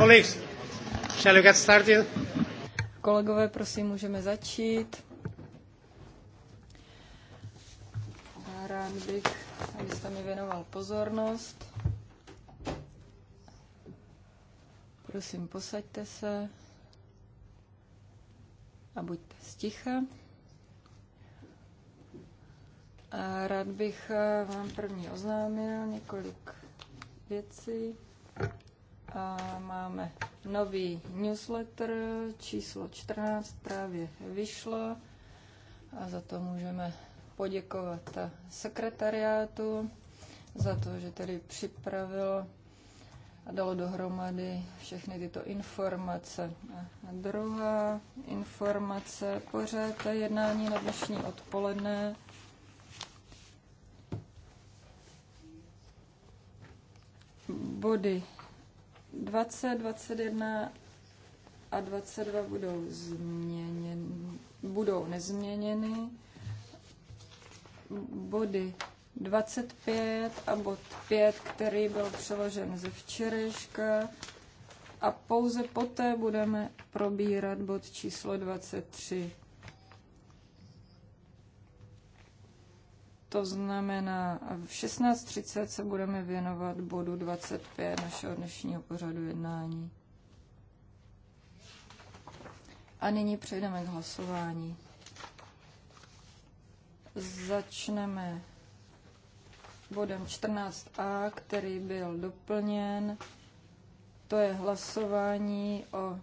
Colleagues, shall we get started? Kolegové, prosím, můžeme začít. A rád bych, abyste mi věnoval pozornost. Prosím, posaďte se a buďte sticha. A rád bych eh, vám první oznámil několik věcí. A máme nový newsletter, číslo 14 právě vyšlo a za to můžeme poděkovat sekretariátu za to, že tedy připravil a dalo dohromady všechny tyto informace. A druhá informace, pořád jednání na dnešní odpoledne. Body 20, 21 a 22 budou změněny, budou nezměněny. Body 25 a bod 5, který byl přeložen ze včerejška. A pouze poté budeme probírat bod číslo 23. To znamená, v 16.30 se budeme věnovat bodu 25 našeho dnešního pořadu jednání. A nyní přejdeme k hlasování. Začneme bodem 14a, který byl doplněn. To je hlasování o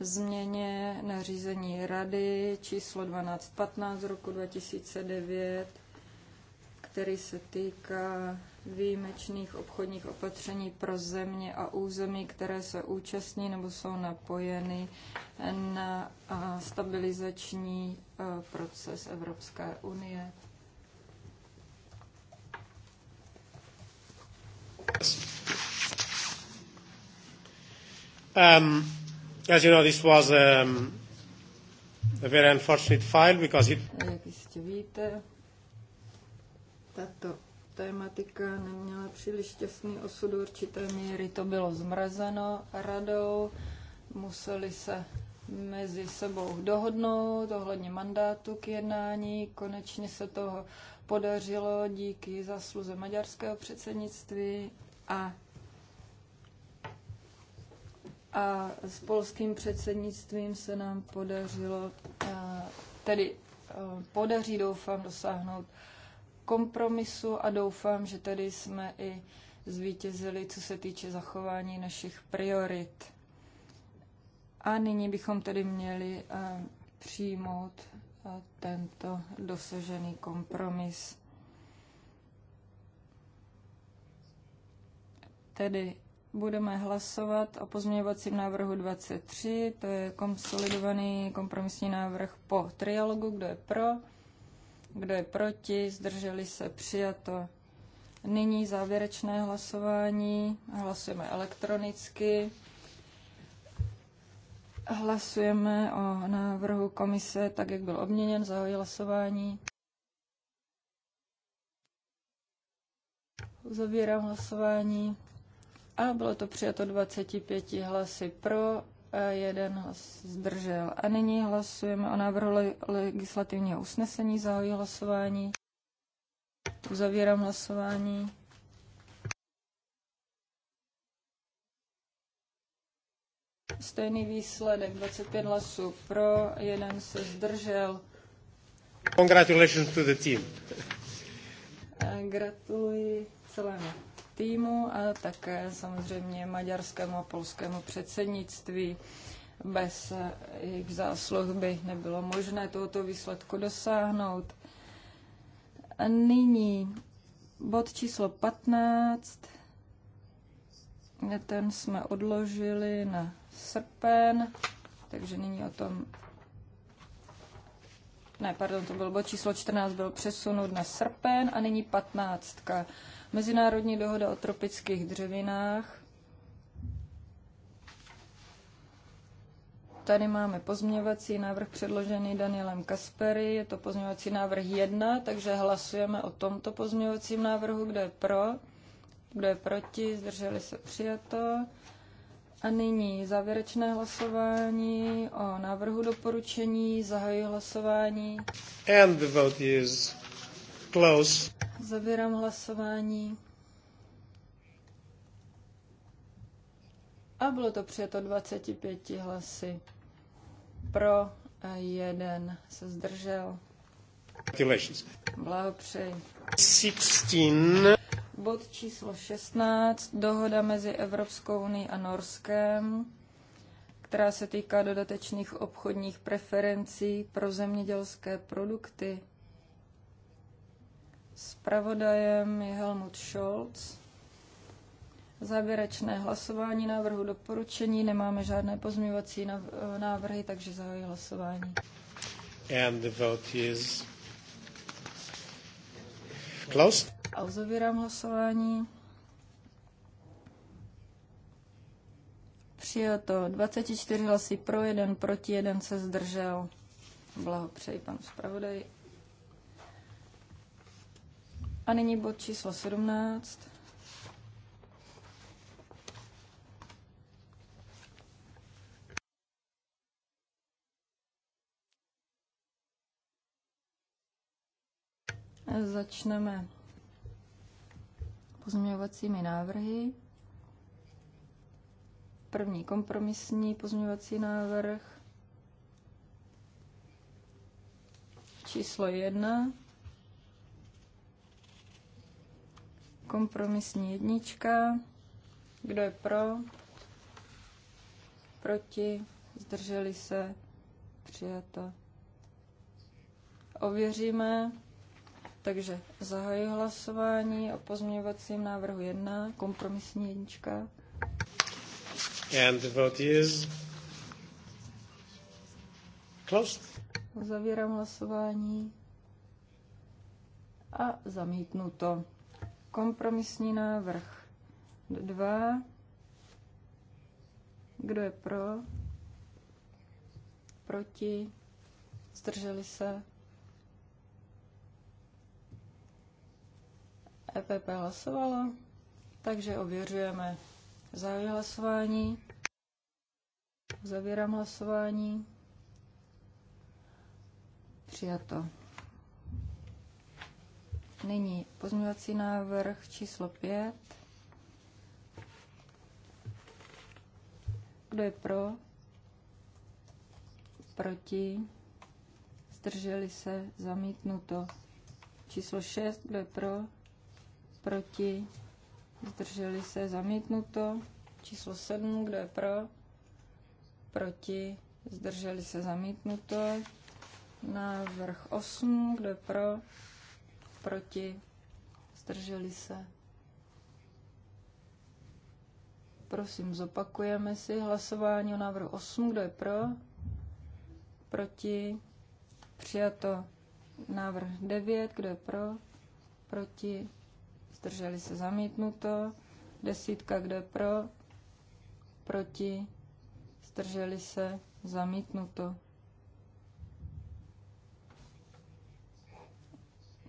změně nařízení Rady číslo 1215 z roku 2009 který se týká výjimečných obchodních opatření pro země a území, které se účastní nebo jsou napojeny na stabilizační e, proces Evropské unie. Um, as you know, this was um, a very unfortunate file because it. Jak jistě víte, tato tématika neměla příliš šťastný osud určité míry. To bylo zmrazeno radou, museli se mezi sebou dohodnout ohledně mandátu k jednání. Konečně se toho podařilo díky zasluze maďarského předsednictví a a s polským předsednictvím se nám podařilo, tedy podaří doufám dosáhnout kompromisu a doufám, že tady jsme i zvítězili, co se týče zachování našich priorit. A nyní bychom tedy měli eh, přijmout eh, tento dosažený kompromis. Tedy budeme hlasovat o pozměňovacím návrhu 23, to je konsolidovaný kompromisní návrh po trialogu, kdo je pro, kdo je proti? Zdrželi se? Přijato. Nyní závěrečné hlasování. Hlasujeme elektronicky. Hlasujeme o návrhu komise, tak jak byl obměněn, zahoji hlasování. Zavírám hlasování. A bylo to přijato 25 hlasy pro jeden hlas zdržel. A nyní hlasujeme o návrhu le- legislativního usnesení, Zahajuji hlasování. Uzavírám hlasování. Stejný výsledek, 25 hlasů pro, jeden se zdržel. Congratulations to the team. Gratuluji celému týmu a také samozřejmě maďarskému a polskému předsednictví. Bez jejich zásluh by nebylo možné tohoto výsledku dosáhnout. A nyní bod číslo 15. Ten jsme odložili na srpen, takže nyní o tom ne, pardon, to byl bod číslo 14, byl přesunut na srpen a nyní 15. Mezinárodní dohoda o tropických dřevinách. Tady máme pozměňovací návrh předložený Danielem Kaspery, je to pozměňovací návrh 1, takže hlasujeme o tomto pozměňovacím návrhu, kdo je pro, kdo je proti, zdrželi se přijato. A nyní závěrečné hlasování o návrhu doporučení, zahajuji hlasování. And the vote is close. Zavírám hlasování. A bylo to přijeto 25 hlasy pro a jeden se zdržel. Congratulations. Blahopřeji. 16. Bod číslo 16, dohoda mezi Evropskou unii a Norskem, která se týká dodatečných obchodních preferencí pro zemědělské produkty. Spravodajem je Helmut Scholz. Závěrečné hlasování návrhu doporučení. Nemáme žádné pozměňovací návrhy, takže zahajuji hlasování. And the vote is closed. A uzavírám hlasování. Přijato 24 hlasy pro, jeden proti, jeden se zdržel. Blahopřeji panu zpravodaji. A nyní bod číslo 17. Začneme pozměňovacími návrhy. První kompromisní pozměňovací návrh číslo 1. Kompromisní jednička. Kdo je pro? Proti? Zdrželi se? Přijato. Ověříme. Takže zahajuji hlasování o pozměňovacím návrhu 1, kompromisní jednička. And the vote is closed. Uzavírám hlasování a zamítnu to. Kompromisní návrh 2. Kdo je pro? Proti? Zdrželi se? EPP hlasovalo, takže ověřujeme. Zahajuji hlasování. Zavírám hlasování. Přijato. Nyní pozměňovací návrh číslo 5. Kdo je pro? Proti? Zdrželi se? Zamítnuto. Číslo 6. Kdo je pro? proti, zdrželi se, zamítnuto. Číslo 7, kdo je pro, proti, zdrželi se, zamítnuto. Návrh 8, kdo je pro, proti, zdrželi se. Prosím, zopakujeme si hlasování o návrhu 8, kdo je pro, proti, přijato návrh 9, kdo je pro, proti, zdrželi se zamítnuto, desítka, kdo je pro, proti, zdrželi se zamítnuto.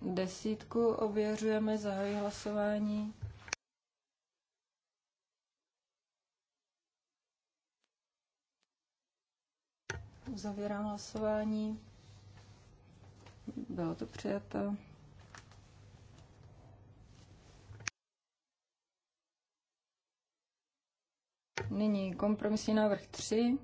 Desítku ověřujeme, zahají hlasování. Zavírám hlasování. Bylo to přijato. Nyní kompromisní návrh 3.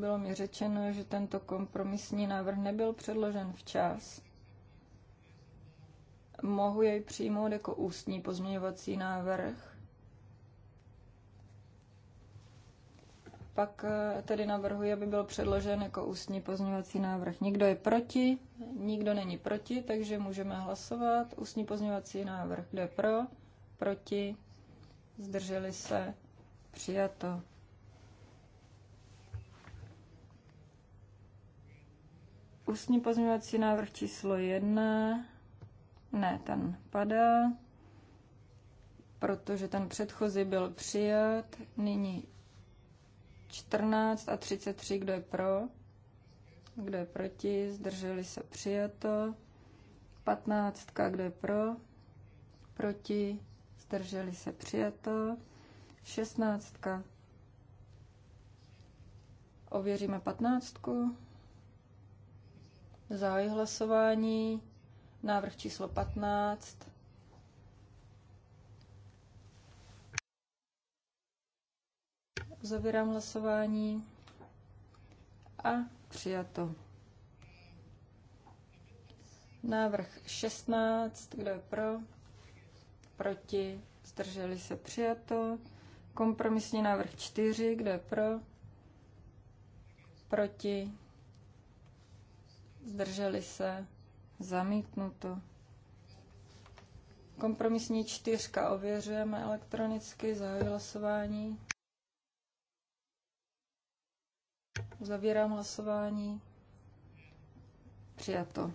Bylo mi řečeno, že tento kompromisní návrh nebyl předložen včas. Mohu jej přijmout jako ústní pozměňovací návrh. pak eh, tedy navrhuji, aby byl předložen jako ústní pozměňovací návrh. Nikdo je proti, nikdo není proti, takže můžeme hlasovat. Ústní pozměňovací návrh, kdo je pro, proti, zdrželi se, přijato. Ústní pozměňovací návrh číslo jedna, ne, ten padá, protože ten předchozí byl přijat, nyní 14 a 33, kdo je pro, kdo je proti, zdrželi se přijato. 15, kdo je pro, proti, zdrželi se přijato. 16. Ověříme 15. Zahájí hlasování. Návrh číslo 15. Zavírám hlasování a přijato. Návrh 16, kdo je pro? Proti? Zdrželi se přijato. Kompromisní návrh 4, kdo je pro? Proti? Zdrželi se zamítnuto. Kompromisní čtyřka ověřujeme elektronicky, zahajuji hlasování. Zavírám hlasování. Přijato.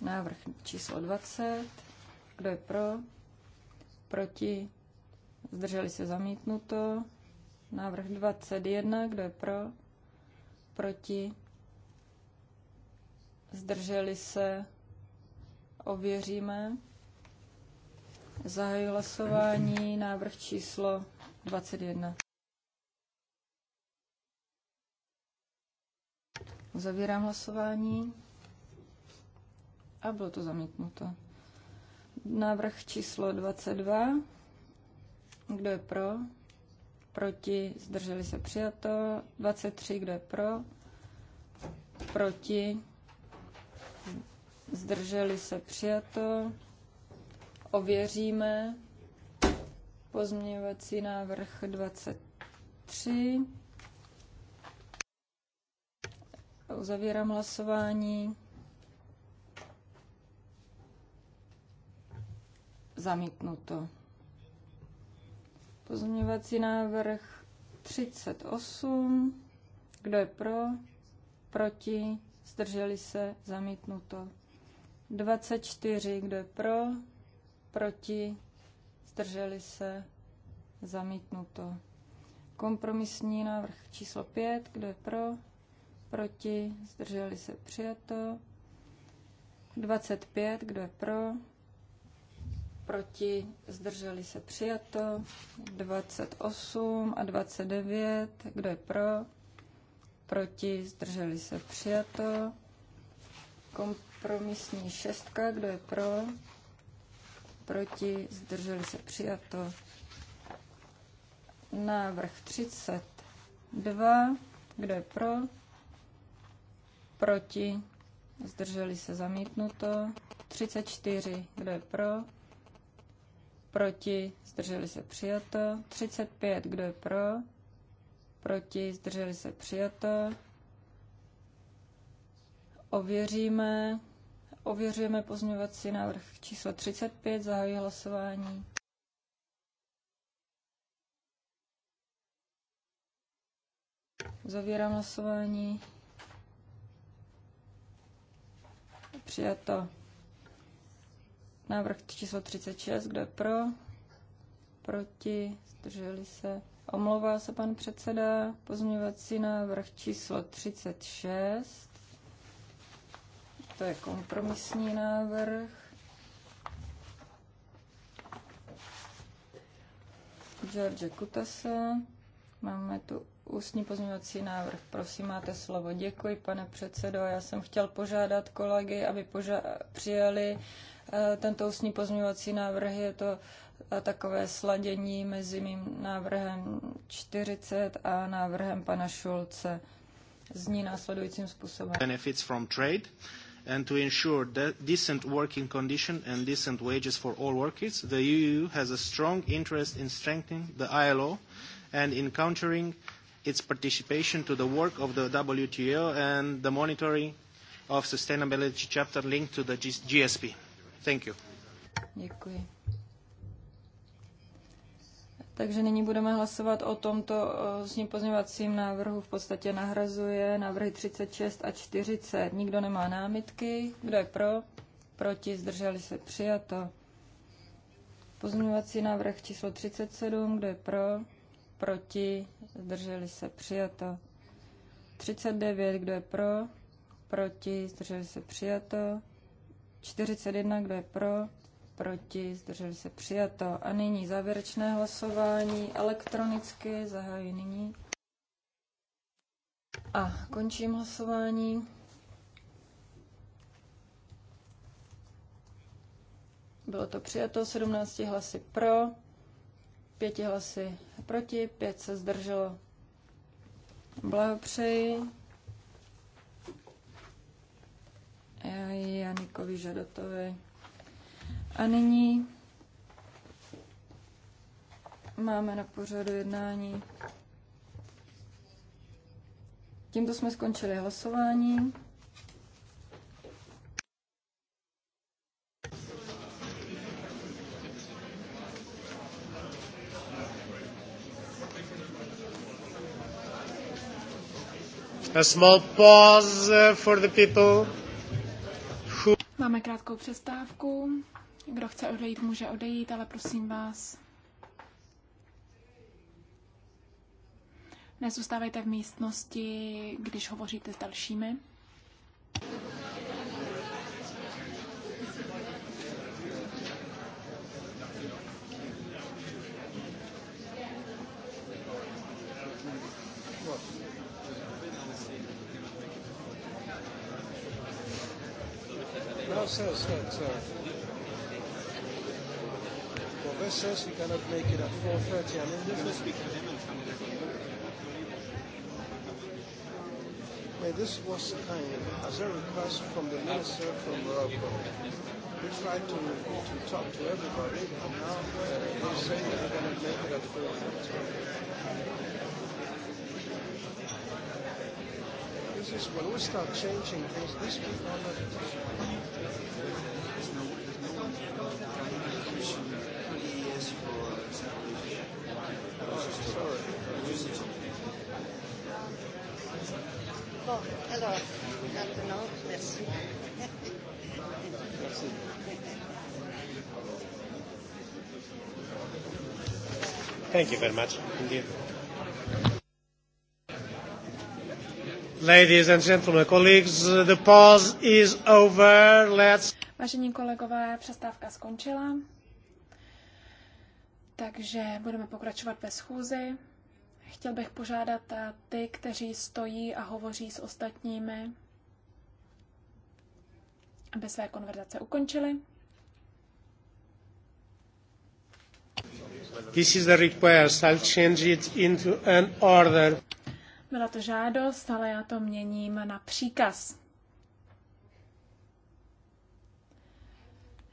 Návrh číslo 20. Kdo je pro? Proti? Zdrželi se zamítnuto. Návrh 21. Kdo je pro? Proti? Zdrželi se? Ověříme. Zahajuji hlasování, návrh číslo 21. Uzavírám hlasování a bylo to zamítnuto. Návrh číslo 22. Kdo je pro? Proti? Zdrželi se přijato. 23. Kdo je pro? Proti? Zdrželi se přijato ověříme. Pozměňovací návrh 23. Uzavírám hlasování. Zamítnuto. Pozměňovací návrh 38. Kdo je pro? Proti? Zdrželi se? Zamítnuto. 24. Kdo je pro? proti, zdrželi se, zamítnuto. Kompromisní návrh číslo 5, kdo je pro, proti, zdrželi se, přijato. 25, kdo je pro, proti, zdrželi se, přijato. 28 a 29, kdo je pro, proti, zdrželi se, přijato. Kompromisní šestka, kdo je pro, proti, zdrželi se přijato. Návrh 32, kdo je pro, proti, zdrželi se zamítnuto. 34, kdo je pro, proti, zdrželi se přijato. 35, kdo je pro, proti, zdrželi se přijato. Ověříme. Ověřujeme pozměňovací návrh číslo 35, zahajuji hlasování. Zavírám hlasování. Přijato. Návrh číslo 36, kdo je pro? Proti? Zdrželi se? Omlouvá se pan předseda. Pozměňovací návrh číslo 36. To je kompromisní návrh. George Kutase. Máme tu ústní pozměňovací návrh. Prosím, máte slovo. Děkuji, pane předsedo. Já jsem chtěl požádat kolegy, aby poža- přijali eh, tento ústní pozměňovací návrh. Je to eh, takové sladění mezi mým návrhem 40 a návrhem pana Šulce. Zní následujícím způsobem. Benefits from trade and to ensure decent working conditions and decent wages for all workers, the EU has a strong interest in strengthening the ILO and in countering its participation to the work of the WTO and the monitoring of sustainability chapter linked to the GSP. Thank you. Děkuji. Takže nyní budeme hlasovat o tomto eh, ním pozměňovacím návrhu. V podstatě nahrazuje návrhy 36 a 40. Nikdo nemá námitky. Kdo je pro? Proti? Zdrželi se? Přijato. Pozměňovací návrh číslo 37. Kdo je pro? Proti? Zdrželi se? Přijato. 39. Kdo je pro? Proti? Zdrželi se? Přijato. 41. Kdo je pro? proti, zdrželi se přijato. A nyní závěrečné hlasování elektronicky, zahajuji nyní. A končím hlasování. Bylo to přijato 17 hlasy pro, 5 hlasy proti, 5 se zdrželo. Blahopřeji. Janikovi Žadotovi. A nyní máme na pořadu jednání. Tímto jsme skončili hlasování. A small pause uh, for the people. Máme krátkou přestávku. Kdo chce odejít, může odejít, ale prosím vás, nezůstávejte v místnosti, když hovoříte s dalšími. says that uh, this says we cannot make it at 4.30. I mean, this is... Well, this was kind as a request from the minister from Morocco. We tried to, to talk to everybody, and now uh, they say that we cannot make it at 4.30. this is when we start changing things, this is not Bon, alors, maintenant, merci. merci. Thank you very much indeed. Ladies and gentlemen, colleagues, the pause is over. Let's... Vážení kolegové, přestávka skončila, takže budeme pokračovat ve schůzi. Chtěl bych požádat eh, ty, kteří stojí a hovoří s ostatními, aby své konverzace ukončili. This is the request. I'll change it into an order. Byla to žádost, ale já to měním na příkaz.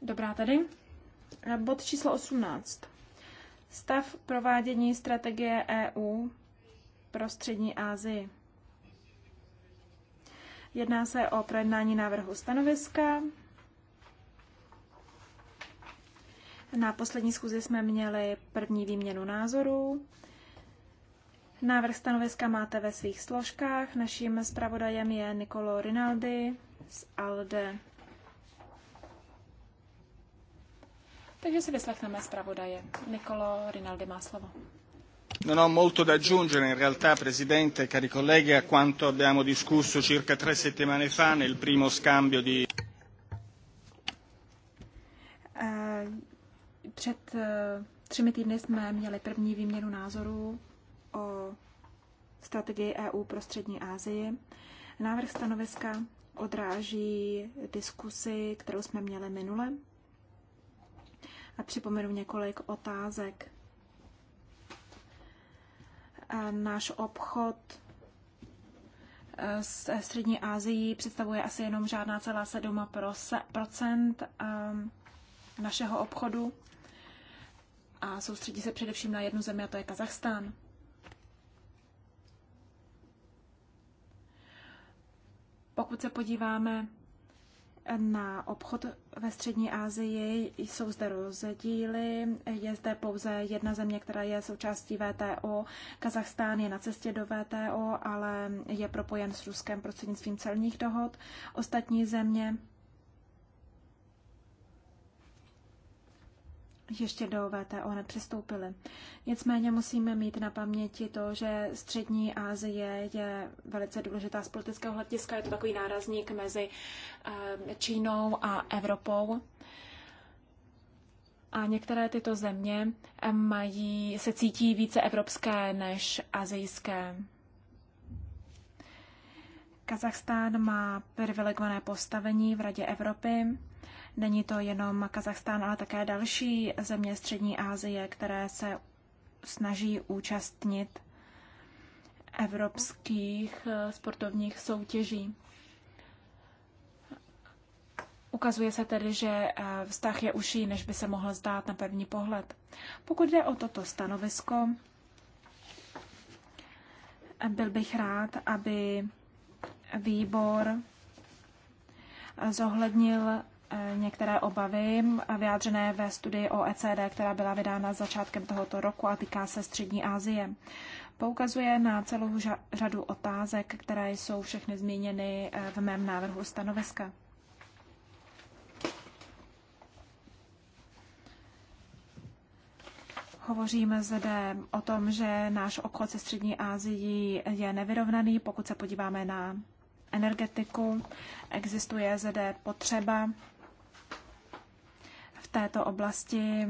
Dobrá tady. Eh, bod číslo 18. Stav provádění strategie EU pro střední Asii. Jedná se o projednání návrhu stanoviska. Na poslední schůzi jsme měli první výměnu názorů. Návrh stanoviska máte ve svých složkách. Naším zpravodajem je Nicolo Rinaldi z ALDE. Takže si vyslechneme zpravodaje. Nikolo Rinaldi má slovo. Non ho molto da aggiungere in realtà, Presidente, cari colleghi, a quanto abbiamo discusso circa tre settimane fa nel primo scambio di. Eh, před eh, třemi týdny jsme měli první výměnu názorů o strategii EU pro střední Asii. Návrh stanoviska odráží diskusi, kterou jsme měli minule připomenu několik otázek. Náš obchod e, s e, Střední Asií představuje asi jenom žádná celá 7 procent našeho obchodu a soustředí se především na jednu zemi, a to je Kazachstán. Pokud se podíváme na obchod ve střední Asii jsou zde rozdíly. Je zde pouze jedna země, která je součástí VTO. Kazachstán je na cestě do VTO, ale je propojen s Ruskem prostřednictvím celních dohod. Ostatní země ještě do VTO nepřistoupili. Nicméně musíme mít na paměti to, že střední Asie je velice důležitá z politického hlediska. Je to takový nárazník mezi eh, Čínou a Evropou. A některé tyto země eh, mají, se cítí více evropské než azijské. Kazachstán má privilegované postavení v Radě Evropy Není to jenom Kazachstán, ale také další země Střední Asie, které se snaží účastnit evropských eh, sportovních soutěží. Ukazuje se tedy, že eh, vztah je užší, než by se mohl zdát na první pohled. Pokud jde o toto stanovisko, byl bych rád, aby výbor zohlednil E, některé obavy vyjádřené ve studii OECD, která byla vydána začátkem tohoto roku a týká se Střední Asie. Poukazuje na celou řadu otázek, které jsou všechny zmíněny e, v mém návrhu stanoviska. Hovoříme zde o tom, že náš obchod se Střední Asií je nevyrovnaný, pokud se podíváme na energetiku. Existuje zde potřeba této oblasti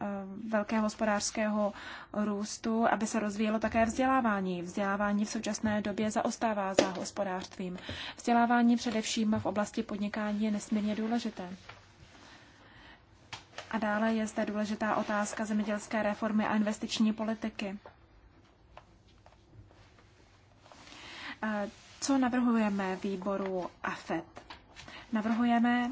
eh, velkého hospodářského růstu, aby se rozvíjelo také vzdělávání. Vzdělávání v současné době zaostává za hospodářstvím. Vzdělávání především v oblasti podnikání je nesmírně důležité. A dále je zde důležitá otázka zemědělské reformy a investiční politiky. Eh, co navrhujeme výboru AFET? Navrhujeme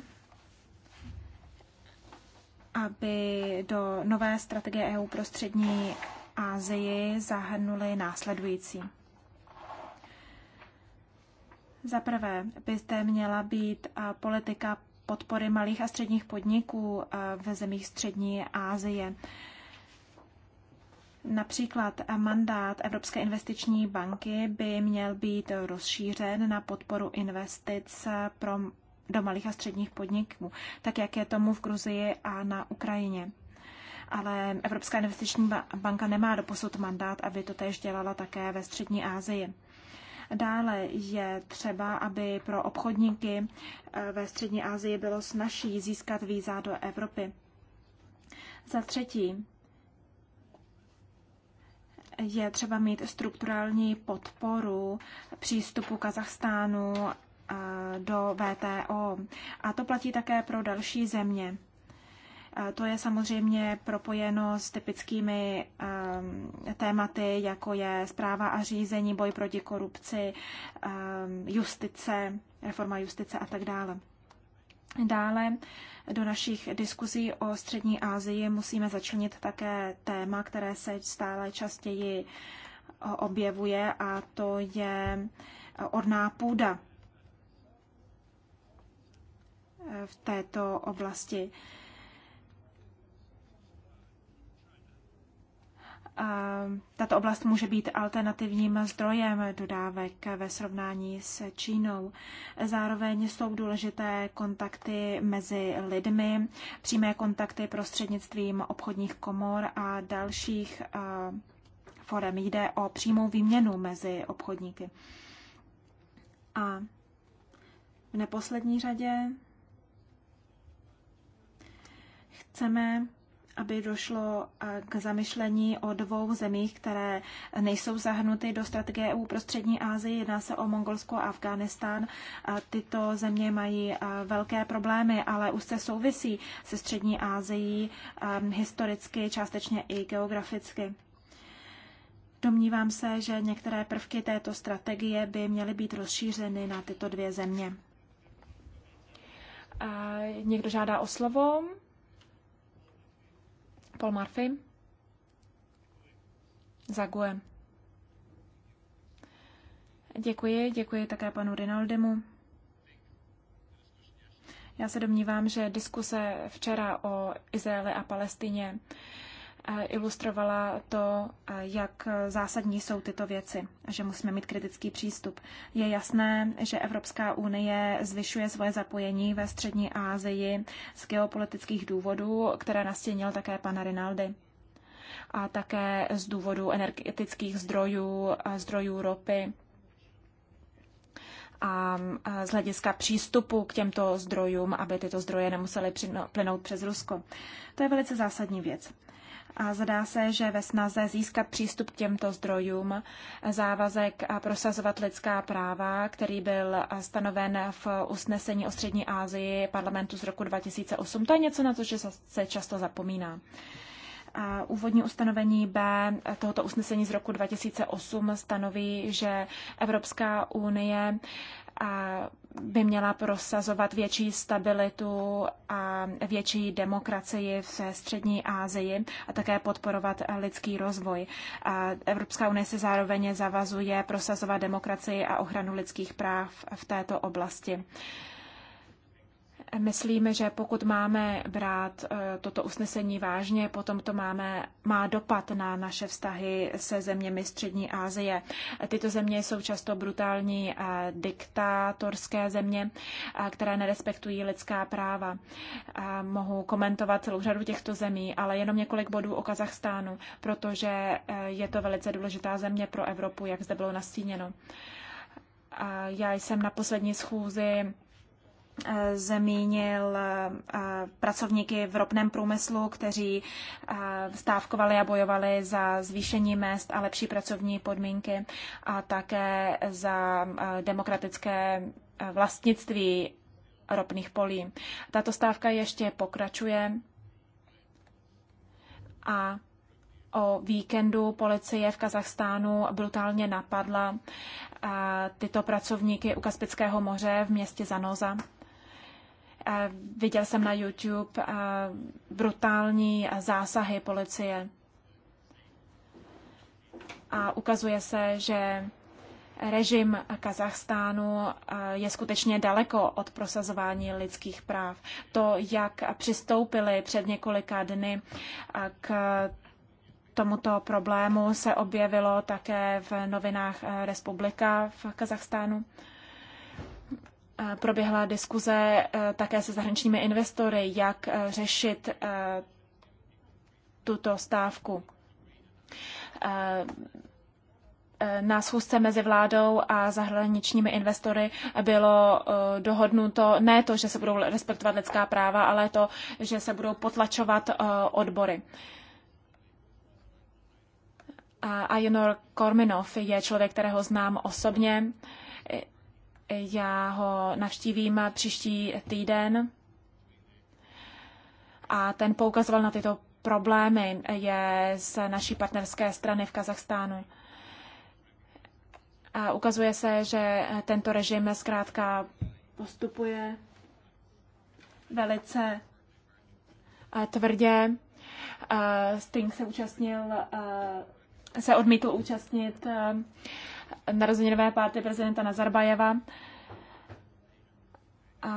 aby do nové strategie EU pro střední Asii zahrnuli následující. Za prvé by zde měla být politika podpory malých a středních podniků ve zemích střední Asie. Například mandát Evropské investiční banky by měl být rozšířen na podporu investic pro do malých a středních podniků, tak jak je tomu v Gruzii a na Ukrajině. Ale Evropská investiční banka nemá doposud mandát, aby to též dělala také ve střední Asii. Dále je třeba, aby pro obchodníky eh, ve střední Asii bylo snažší získat víza do Evropy. Za třetí, je třeba mít strukturální podporu přístupu Kazachstánu do VTO. A to platí také pro další země. To je samozřejmě propojeno s typickými tématy, jako je zpráva a řízení, boj proti korupci, justice, reforma justice a tak dále. Dále do našich diskuzí o střední Asii musíme začlenit také téma, které se stále častěji objevuje, a to je orná půda v této oblasti. Tato oblast může být alternativním zdrojem dodávek ve srovnání s Čínou. Zároveň jsou důležité kontakty mezi lidmi, přímé kontakty prostřednictvím obchodních komor a dalších forem. Jde o přímou výměnu mezi obchodníky. A v neposlední řadě Chceme, aby došlo eh, k zamyšlení o dvou zemích, které nejsou zahrnuty do strategie EU pro střední Asii. Jedná se o Mongolsko a Afghánistán. Tyto země mají eh, velké problémy, ale už se souvisí se střední Asií eh, historicky, částečně i geograficky. Domnívám se, že některé prvky této strategie by měly být rozšířeny na tyto dvě země. A někdo žádá o slovo? Paul Murphy. Zague. Děkuji, děkuji také panu Rinaldemu. Já se domnívám, že diskuse včera o Izraeli a Palestině E, ilustrovala to, e, jak zásadní jsou tyto věci, a že musíme mít kritický přístup. Je jasné, že Evropská unie zvyšuje svoje zapojení ve střední Asii z geopolitických důvodů, které nastěnil také pan Rinaldi a také z důvodu energetických zdrojů, e, zdrojů ropy a z hlediska přístupu k těmto zdrojům, aby tyto zdroje nemusely plynout přes Rusko. To je velice zásadní věc. A zdá se, že ve snaze získat přístup k těmto zdrojům závazek a prosazovat lidská práva, který byl stanoven v usnesení o střední Ázii parlamentu z roku 2008, to je něco, na co se často zapomíná. A úvodní ustanovení B tohoto usnesení z roku 2008 stanoví, že Evropská unie by měla prosazovat větší stabilitu a větší demokracii v střední Asii a také podporovat lidský rozvoj. Evropská unie se zároveň zavazuje prosazovat demokracii a ochranu lidských práv v této oblasti myslíme, že pokud máme brát eh, toto usnesení vážně, potom to máme, má dopad na naše vztahy se zeměmi Střední Asie. Tyto země jsou často brutální eh, diktátorské země, eh, které nerespektují lidská práva. Mohu komentovat celou řadu těchto zemí, ale jenom několik bodů o Kazachstánu, protože je to velice důležitá země pro Evropu, jak zde bylo nastíněno. Já jsem na poslední schůzi Eh, zmínil eh, pracovníky v ropném průmyslu, kteří eh, stávkovali a bojovali za zvýšení mest a lepší pracovní podmínky a také za demokratické vlastnictví ropných polí. Tato stávka ještě pokračuje a o víkendu policie v Kazachstánu brutálně napadla tyto pracovníky u Kaspického moře v městě Zanoza Eh, viděl jsem na YouTube eh, brutální eh, zásahy policie. A ukazuje se, že režim Kazachstánu je skutečně daleko od prosazování lidských práv. To, jak přistoupili před několika dny k tomuto problému, se objevilo také v novinách Republika v Kazachstánu. Eh, proběhla diskuze eh, také se zahraničními investory, jak eh, řešit tuto stávku. Na schůzce mezi vládou a zahraničními investory bylo dohodnuto ne to, že se budou respektovat lidská práva, ale to, že se budou potlačovat odbory. A Ajenor Korminov je člověk, kterého znám osobně já ho navštívím příští týden a ten poukazoval na tyto problémy je z naší partnerské strany v Kazachstánu. A ukazuje se, že tento režim zkrátka postupuje velice eh, tvrdě. Eh, Sting se účastnil, eh, se odmítl účastnit narozeninové párty prezidenta Nazarbajeva. A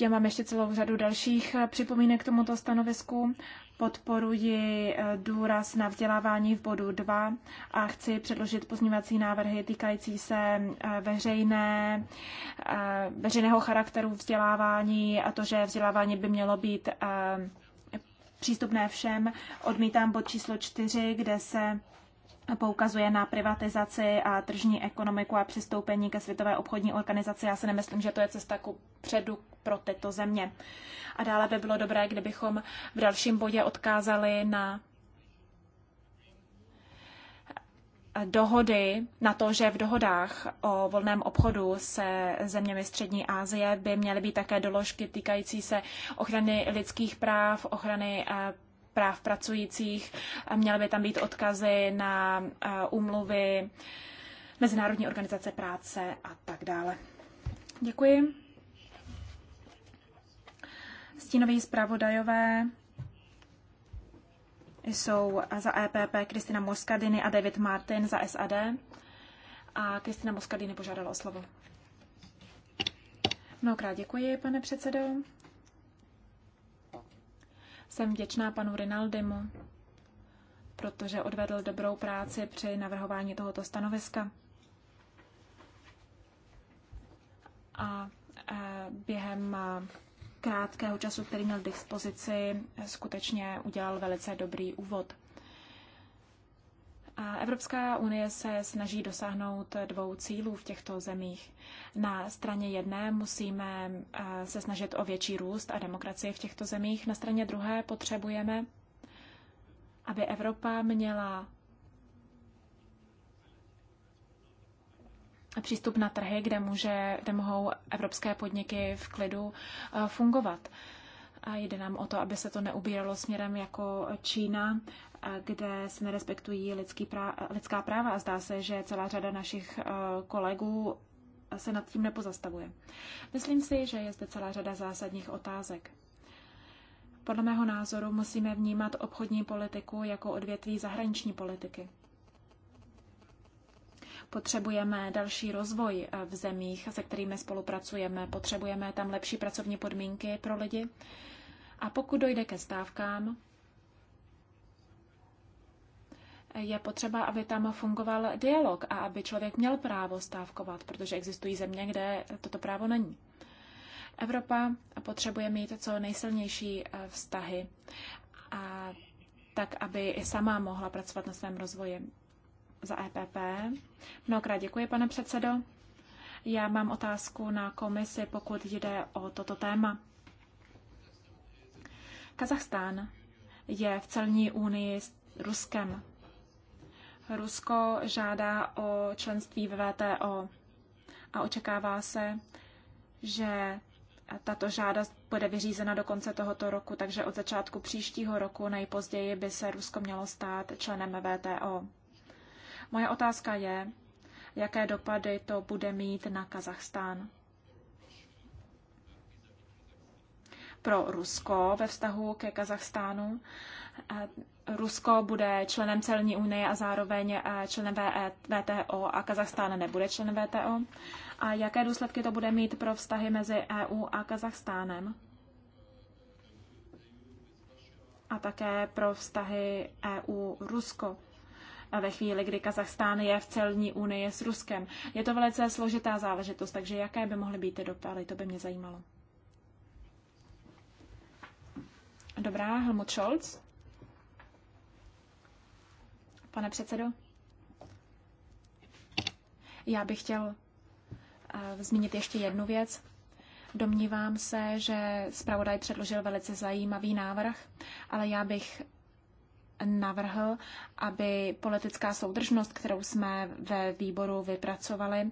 já mám ještě celou řadu dalších připomínek k tomuto stanovisku. Podporuji eh, důraz na vzdělávání v bodu 2 a chci předložit pozměňovací návrhy týkající se eh, veřejné, eh, veřejného charakteru vzdělávání a to, že vzdělávání by mělo být přístupné všem. Odmítám bod číslo 4, kde se poukazuje na privatizaci a tržní ekonomiku a přistoupení ke Světové obchodní organizaci. Já si nemyslím, že to je cesta ku předu pro tyto země. A dále by bylo dobré, kdybychom v dalším bodě odkázali na dohody, na to, že v dohodách o volném obchodu se zeměmi Střední Asie by měly být také doložky týkající se ochrany lidských práv, ochrany eh, práv pracujících. Měly by tam být odkazy na eh, úmluvy Mezinárodní organizace práce a tak dále. Děkuji. Stínoví zpravodajové jsou za EPP Kristina Moskadiny a David Martin za SAD. A Kristina Moskadiny požádala o slovo. Mnohokrát děkuji, pane předsedo. Jsem vděčná panu Rinaldimu, protože odvedl dobrou práci při navrhování tohoto stanoviska. A e, během e, krátkého času, který měl k dispozici, e, skutečně udělal velice dobrý úvod. Evropská unie se snaží dosáhnout dvou cílů v těchto zemích. Na straně jedné musíme eh, se snažit o větší růst a demokracii v těchto zemích, na straně druhé potřebujeme, aby Evropa měla přístup na trhy, kde, může, kde mohou evropské podniky v klidu eh, fungovat. A jde nám o to, aby se to neubíralo směrem jako Čína, kde se nerespektují lidský práva, lidská práva a zdá se, že celá řada našich eh, kolegů se nad tím nepozastavuje. Myslím si, že je zde celá řada zásadních otázek. Podle mého názoru musíme vnímat obchodní politiku jako odvětví zahraniční politiky. Potřebujeme další rozvoj eh, v zemích, se kterými spolupracujeme. Potřebujeme tam lepší pracovní podmínky pro lidi. A pokud dojde ke stávkám, je potřeba, aby tam fungoval dialog a aby člověk měl právo stávkovat, protože existují země, kde toto právo není. Evropa potřebuje mít co nejsilnější eh, vztahy, a tak aby i sama mohla pracovat na svém rozvoji za EPP. Mnohokrát děkuji, pane předsedo. Já mám otázku na komisi, pokud jde o toto téma. Kazachstán je v celní unii s Ruskem. Rusko žádá o členství v VTO a očekává se, že tato žádost bude vyřízena do konce tohoto roku, takže od začátku příštího roku nejpozději by se Rusko mělo stát členem VTO. Moje otázka je, jaké dopady to bude mít na Kazachstán. Pro Rusko ve vztahu ke Kazachstánu. Rusko bude členem celní unie a zároveň eh, členem VTO eh, a Kazachstán nebude členem VTO. A jaké důsledky to bude mít pro vztahy mezi EU a Kazachstánem? A také pro vztahy EU-Rusko ve chvíli, kdy Kazachstán je v celní unii s Ruskem. Je to velice složitá záležitost, takže jaké by mohly být ty dopady, to by mě zajímalo. Dobrá, Helmut Scholz. Pane předsedo, já bych chtěl eh, zmínit ještě jednu věc. Domnívám se, že zpravodaj předložil velice zajímavý návrh, ale já bych navrhl, aby politická soudržnost, kterou jsme ve výboru vypracovali,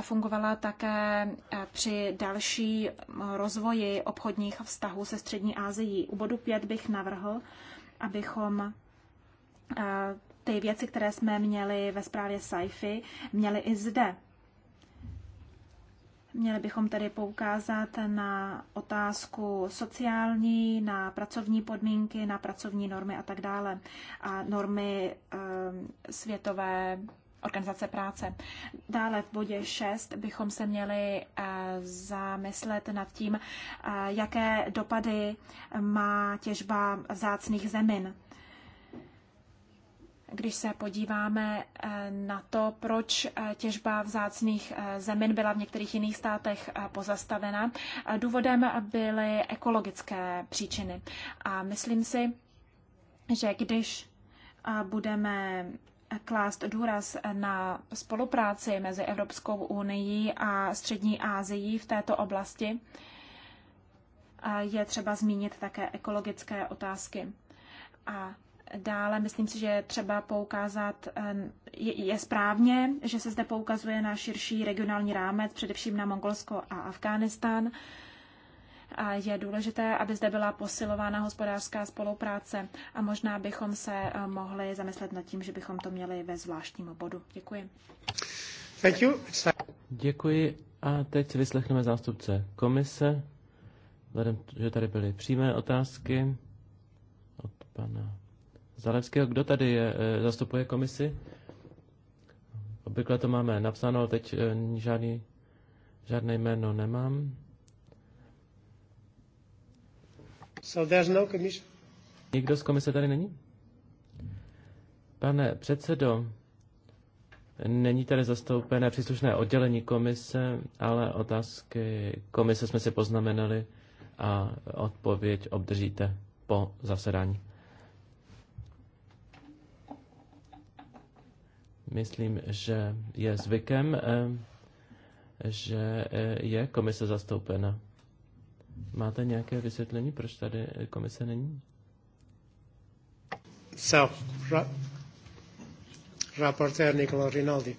fungovala také eh, při další eh, rozvoji obchodních vztahů se Střední Asií. U bodu 5 bych navrhl, abychom eh, ty věci, které jsme měli ve zprávě SAIFI, měli i zde Měli bychom tedy poukázat na otázku sociální, na pracovní podmínky, na pracovní normy a tak dále. A normy ehm, světové organizace práce. Dále v bodě 6 bychom se měli eh, zamyslet nad tím, eh, jaké dopady má těžba vzácných zemin když se podíváme eh, na to, proč eh, těžba vzácných eh, zemin byla v některých jiných státech pozastavena, důvodem byly ekologické příčiny. A myslím si, že když budeme klást důraz na spolupráci mezi Evropskou unii a Střední Asií v této oblasti, je třeba zmínit také ekologické otázky. A Dále myslím si, že je třeba poukázat, eh, je, je správně, že se zde poukazuje na širší regionální rámec, především na Mongolsko a Afghánistán. A je důležité, aby zde byla posilována hospodářská spolupráce a možná bychom se eh, mohli zamyslet nad tím, že bychom to měli ve zvláštním bodu. Děkuji. Děkuji a teď vyslechneme zástupce komise, vzhledem, že tady byly přímé otázky od pana Zalevského. Kdo tady je, eh, zastupuje komisi? Obvykle to máme napsáno, ale teď eh, žádný, žádné jméno nemám. So there's no commission. Nikdo z komise tady není? Pane předsedo, není tady zastoupené příslušné oddělení komise, ale otázky komise jsme si poznamenali a odpověď obdržíte po zasedání. Myslím, že je zvykem, eh, že eh, je komise zastoupena. Máte nějaké vysvětlení, proč tady eh, komise není? So, ra- raportér Nicolo Rinaldi.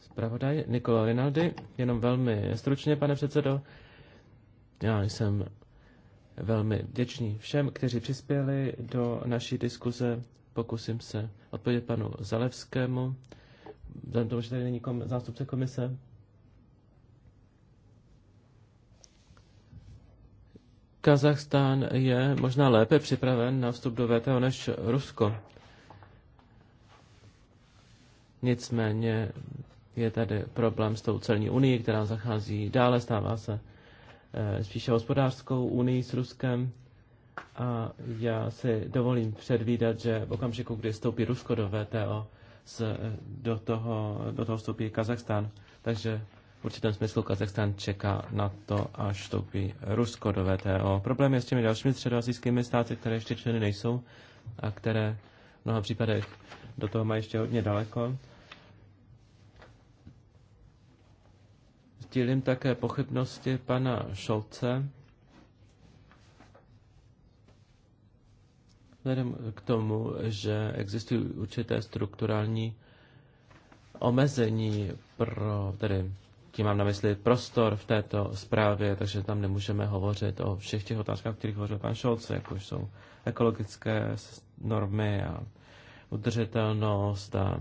Zpravodaj Nicolo Rinaldi, jenom velmi stručně, pane předsedo. Já jsem velmi vděčný všem, kteří přispěli do naší diskuze Pokusím se odpovědět panu Zalevskému, vzhledem tomu, že tady není kom- zástupce komise. Kazachstán je možná lépe připraven na vstup do VTO než Rusko. Nicméně je tady problém s tou celní unii, která zachází dále, stává se eh, spíše hospodářskou unii s Ruskem. A já si dovolím předvídat, že v okamžiku, kdy vstoupí Rusko do VTO, z, do, toho, do toho vstoupí Kazachstán. Takže v určitém smyslu Kazachstán čeká na to, až vstoupí Rusko do VTO. Problém je s těmi dalšími středoazijskými státy, které ještě členy nejsou a které v mnoha případech do toho mají ještě hodně daleko. Sdílím také pochybnosti pana Šolce Vzhledem k tomu, že existují určité strukturální omezení pro, tedy tím mám na mysli prostor v této zprávě, takže tam nemůžeme hovořit o všech těch otázkách, o kterých hovořil pan Šolc, jako jsou ekologické normy a udržitelnost a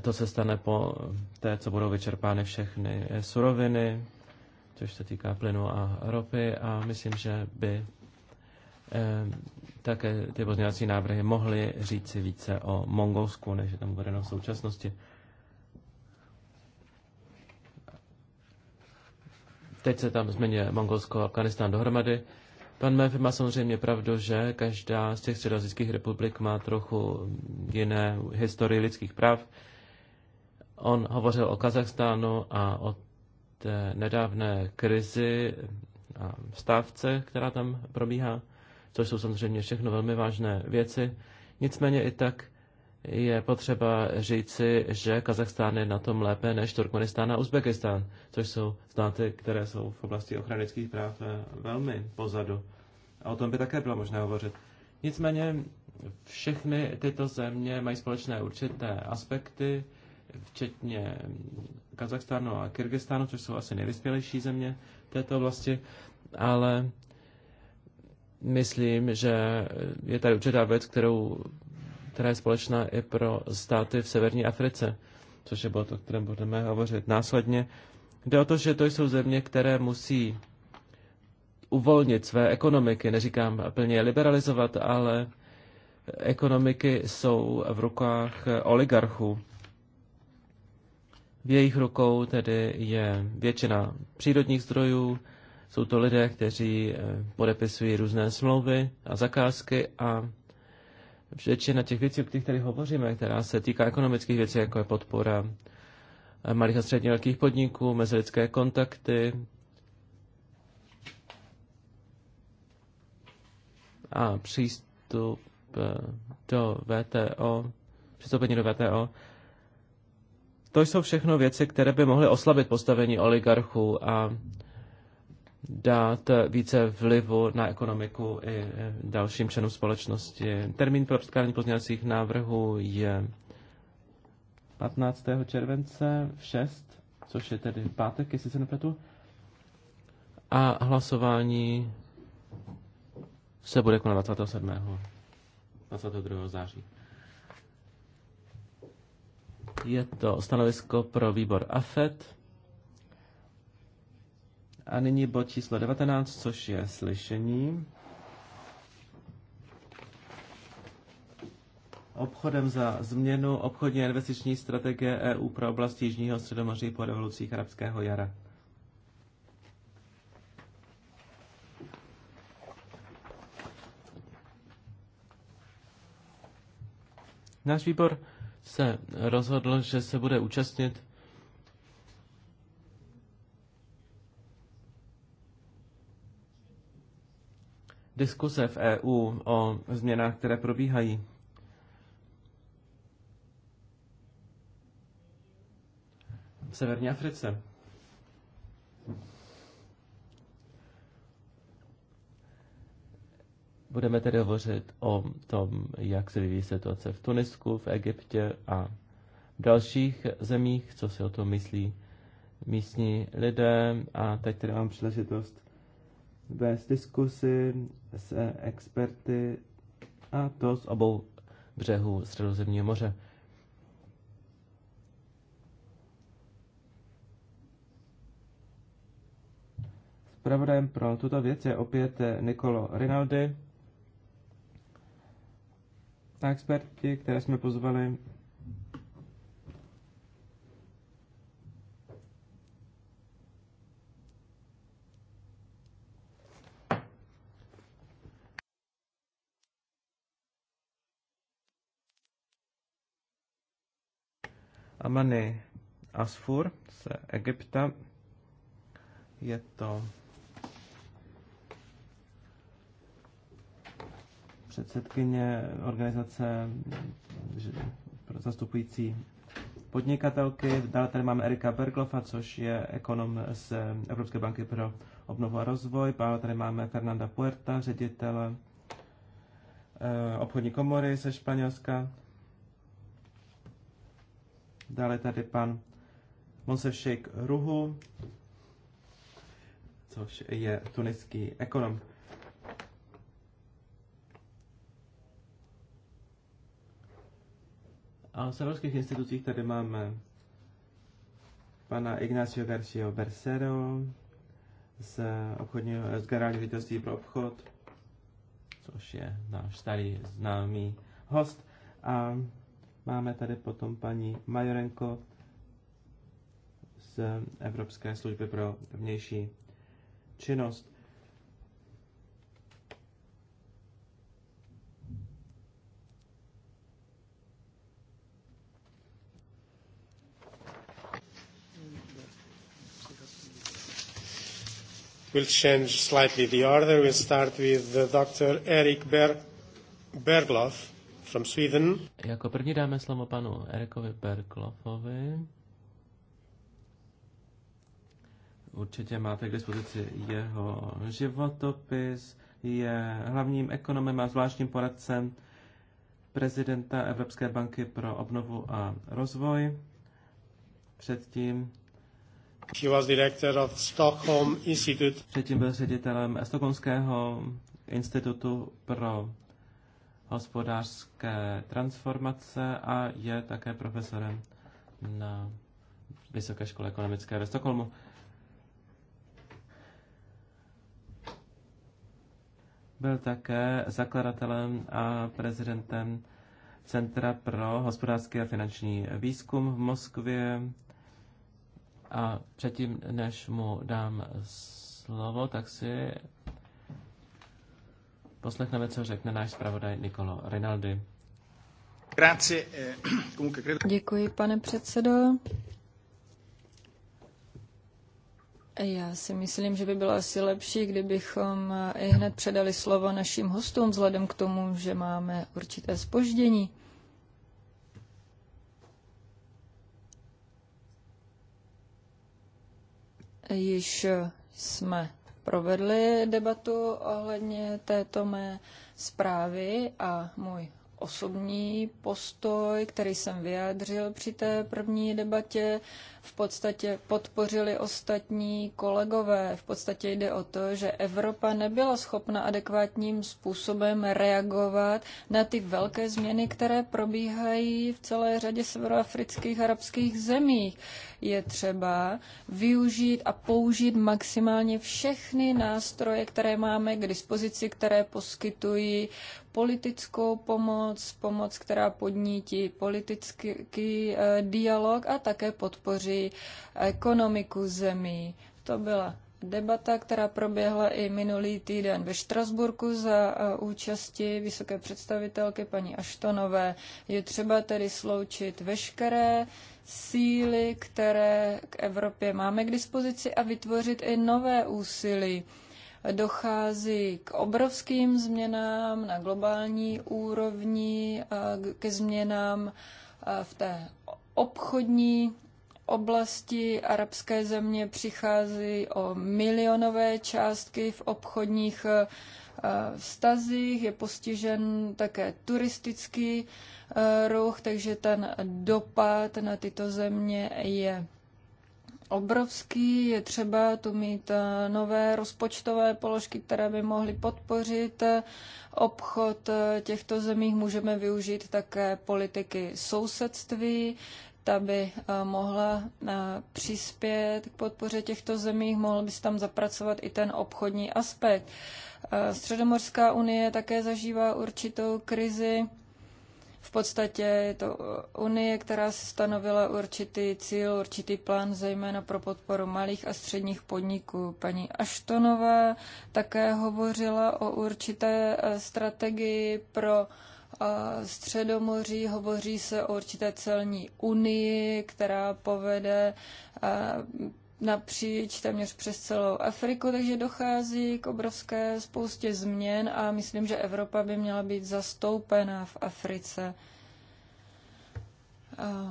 to se stane po té, co budou vyčerpány všechny suroviny, což se týká plynu a ropy a myslím, že by Eh, tak ty pozměňovací návrhy mohly říci více o Mongolsku, než je tam uvedeno v současnosti. Teď se tam změní Mongolsko a Afganistán dohromady. Pan Murphy má samozřejmě pravdu, že každá z těch středoazijských republik má trochu jiné historii lidských práv. On hovořil o Kazachstánu a o té nedávné krizi a stávce, která tam probíhá což jsou samozřejmě všechno velmi vážné věci. Nicméně i tak je potřeba říci, že Kazachstán je na tom lépe než Turkmenistán a Uzbekistán, což jsou státy, které jsou v oblasti ochrany lidských práv eh, velmi pozadu. A o tom by také bylo možné hovořit. Nicméně všechny tyto země mají společné určité aspekty, včetně Kazachstánu a Kyrgyzstánu, což jsou asi nejvyspělejší země této oblasti, ale myslím, že je tady určitá věc, kterou, která je společná i pro státy v severní Africe, což je to, o kterém budeme hovořit následně. Jde o to, že to jsou země, které musí uvolnit své ekonomiky, neříkám plně liberalizovat, ale ekonomiky jsou v rukách oligarchů. V jejich rukou tedy je většina přírodních zdrojů, jsou to lidé, kteří eh, podepisují různé smlouvy a zakázky a většina těch věcí, o kterých tady hovoříme, která se týká ekonomických věcí, jako je podpora eh, malých a středně velkých podniků, mezilidské kontakty a přístup eh, do VTO, přistoupení do VTO, to jsou všechno věci, které by mohly oslabit postavení oligarchů a dát více vlivu na ekonomiku i dalším členům společnosti. Termín pro předkládání pozměňovacích návrhů je 15. července v 6, což je tedy pátek, jestli se nepletu. A hlasování se bude konat 27. 22. září. Je to stanovisko pro výbor AFET. A nyní bod číslo 19, což je slyšení. Obchodem za změnu obchodní a investiční strategie EU pro oblast Jižního středomoří po revolucích arabského jara. Náš výbor se rozhodl, že se bude účastnit diskuse v EU o změnách, které probíhají. V Severní Africe. Budeme tedy hovořit o tom, jak se vyvíjí situace v Tunisku, v Egyptě a v dalších zemích, co si o tom myslí místní lidé. A teď tedy mám příležitost vést diskusy s experty a to z obou břehů Středozemního moře. Spravodajem pro tuto věc je opět Nikolo Rinaldi. A experti, které jsme pozvali, Amany Asfur z Egypta. Je to předsedkyně organizace zastupující podnikatelky. Dále tady máme Erika Berglofa, což je ekonom z Evropské banky pro obnovu a rozvoj. Dále tady máme Fernanda Puerta, ředitele eh, obchodní komory ze Španělska. Dále tady pan Monsefšik Ruhu, což je tuniský ekonom. A z evropských institucích tady máme pana Ignacio Garcia Bersero z, obchodního, z generálního ředitelství pro obchod, což je náš starý známý host. A Máme tady potom paní Majorenko z Evropské služby pro vnější činnost. We'll change slightly the order. We'll start with Dr. Eric Ber Bergloff from Sweden. Jako první dáme slovo panu Erikovi Perklofovi. Určitě máte k dispozici jeho životopis, je hlavním ekonomem a zvláštním poradcem prezidenta Evropské banky pro obnovu a rozvoj. Předtím She was director of Stockholm Institute. Předtím byl ředitelem Stockholmského institutu pro hospodářské transformace a je také profesorem na Vysoké škole ekonomické ve Stokholmu. Byl také zakladatelem a prezidentem Centra pro hospodářský a finanční výzkum v Moskvě. A předtím, než mu dám slovo, tak si Poslechneme, co řekne náš zpravodaj Nikolo Rinaldi. Eh, Děkuji, pane předsedo. Já si myslím, že by bylo asi lepší, kdybychom eh, i hned předali slovo našim hostům, vzhledem k tomu, že máme určité spoždění. Již eh, jsme provedli debatu ohledně této mé zprávy a můj osobní postoj, který jsem vyjádřil při té první debatě, v podstatě podpořili ostatní kolegové. V podstatě jde o to, že Evropa nebyla schopna adekvátním způsobem reagovat na ty velké změny, které probíhají v celé řadě severoafrických arabských zemí. Je třeba využít a použít maximálně všechny nástroje, které máme k dispozici, které poskytují politickou pomoc, pomoc, která podnítí politický eh, dialog a také podpoří Asii, ekonomiku zemí. To byla debata, která proběhla i minulý týden ve Štrasburku za eh, účasti vysoké představitelky paní Aštonové. Je třeba tedy sloučit veškeré síly, které k Evropě máme k dispozici a vytvořit i nové úsilí. Dochází k obrovským změnám na globální úrovni, eh, ke změnám eh, v té obchodní oblasti arabské země přichází o milionové částky v obchodních eh, vztazích, je postižen také turistický eh, ruch, takže ten dopad na tyto země je obrovský. Je třeba tu mít eh, nové rozpočtové položky, které by mohly podpořit obchod těchto zemí. Můžeme využít také politiky sousedství, ta by eh, mohla eh, přispět k podpoře těchto zemí, mohl by se tam zapracovat i ten obchodní aspekt. Eh, Středomorská unie také zažívá určitou krizi. V podstatě je to unie, která si stanovila určitý cíl, určitý plán, zejména pro podporu malých a středních podniků. Paní Aštonová také hovořila o určité strategii pro uh, Středomoří, hovoří se o určité celní unii, která povede napříč téměř přes celou Afriku, takže dochází k obrovské spoustě změn a myslím, že Evropa by měla být zastoupená v Africe.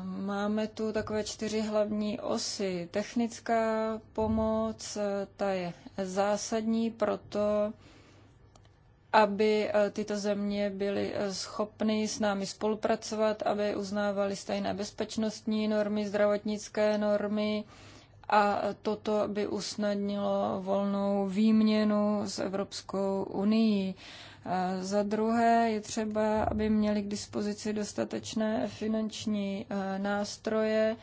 Máme tu takové čtyři hlavní osy. Technická pomoc, ta je zásadní, proto aby eh, tyto země byly eh, schopny s námi spolupracovat, aby uznávaly stejné bezpečnostní normy, zdravotnické normy a eh, toto by usnadnilo volnou výměnu s Evropskou unii. za druhé je třeba, aby měli k dispozici dostatečné finanční nástroje,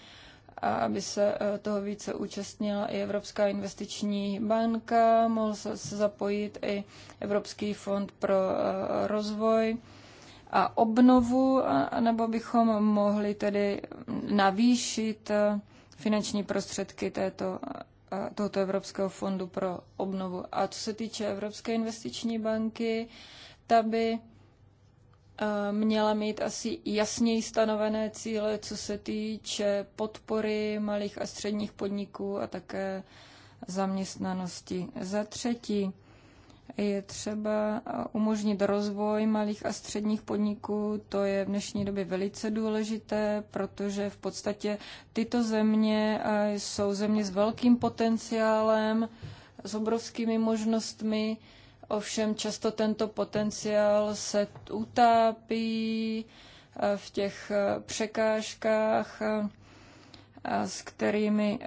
a aby se eh, toho více účastnila i Evropská investiční banka, mohl se zapojit i Evropský fond pro eh, rozvoj a obnovu, nebo bychom mohli tedy navýšit eh, finanční prostředky této, tohoto Evropského fondu pro obnovu. A co se týče Evropské investiční banky, ta by Eh, měla mít asi jasněji stanovené cíle, co se týče podpory malých a středních podniků a také zaměstnanosti. Za třetí, je třeba eh, umožnit rozvoj malých a středních podniků. To je v dnešní době velice důležité, protože v podstatě tyto země eh, jsou země s velkým potenciálem, s obrovskými možnostmi Ovšem často tento potenciál se utápí eh, v těch eh, překážkách, eh, s kterými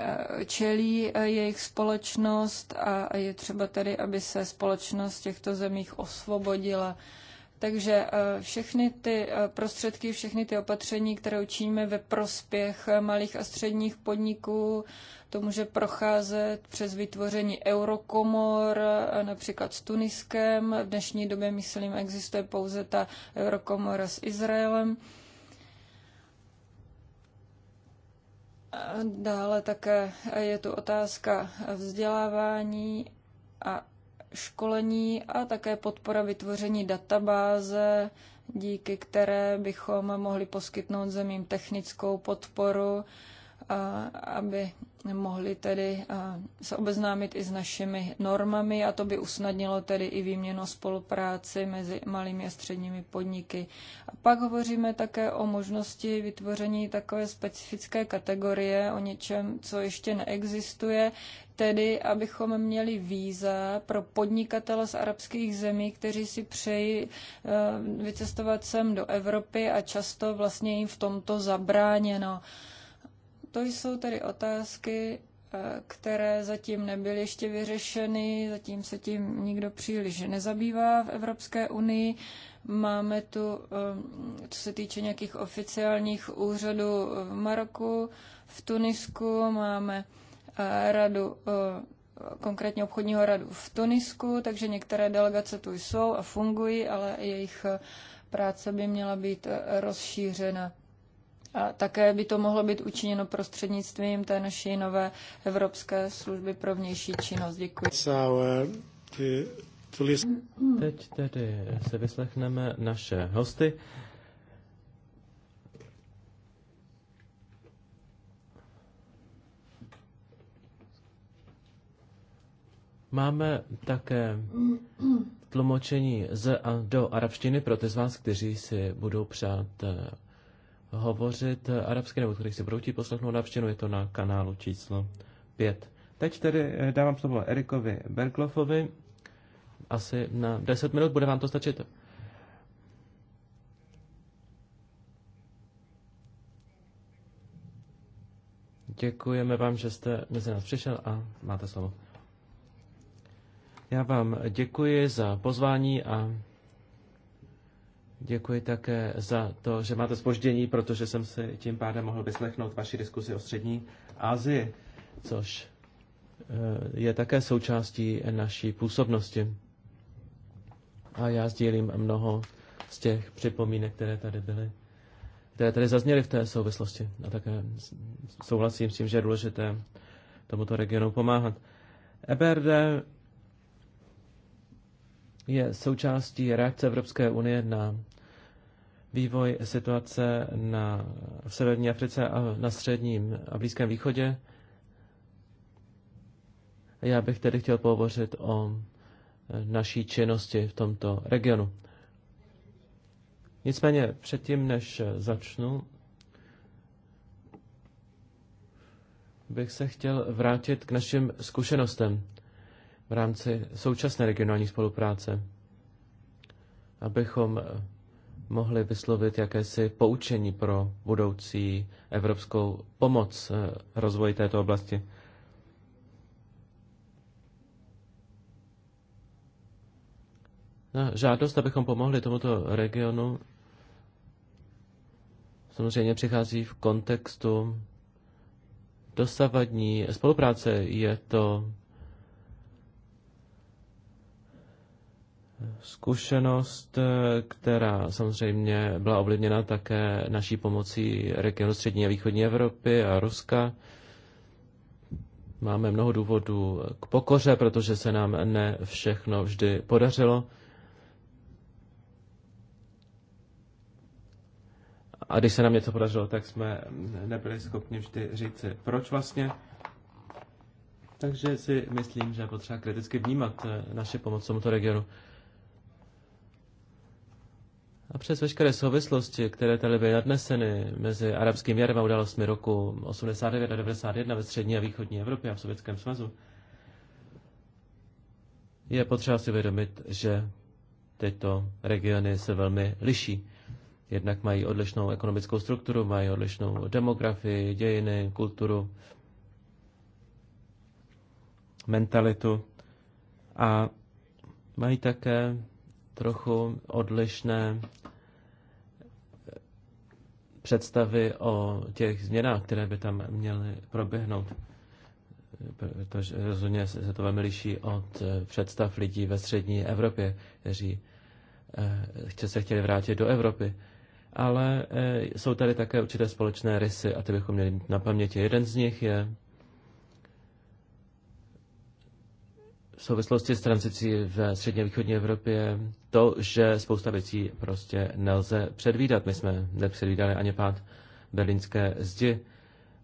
čelí jejich společnost a je třeba tedy, aby se společnost v těchto zemích osvobodila. Takže eh, všechny ty eh, prostředky, všechny ty opatření, které učiníme ve prospěch eh, malých a středních podniků, to může procházet přes vytvoření eurokomor, například s Tuniskem. V dnešní době, myslím, existuje pouze ta eurokomora s Izraelem. Dále také je tu otázka vzdělávání a školení a také podpora vytvoření databáze, díky které bychom mohli poskytnout zemím technickou podporu, aby mohli tedy eh, se obeznámit i s našimi normami a to by usnadnilo tedy i výměnu spolupráci mezi malými a středními podniky. A pak hovoříme také o možnosti vytvoření takové specifické kategorie, o něčem, co ještě neexistuje, tedy abychom měli víza pro podnikatele z arabských zemí, kteří si přejí eh, vycestovat sem do Evropy a často vlastně jim v tomto zabráněno. To jsou tedy otázky, eh, které zatím nebyly ještě vyřešeny, zatím se tím nikdo příliš nezabývá v Evropské unii. Máme tu, eh, co se týče nějakých oficiálních úřadů v Maroku, v Tunisku, máme eh, radu, konkrétně obchodního radu v Tunisku, takže některé delegace tu jsou a fungují, ale jejich práce by měla být rozšířena také by to mohlo být učiněno prostřednictvím té naší nové Evropské služby pro vnější činnost. Děkuji. Teď tedy se vyslechneme naše hosty. Máme také tlumočení z a do arabštiny pro ty z vás, kteří si budou přát eh, hovořit eh, arabsky, nebo který si budou chtít poslechnout návštěnu, je to na kanálu číslo 5. Teď tedy eh, dávám slovo Erikovi Berklofovi. Asi na 10 minut bude vám to stačit. Děkujeme vám, že jste mezi nás přišel a máte slovo. Já vám děkuji za pozvání a Děkuji také za to, že máte spoždění, protože jsem si tím pádem mohl vyslechnout vaši diskusi o střední Asii, což eh, je také součástí naší působnosti. A já sdílím mnoho z těch připomínek, které tady byly, které tady zazněly v té souvislosti. A také souhlasím s tím, že je důležité tomuto regionu pomáhat. EBRD je součástí reakce Evropské unie na vývoj situace na, v severní Africe a na středním a Blízkém východě. Já bych tedy chtěl pohovořit o naší činnosti v tomto regionu. Nicméně předtím, než začnu, bych se chtěl vrátit k našim zkušenostem v rámci současné regionální spolupráce, abychom eh, mohli vyslovit jakési poučení pro budoucí evropskou pomoc eh, rozvoji této oblasti. Na žádost, abychom pomohli tomuto regionu, samozřejmě přichází v kontextu dosavadní spolupráce. Je to zkušenost, eh, která samozřejmě byla ovlivněna také naší pomocí regionu střední a východní Evropy a Ruska. Máme mnoho důvodů k pokoře, protože se nám ne všechno vždy podařilo. A když se nám něco podařilo, tak jsme nebyli schopni vždy říct, proč vlastně. Takže si myslím, že je potřeba kriticky vnímat eh, naše pomoc tomuto regionu. A přes veškeré souvislosti, které tady byly nadneseny mezi arabským jarem a událostmi roku 89 a 91 ve střední a východní Evropě a v Sovětském svazu, je potřeba si uvědomit, že tyto regiony se velmi liší. Jednak mají odlišnou ekonomickou strukturu, mají odlišnou demografii, dějiny, kulturu, mentalitu a mají také trochu odlišné eh, představy o těch změnách, které by tam měly proběhnout. Protože rozhodně se to velmi liší od eh, představ lidí ve střední Evropě, kteří eh, se chtěli vrátit do Evropy. Ale jsou tady také určité společné rysy a ty bychom měli na paměti. Jeden z nich je v souvislosti s tranzicí v středně východní Evropě to, že spousta věcí prostě nelze předvídat. My jsme nepředvídali ani pád berlínské zdi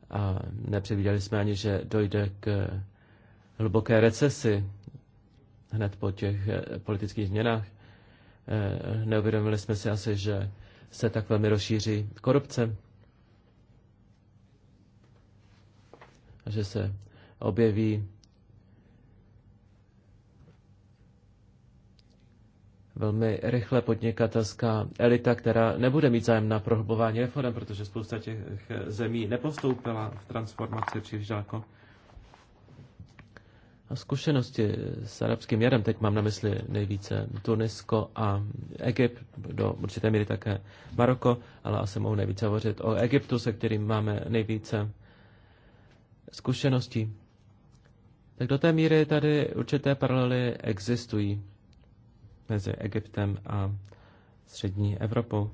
a nepředvídali jsme ani, že dojde k hluboké recesi hned po těch eh, politických změnách. Eh, neuvědomili jsme si asi, že se tak velmi rozšíří korupce a že se objeví velmi rychle podnikatelská elita, která nebude mít zájem na prohlubování reform, protože spousta těch eh, zemí nepostoupila v transformaci příliš daleko. A zkušenosti eh, s arabským jarem, teď mám na mysli nejvíce Tunisko a Egypt, do určité míry také Maroko, ale asi mohu nejvíce hovořit o Egyptu, se kterým máme nejvíce zkušeností. Tak do té míry tady určité paralely existují mezi Egyptem a střední Evropou.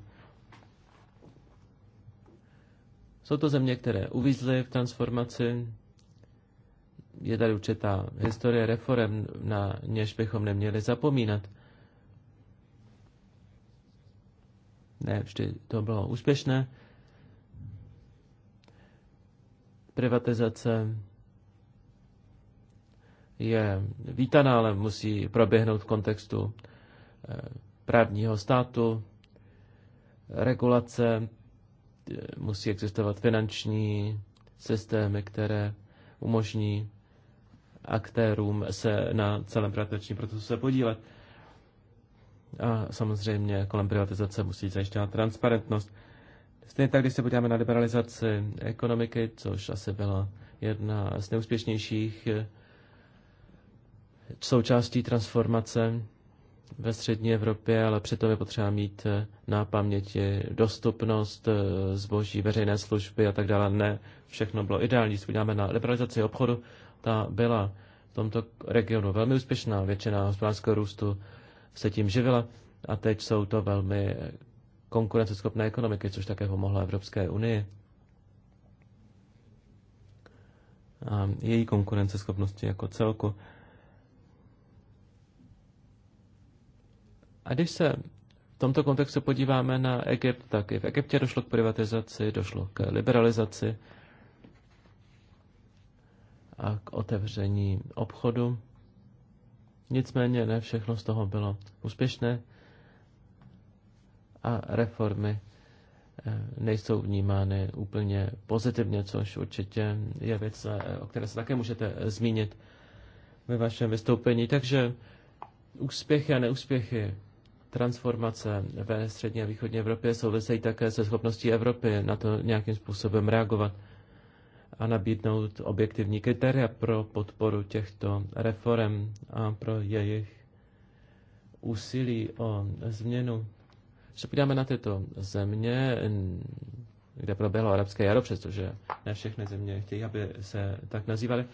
Jsou to země, které uvízly v transformaci. Je tady určitá historie reform, na něž bychom neměli zapomínat. Ne, vždy to bylo úspěšné. Privatizace je vítaná, ale musí proběhnout v kontextu Eh, právního státu, regulace, eh, musí existovat finanční systémy, které umožní aktérům se na celém privatizačním procesu se podílet. A samozřejmě kolem privatizace musí zajišťovat transparentnost. Stejně tak, když se podíváme na liberalizaci ekonomiky, což asi byla jedna z neúspěšnějších eh, součástí transformace ve střední Evropě, ale přitom je potřeba mít eh, na paměti dostupnost eh, zboží, veřejné služby a tak dále. Ne, všechno bylo ideální. Když na liberalizaci obchodu, ta byla v tomto regionu velmi úspěšná. Většina hospodářského růstu se tím živila a teď jsou to velmi eh, konkurenceschopné ekonomiky, což také pomohlo Evropské unii. A její konkurenceschopnosti jako celku. A když se v tomto kontextu podíváme na Egypt, tak i v Egyptě došlo k privatizaci, došlo k liberalizaci a k otevření obchodu. Nicméně ne všechno z toho bylo úspěšné a reformy eh, nejsou vnímány úplně pozitivně, což určitě je věc, eh, o které se také můžete eh, zmínit ve vašem vystoupení. Takže úspěchy a neúspěchy transformace ve střední a východní Evropě souvisejí také se schopností Evropy na to nějakým způsobem reagovat a nabídnout objektivní kritéria pro podporu těchto reform a pro jejich úsilí o změnu. Když se podíváme na tyto země, kde proběhlo arabské jaro, přestože ne všechny země chtějí, aby se tak nazývaly,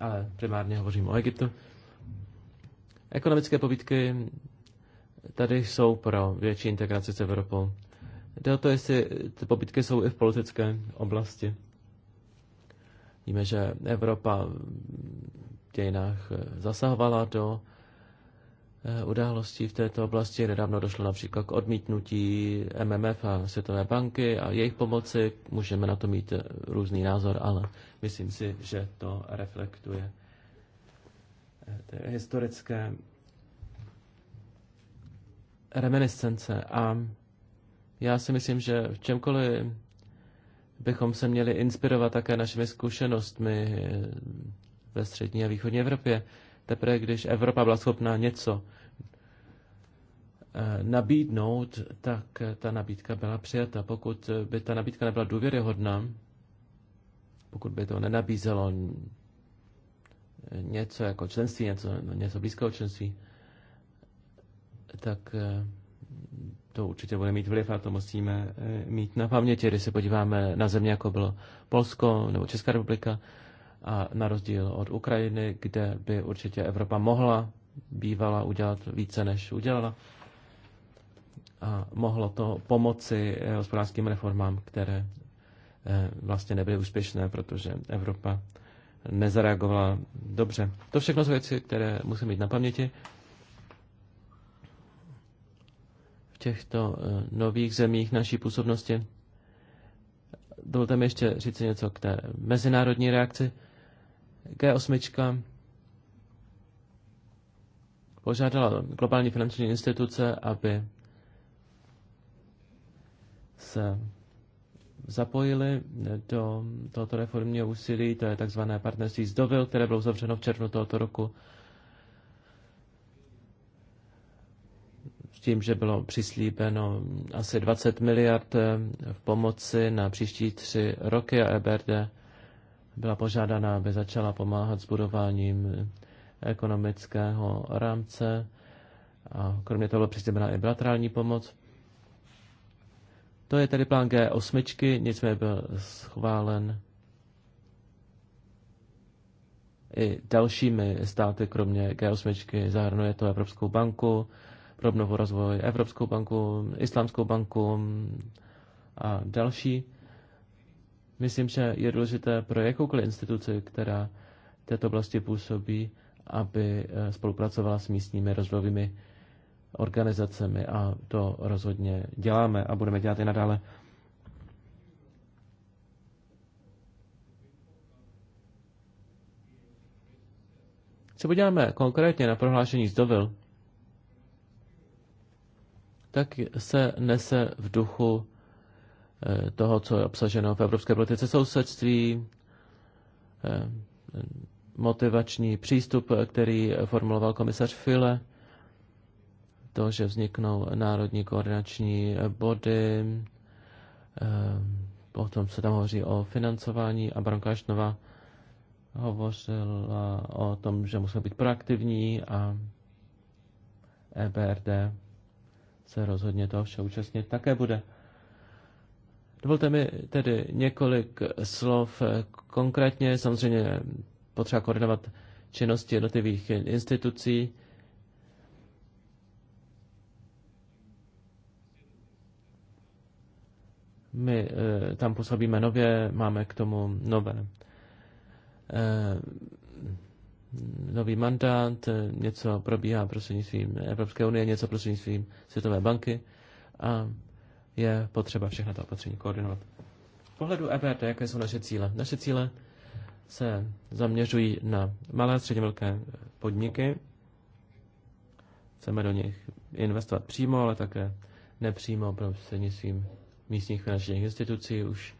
ale primárně hovořím o Egyptu, Ekonomické pobídky tady jsou pro větší integraci s Evropou. Jde o to, jestli ty pobytky jsou i v politické oblasti. Víme, že Evropa v dějinách zasahovala do eh, událostí v této oblasti. Nedávno došlo například k odmítnutí MMF a Světové banky a jejich pomoci. Můžeme na to mít různý názor, ale myslím si, že to reflektuje historické reminiscence. A já si myslím, že v čemkoliv bychom se měli inspirovat také našimi zkušenostmi ve střední a východní Evropě. Teprve když Evropa byla schopná něco eh, nabídnout, tak ta nabídka byla přijata. Pokud by ta nabídka nebyla důvěryhodná, pokud by to nenabízelo něco jako členství, něco, něco blízkého členství, tak eh, to určitě bude mít vliv a to musíme eh, mít na paměti, když se podíváme na země, jako bylo Polsko nebo Česká republika, a na rozdíl od Ukrajiny, kde by určitě Evropa mohla bývala udělat více, než udělala. A mohlo to pomoci eh, hospodářským reformám, které vlastně nebyly úspěšné, protože Evropa nezareagovala dobře. To všechno jsou věci, které musím mít na paměti. V těchto eh, nových zemích naší působnosti. Dovolte mi ještě říct něco k té mezinárodní reakci. G8 požádala globální finanční instituce, aby se zapojili do tohoto reformního úsilí. To je tzv. partnerství z Dovil, které bylo zavřeno v červnu tohoto roku. S tím, že bylo přislíbeno asi 20 miliard eh, v pomoci na příští tři roky a EBRD byla požádána, aby začala pomáhat s budováním ekonomického rámce. A kromě toho byla přislíbena i bilaterální pomoc. To je tedy plán G8, nicméně byl schválen i dalšími státy, kromě G8, zahrnuje to Evropskou banku pro obnovu rozvoj, Evropskou banku, Islámskou banku a další. Myslím, že je důležité pro jakoukoliv instituci, která v této oblasti působí, aby eh, spolupracovala s místními rozvojovými organizacemi a to rozhodně děláme a budeme dělat i nadále. Co podíváme konkrétně na prohlášení z Dovil, tak se nese v duchu eh, toho, co je obsaženo v evropské politice sousedství, eh, motivační přístup, eh, který formuloval komisař File, to, že vzniknou národní koordinační eh, body, eh, potom se tam hovoří o financování a Branka hovořila o tom, že musí být proaktivní a EBRD se rozhodně toho vše účastnit také bude. Dovolte mi tedy několik slov eh, konkrétně. Samozřejmě potřeba koordinovat činnosti jednotlivých institucí. My eh, tam působíme nově, máme k tomu nové eh, nový mandát, eh, něco probíhá prostřednictvím Evropské unie, něco prostřednictvím Světové banky a je potřeba všechna ta opatření koordinovat. V pohledu EBRD, jaké jsou naše cíle? Naše cíle se zaměřují na malé, a středně velké podniky. Chceme do nich investovat přímo, ale také nepřímo prostřednictvím místních finančních institucí. Už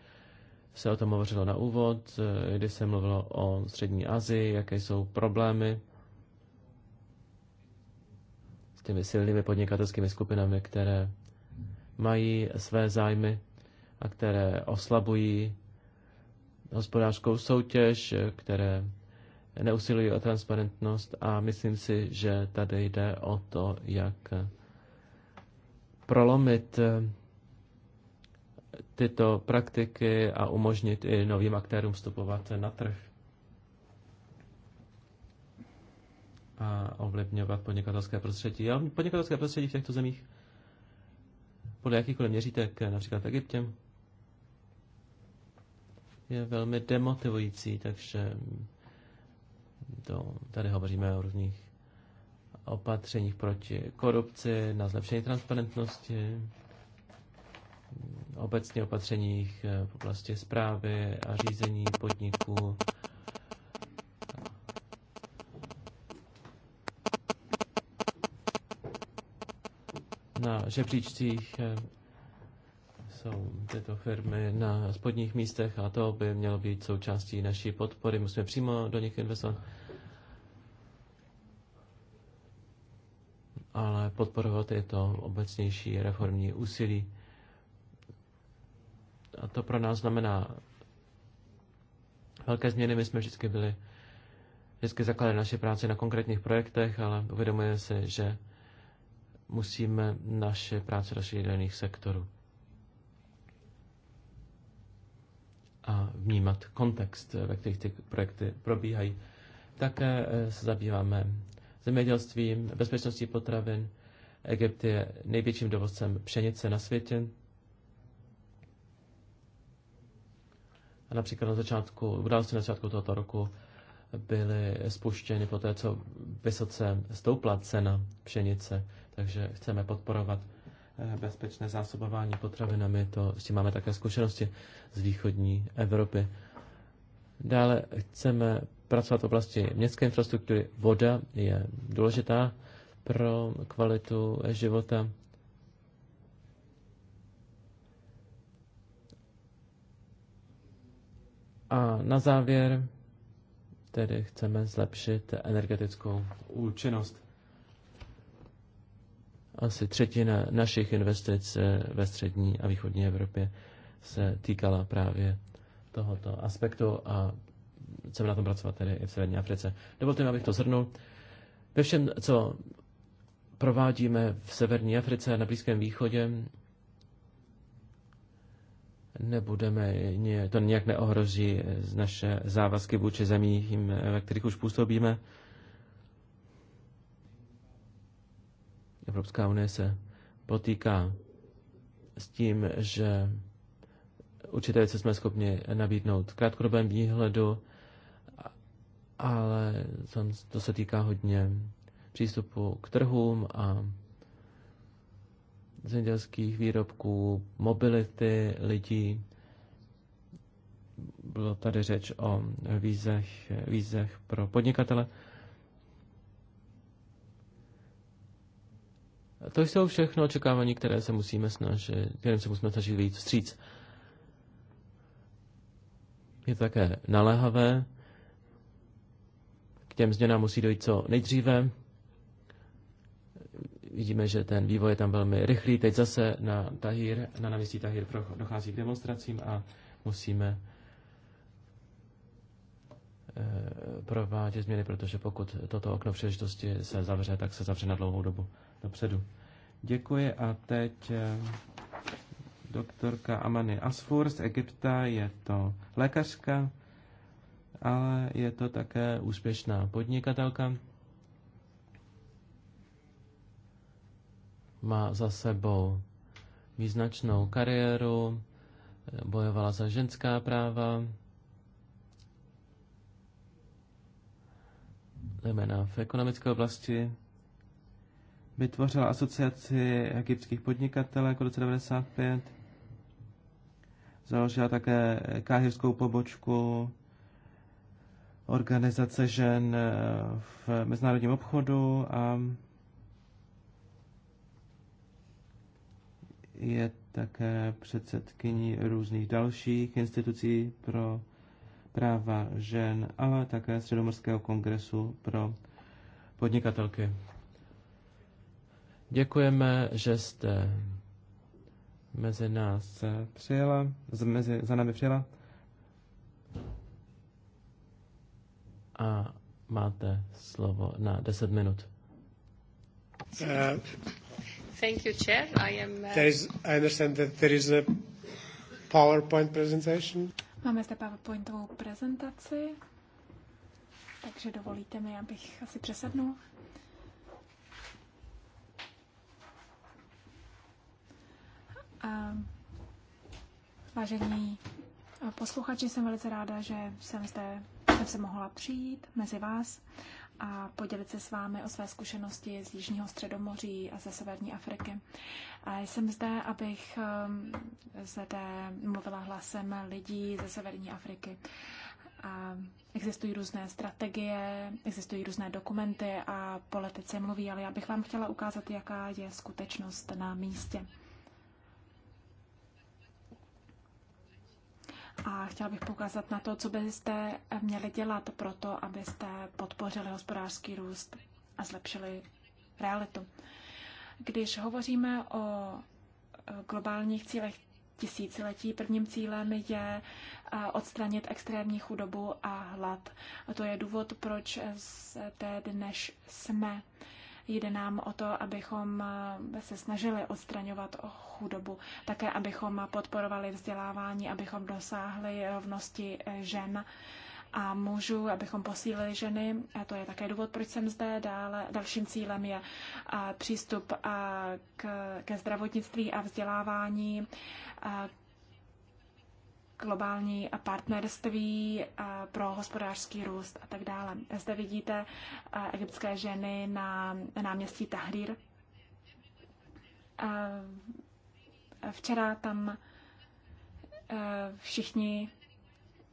se o tom hovořilo na úvod, eh, kdy se mluvilo o Střední Asii, jaké jsou problémy s těmi silnými podnikatelskými skupinami, které mají své zájmy a které oslabují hospodářskou soutěž, které neusilují o transparentnost a myslím si, že tady jde o to, jak prolomit eh, tyto praktiky a umožnit i novým aktérům vstupovat na trh a ovlivňovat podnikatelské prostředí. A podnikatelské prostředí v těchto zemích podle jakýchkoliv měřítek, například v Egyptě, je velmi demotivující, takže to, tady hovoříme o různých opatřeních proti korupci, na zlepšení transparentnosti, obecně opatřeních eh, v oblasti zprávy a řízení podniků. Na žebříčcích eh, jsou tyto firmy na spodních místech a to by mělo být součástí naší podpory. Musíme přímo do nich investovat. Ale podporovat je to obecnější reformní úsilí. A to pro nás znamená velké změny. My jsme vždycky byli, vždycky zakladali naše práce na konkrétních projektech, ale uvědomujeme se, že musíme naše práce rozšířit do jiných sektorů. A vnímat kontext, ve kterých ty projekty probíhají. Také eh, se zabýváme zemědělstvím, bezpečností potravin. Egypt je největším dovozcem pšenice na světě. například na začátku, události na začátku tohoto roku byly spuštěny po té, co vysoce stoupla cena pšenice. Takže chceme podporovat eh, bezpečné zásobování potravinami. To, s tím máme také zkušenosti z východní Evropy. Dále chceme pracovat v oblasti městské infrastruktury. Voda je důležitá pro kvalitu života A na závěr tedy chceme zlepšit energetickou účinnost. Asi třetina našich investic ve střední a východní Evropě se týkala právě tohoto aspektu a chceme na tom pracovat tedy i v Severní Africe. Dovolte mi, abych to zhrnul. Ve všem, co provádíme v Severní Africe a na Blízkém východě, nebudeme, to nějak neohrozí naše závazky vůči zemím, ve kterých už působíme. Evropská unie se potýká s tím, že určité věci jsme schopni nabídnout v krátkodobém výhledu, ale to se týká hodně přístupu k trhům a zemědělských výrobků, mobility lidí. Bylo tady řeč o vízech, vízech pro podnikatele. To jsou všechno očekávání, které se musíme snažit, kterým se musíme snažit vyjít vstříc. Je to také naléhavé. K těm změnám musí dojít co nejdříve. Vidíme, že ten vývoj je tam velmi rychlý. Teď zase na, Tahir, na náměstí Tahir dochází k demonstracím a musíme eh, provádět změny, protože pokud toto okno příležitosti se zavře, tak se zavře na dlouhou dobu dopředu. Děkuji a teď eh, doktorka Amany Asfur z Egypta, je to lékařka, ale je to také úspěšná podnikatelka. má za sebou význačnou kariéru, bojovala za ženská práva, zejména v ekonomické oblasti. Vytvořila asociaci egyptských podnikatelů jako roce 95. Založila také káhirskou pobočku organizace žen v mezinárodním obchodu a je také předsedkyní různých dalších institucí pro práva žen, ale také Středomorského kongresu pro podnikatelky. Děkujeme, že jste mezi nás přijela, mezi, za námi přijela a máte slovo na 10 minut. Uh. Thank you, Chair. I am. Uh... There is, I understand that there is a PowerPoint presentation. Máme zde PowerPointovou prezentaci, takže dovolíte mi, abych asi přesednul. A vážení posluchači, jsem velice ráda, že jsem, zde, jsem se mohla přijít mezi vás a podělit se s vámi o své zkušenosti z Jižního středomoří a ze Severní Afriky. A jsem zde, abych um, zde mluvila hlasem lidí ze Severní Afriky. A existují různé strategie, existují různé dokumenty a politici mluví, ale já bych vám chtěla ukázat, jaká je skutečnost na místě. A chtěla bych poukázat na to, co byste měli dělat pro to, abyste podpořili hospodářský růst a zlepšili realitu. Když hovoříme o e, globálních cílech tisíciletí, prvním cílem je e, odstranit extrémní chudobu a hlad. A to je důvod, proč zde dnes jsme. Jde nám o to, abychom eh, se snažili odstraňovat chudobu, také abychom podporovali vzdělávání, abychom dosáhli rovnosti eh, žen a mužů, abychom posílili ženy. A to je také důvod, proč jsem zde. Dále, dalším cílem je eh, přístup k, ke zdravotnictví a vzdělávání, globální partnerství eh, pro hospodářský růst a tak dále. Zde vidíte eh, egyptské ženy na náměstí Tahrir. Eh, včera tam všichni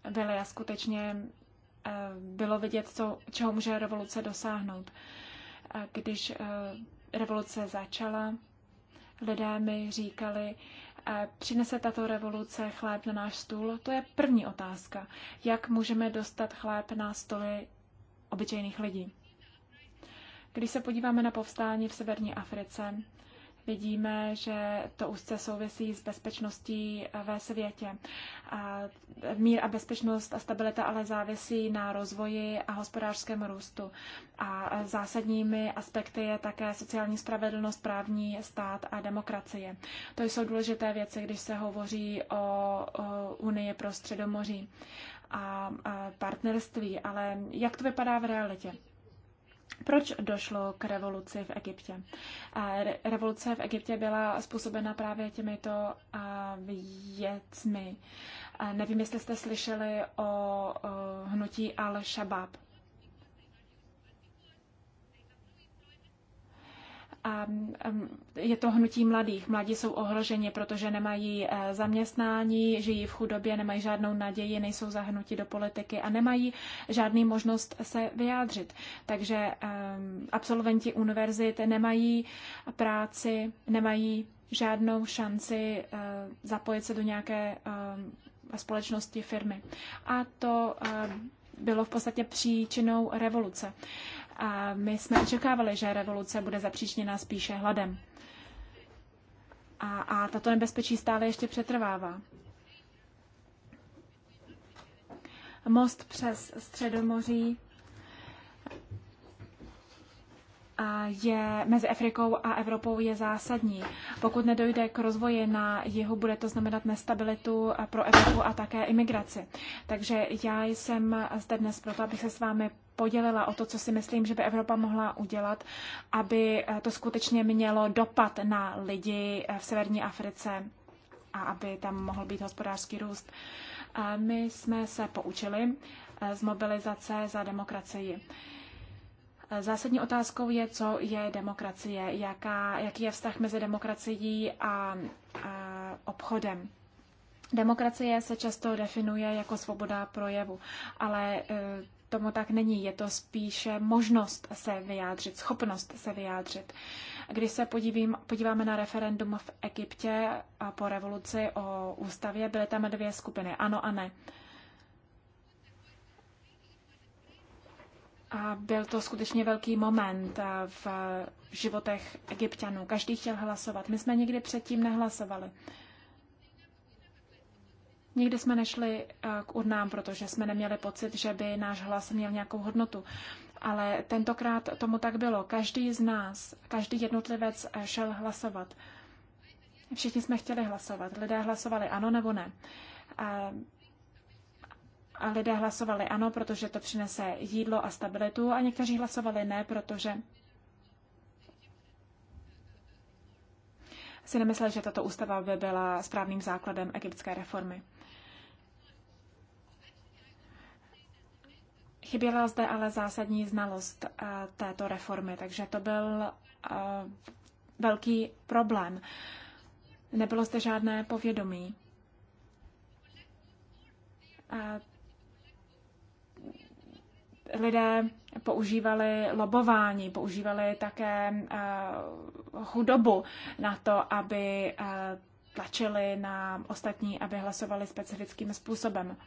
byli a skutečně bylo vidět, co, čeho může revoluce dosáhnout. Když revoluce začala, lidé mi říkali, přinese tato revoluce chléb na náš stůl? To je první otázka. Jak můžeme dostat chléb na stoly obyčejných lidí? Když se podíváme na povstání v severní Africe, vidíme, že to úzce souvisí s bezpečností ve světě. A mír a bezpečnost a stabilita ale závisí na rozvoji a hospodářském růstu. A zásadními aspekty je také sociální spravedlnost, právní stát a demokracie. To jsou důležité věci, když se hovoří o, Unii pro středomoří a, a partnerství. Ale jak to vypadá v realitě? Proč došlo k revoluci v Egyptě? Revoluce v Egyptě byla způsobena právě těmito věcmi. Nevím, jestli jste slyšeli o hnutí Al-Shabaab. a je to hnutí mladých. Mladí jsou ohroženi, protože nemají eh, zaměstnání, žijí v chudobě, nemají žádnou naději, nejsou zahnuti do politiky a nemají žádný možnost se vyjádřit. Takže absolventi univerzit nemají práci, nemají žádnou šanci eh, zapojit se do nějaké společnosti firmy. A to eh, bylo v podstatě příčinou revoluce. A my jsme očekávali, že revoluce bude zapříčněna spíše hladem. A, a tato nebezpečí stále ještě přetrvává. Most přes Středomoří je mezi Afrikou a Evropou je zásadní. Pokud nedojde k rozvoji na jihu, bude to znamenat nestabilitu pro Evropu a také imigraci. Takže já jsem zde dnes proto, abych se s vámi podělila o to, co si myslím, že by Evropa mohla udělat, aby eh, to skutečně mělo dopad na lidi eh, v severní Africe a aby tam mohl být hospodářský růst. A my jsme se poučili eh, z mobilizace za demokracii. Zásadní otázkou je, co je demokracie, jaká, jaký je vztah mezi demokracií a, a obchodem. Demokracie se často definuje jako svoboda projevu, ale tomu tak není. Je to spíše možnost se vyjádřit, schopnost se vyjádřit. Když se podívím, podíváme na referendum v Egyptě a po revoluci o ústavě, byly tam dvě skupiny, ano a ne. A byl to skutečně velký moment v životech egyptianů. Každý chtěl hlasovat. My jsme nikdy předtím nehlasovali. Nikdy jsme nešli eh, k urnám, protože jsme neměli pocit, že by náš hlas měl nějakou hodnotu. Ale tentokrát tomu tak bylo. Každý z nás, každý jednotlivec eh, šel hlasovat. Všichni jsme chtěli hlasovat. Lidé hlasovali ano nebo ne. A eh, a lidé hlasovali ano, protože to přinese jídlo a stabilitu, a někteří hlasovali ne, protože si nemysleli, že tato ústava by byla správným základem egyptské reformy. Chyběla zde ale zásadní znalost eh, této reformy, takže to byl eh, velký problém. Nebylo zde žádné povědomí. A eh, lidé používali lobování, používali také chudobu na to, aby tlačili na ostatní, aby hlasovali specifickým způsobem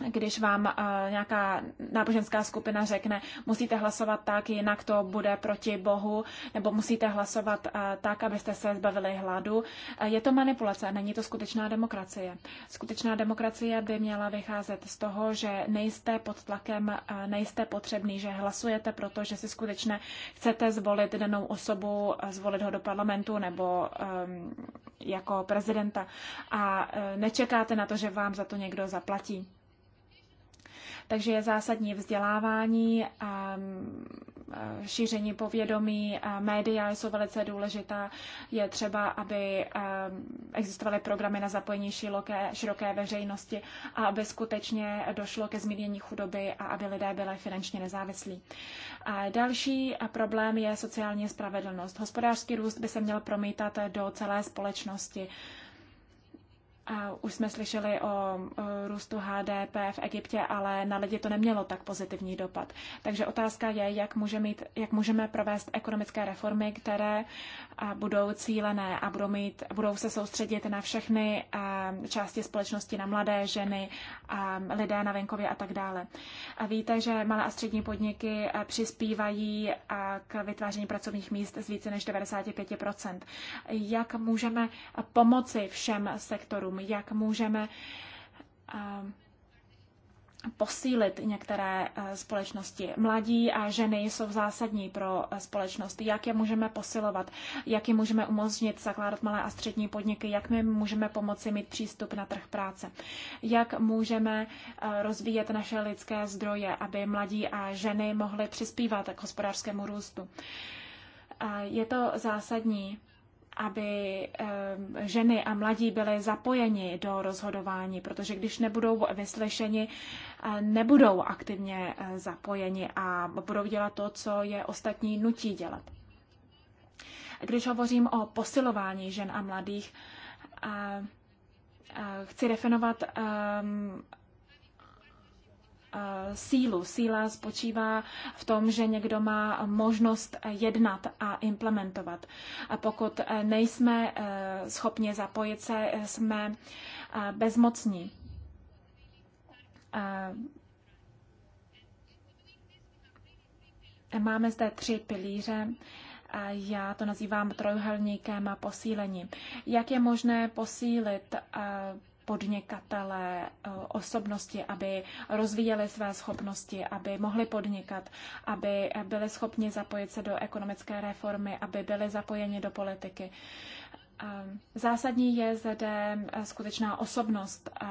když vám eh, nějaká náboženská skupina řekne, musíte hlasovat tak, jinak to bude proti Bohu, nebo musíte hlasovat eh, tak, abyste se zbavili hladu. Eh, je to manipulace, není to skutečná demokracie. Skutečná demokracie by měla vycházet z toho, že nejste pod tlakem, nejste potřebný, že hlasujete proto, že si skutečně chcete zvolit danou osobu, zvolit ho do parlamentu nebo um, jako prezidenta a nečekáte na to, že vám za to někdo zaplatí. Takže je zásadní vzdělávání, ehm, eh, šíření povědomí, eh, média jsou velice důležitá. Je třeba, aby ehm, existovaly programy na zapojení široké, široké veřejnosti a aby skutečně došlo ke zmírnění chudoby a aby lidé byli finančně nezávislí. A další problém je sociální spravedlnost. Hospodářský růst by se měl promítat do celé společnosti. Už jsme slyšeli o růstu HDP v Egyptě, ale na lidi to nemělo tak pozitivní dopad. Takže otázka je, jak, může mít, jak můžeme provést ekonomické reformy, které budou cílené a budou, mít, budou se soustředit na všechny části společnosti, na mladé ženy, lidé na venkově a tak dále. A víte, že malé a střední podniky přispívají k vytváření pracovních míst z více než 95 Jak můžeme pomoci všem sektorům? jak můžeme eh, posílit některé eh, společnosti. Mladí a ženy jsou zásadní pro eh, společnost. Jak je můžeme posilovat? Jak je můžeme umožnit zakládat malé a střední podniky? Jak my můžeme pomoci mít přístup na trh práce? Jak můžeme rozvíjet naše lidské zdroje, aby mladí a ženy mohly přispívat k hospodářskému růstu? Je to zásadní aby ženy a mladí byli zapojeni do rozhodování, protože když nebudou vyslyšeni, eh, nebudou aktivně eh, zapojeni a budou dělat to, co je ostatní nutí dělat. Když hovořím o posilování žen a mladých, eh, chci definovat Eh, sílu. Síla spočívá v tom, že někdo má možnost jednat a implementovat. A pokud eh, nejsme eh, schopni zapojit se, jsme bezmocní. Máme zde tři pilíře. Já to nazývám trojuhelníkem posílení. Jak je možné posílit podnikatele, eh, osobnosti, aby rozvíjeli své schopnosti, aby mohli podnikat, aby byli schopni zapojit se do ekonomické reformy, aby byli zapojeni do politiky. Ehm, zásadní je zde ehm, skutečná osobnost ehm,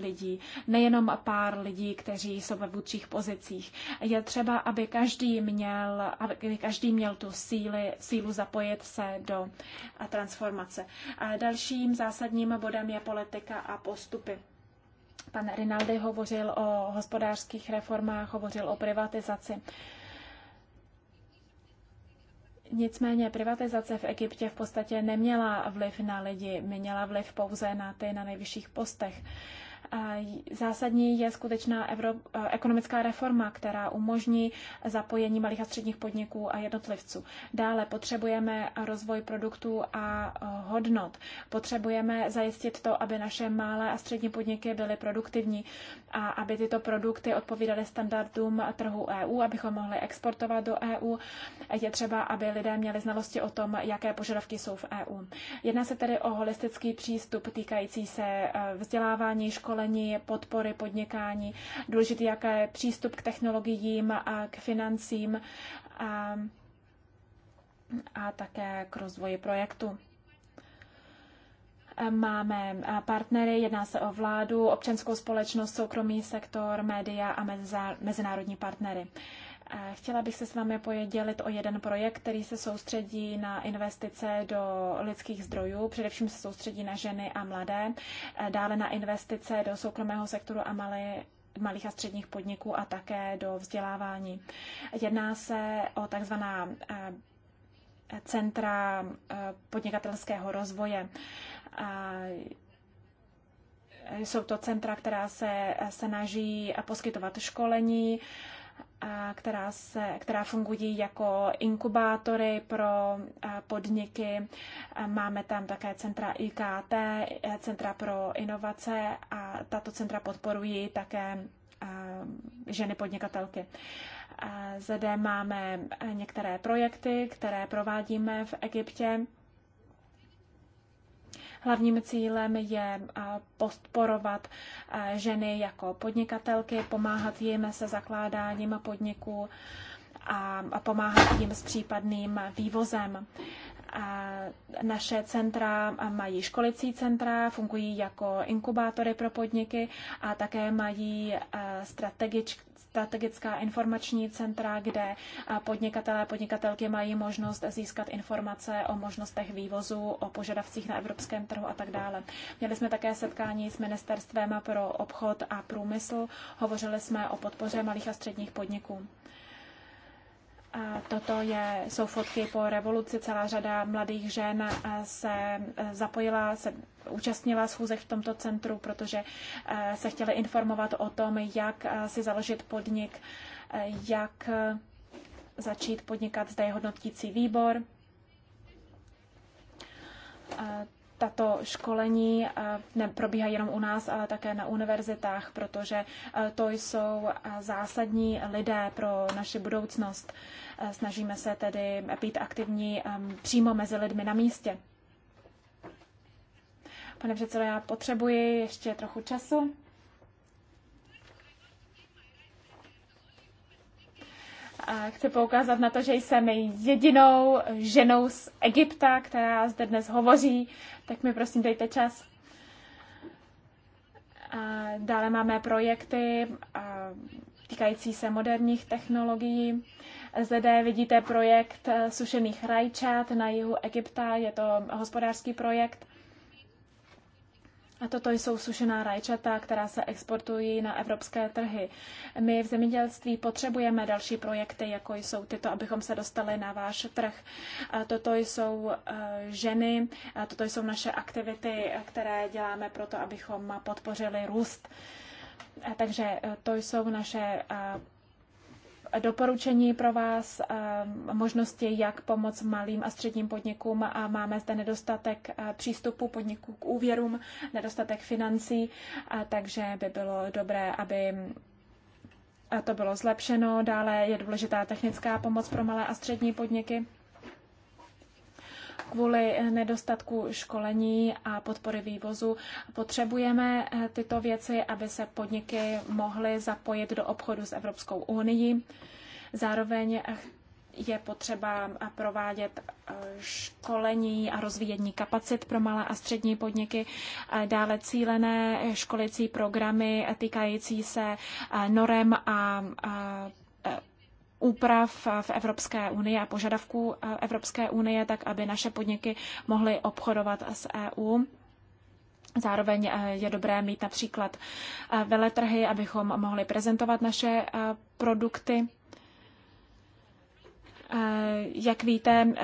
lidí, nejenom pár lidí, kteří jsou ve vůdčích pozicích. Je třeba, aby každý měl, aby každý měl tu síly, sílu zapojit se do eh, transformace. A dalším zásadním bodem je politika a postupy. Pan Rinaldi hovořil o hospodářských reformách, hovořil o privatizaci. Nicméně privatizace v Egyptě v podstatě neměla vliv na lidi, měla vliv pouze na ty na nejvyšších postech zásadní je skutečná Evro, ekonomická reforma, která umožní zapojení malých a středních podniků a jednotlivců. Dále potřebujeme rozvoj produktů a hodnot. Potřebujeme zajistit to, aby naše malé a střední podniky byly produktivní a aby tyto produkty odpovídaly standardům trhu EU, abychom mohli exportovat do EU. Je třeba, aby lidé měli znalosti o tom, jaké požadavky jsou v EU. Jedná se tedy o holistický přístup týkající se vzdělávání, školy, posílení podpory podnikání, důležitý jaké je přístup k technologiím a k financím a, a také k rozvoji projektu. Máme partnery, jedná se o vládu, občanskou společnost, soukromý sektor, média a mezinárodní partnery. Chtěla bych se s vámi podělit o jeden projekt, který se soustředí na investice do lidských zdrojů, především se soustředí na ženy a mladé, dále na investice do soukromého sektoru a malé malých a středních podniků a také do vzdělávání. Jedná se o takzvaná centra podnikatelského rozvoje. Jsou to centra, která se snaží poskytovat školení, která, se, která fungují jako inkubátory pro podniky. Máme tam také centra IKT, centra pro inovace a tato centra podporují také ženy podnikatelky. Zde máme některé projekty, které provádíme v Egyptě. Hlavním cílem je podporovat ženy jako podnikatelky, pomáhat jim se zakládáním podniků a pomáhat jim s případným vývozem. Naše centra mají školicí centra, fungují jako inkubátory pro podniky a také mají strategické strategická informační centra, kde podnikatelé a podnikatelky mají možnost získat informace o možnostech vývozu, o požadavcích na evropském trhu a tak dále. Měli jsme také setkání s Ministerstvem pro obchod a průmysl. Hovořili jsme o podpoře malých a středních podniků. Toto je, jsou fotky po revoluci. Celá řada mladých žen se eh, zapojila, se účastnila schůzek v tomto centru, protože eh, se chtěly informovat o tom, jak eh, si založit podnik, jak začít podnikat. Zde je hodnotící výbor tato školení eh, neprobíhají jenom u nás, ale také na univerzitách, protože eh, to jsou eh, zásadní lidé pro naši budoucnost. Snažíme se tedy být aktivní ehm, přímo mezi lidmi na místě. Pane předsedo, já potřebuji ještě trochu času. chci poukázat na to, že jsem jedinou ženou z Egypta, která zde dnes hovoří, tak mi prosím dejte čas. Dále máme projekty týkající se moderních technologií. Zde vidíte projekt eh, sušených rajčat na jihu Egypta. Je to hospodářský projekt, a toto jsou sušená rajčata, která se exportují na evropské trhy. My v zemědělství potřebujeme další projekty, jako jsou tyto, abychom se dostali na váš trh. A toto jsou eh, ženy, a toto jsou naše aktivity, které děláme proto, abychom podpořili růst. Takže eh, to jsou naše eh, doporučení pro vás, eh, možnosti, jak pomoct malým a středním podnikům a máme zde nedostatek eh, přístupu podniků k úvěrům, nedostatek financí, eh, takže by bylo dobré, aby to bylo zlepšeno. Dále je důležitá technická pomoc pro malé a střední podniky kvůli nedostatku školení a podpory vývozu. Potřebujeme eh, tyto věci, aby se podniky mohly zapojit do obchodu s Evropskou unii. Zároveň eh, je potřeba eh, provádět školení a rozvíjení kapacit pro malé a střední podniky, dále cílené školicí programy týkající se norem a úprav v Evropské unii a požadavků eh, Evropské unie, tak aby naše podniky mohly obchodovat s EU. Zároveň eh, je dobré mít například eh, veletrhy, abychom mohli prezentovat naše produkty. Jak víte,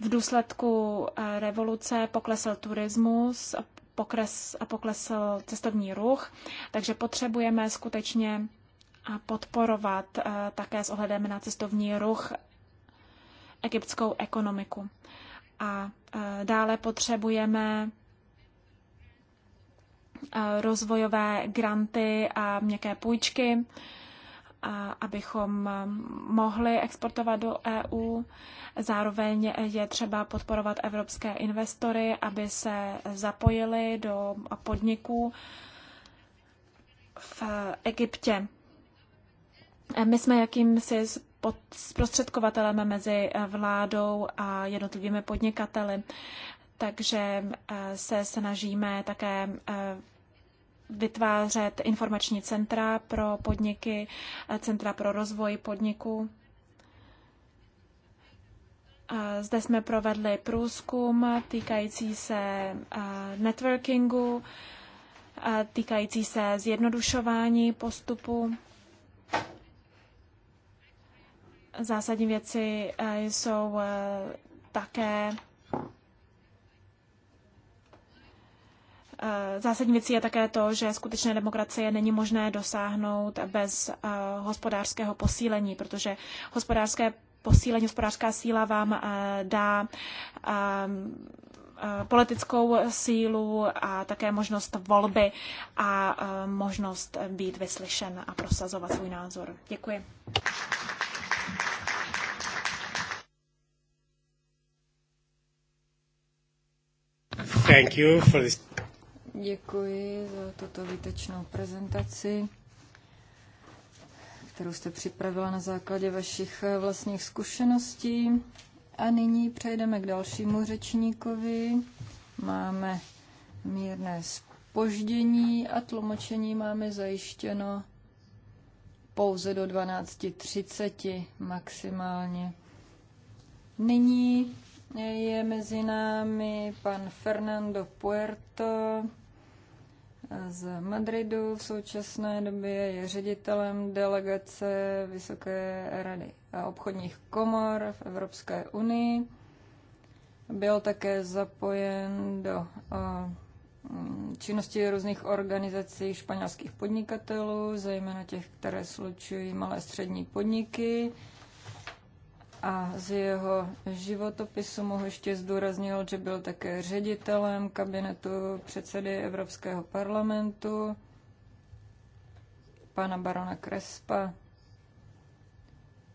v důsledku revoluce poklesl turismus, pokres, poklesl cestovní ruch, takže potřebujeme skutečně a podporovat eh, také s ohledem na cestovní ruch egyptskou ekonomiku. A eh, dále potřebujeme eh, rozvojové granty a měkké půjčky, a abychom mohli exportovat do EU. Zároveň je třeba podporovat evropské investory, aby se zapojili do podniků v Egyptě. Eh, my jsme jakýmsi zprostředkovatelem mezi eh, vládou a jednotlivými podnikateli, takže eh, se snažíme také vytvářet informační centra pro podniky, centra pro rozvoj podniků. Zde jsme provedli průzkum týkající se networkingu, týkající se zjednodušování postupu. Zásadní věci eh, jsou eh, také eh, Zásadní věcí je také to, že skutečné demokracie není možné dosáhnout bez hospodářského posílení, protože hospodářské posílení, hospodářská síla vám dá ehm, politickou sílu a také možnost volby a možnost být vyslyšen a prosazovat svůj názor. Děkuji. Thank you for this. Děkuji za tuto výtečnou prezentaci, kterou jste připravila na základě vašich eh, vlastních zkušeností. A nyní přejdeme k dalšímu řečníkovi. Máme mírné spoždění a tlumočení máme zajištěno pouze do 12.30 maximálně. Nyní je mezi námi pan Fernando Puerto z Madridu. V současné době je ředitelem delegace Vysoké rady a obchodních komor v Evropské unii. Byl také zapojen do eh, činnosti různých organizací španělských podnikatelů, zejména těch, které slučují malé střední podniky. A z jeho životopisu mohu ještě zdůraznit, že byl také ředitelem kabinetu předsedy Evropského parlamentu, pana barona Krespa.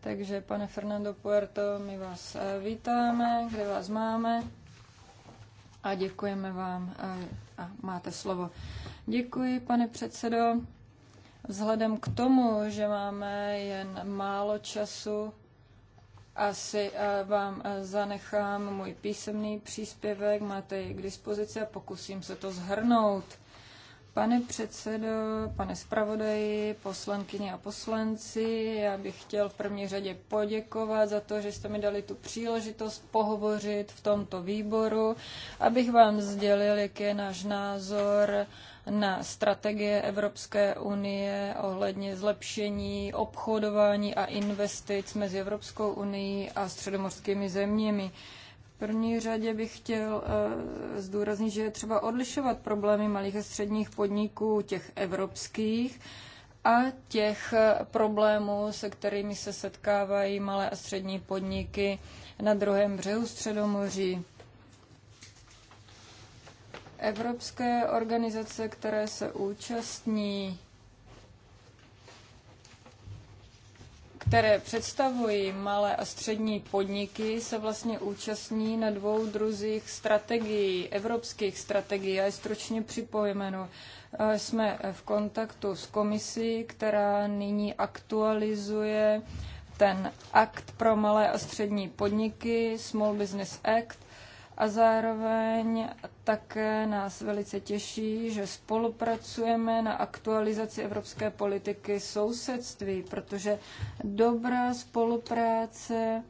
Takže, pane Fernando Puerto, my vás eh, vítáme, kde vás máme. A děkujeme vám eh, a máte slovo. Děkuji, pane předsedo. Vzhledem k tomu, že máme jen málo času, asi eh, vám eh, zanechám můj písemný příspěvek, máte ji k dispozici a pokusím se to zhrnout. Pane předsedo, pane zpravodaji, poslankyně a poslanci, já bych chtěl v první řadě poděkovat za to, že jste mi dali tu příležitost pohovořit v tomto výboru, abych vám sdělil, jaký je náš názor na strategie Evropské unie ohledně zlepšení obchodování a investic mezi Evropskou unii a středomorskými zeměmi první řadě bych chtěl eh, zdůraznit, že je třeba odlišovat problémy malých a středních podniků, těch evropských, a těch eh, problémů, se kterými se setkávají malé a střední podniky na druhém břehu Středomoří. Evropské organizace, které se účastní které představují malé a střední podniky, se vlastně účastní na dvou druzích strategií, evropských strategií. Já je stručně připojmenu. Eh, jsme v kontaktu s komisí, která nyní aktualizuje ten akt pro malé a střední podniky, Small Business Act, a zároveň také nás velice těší, že spolupracujeme na aktualizaci evropské politiky sousedství, protože dobrá spolupráce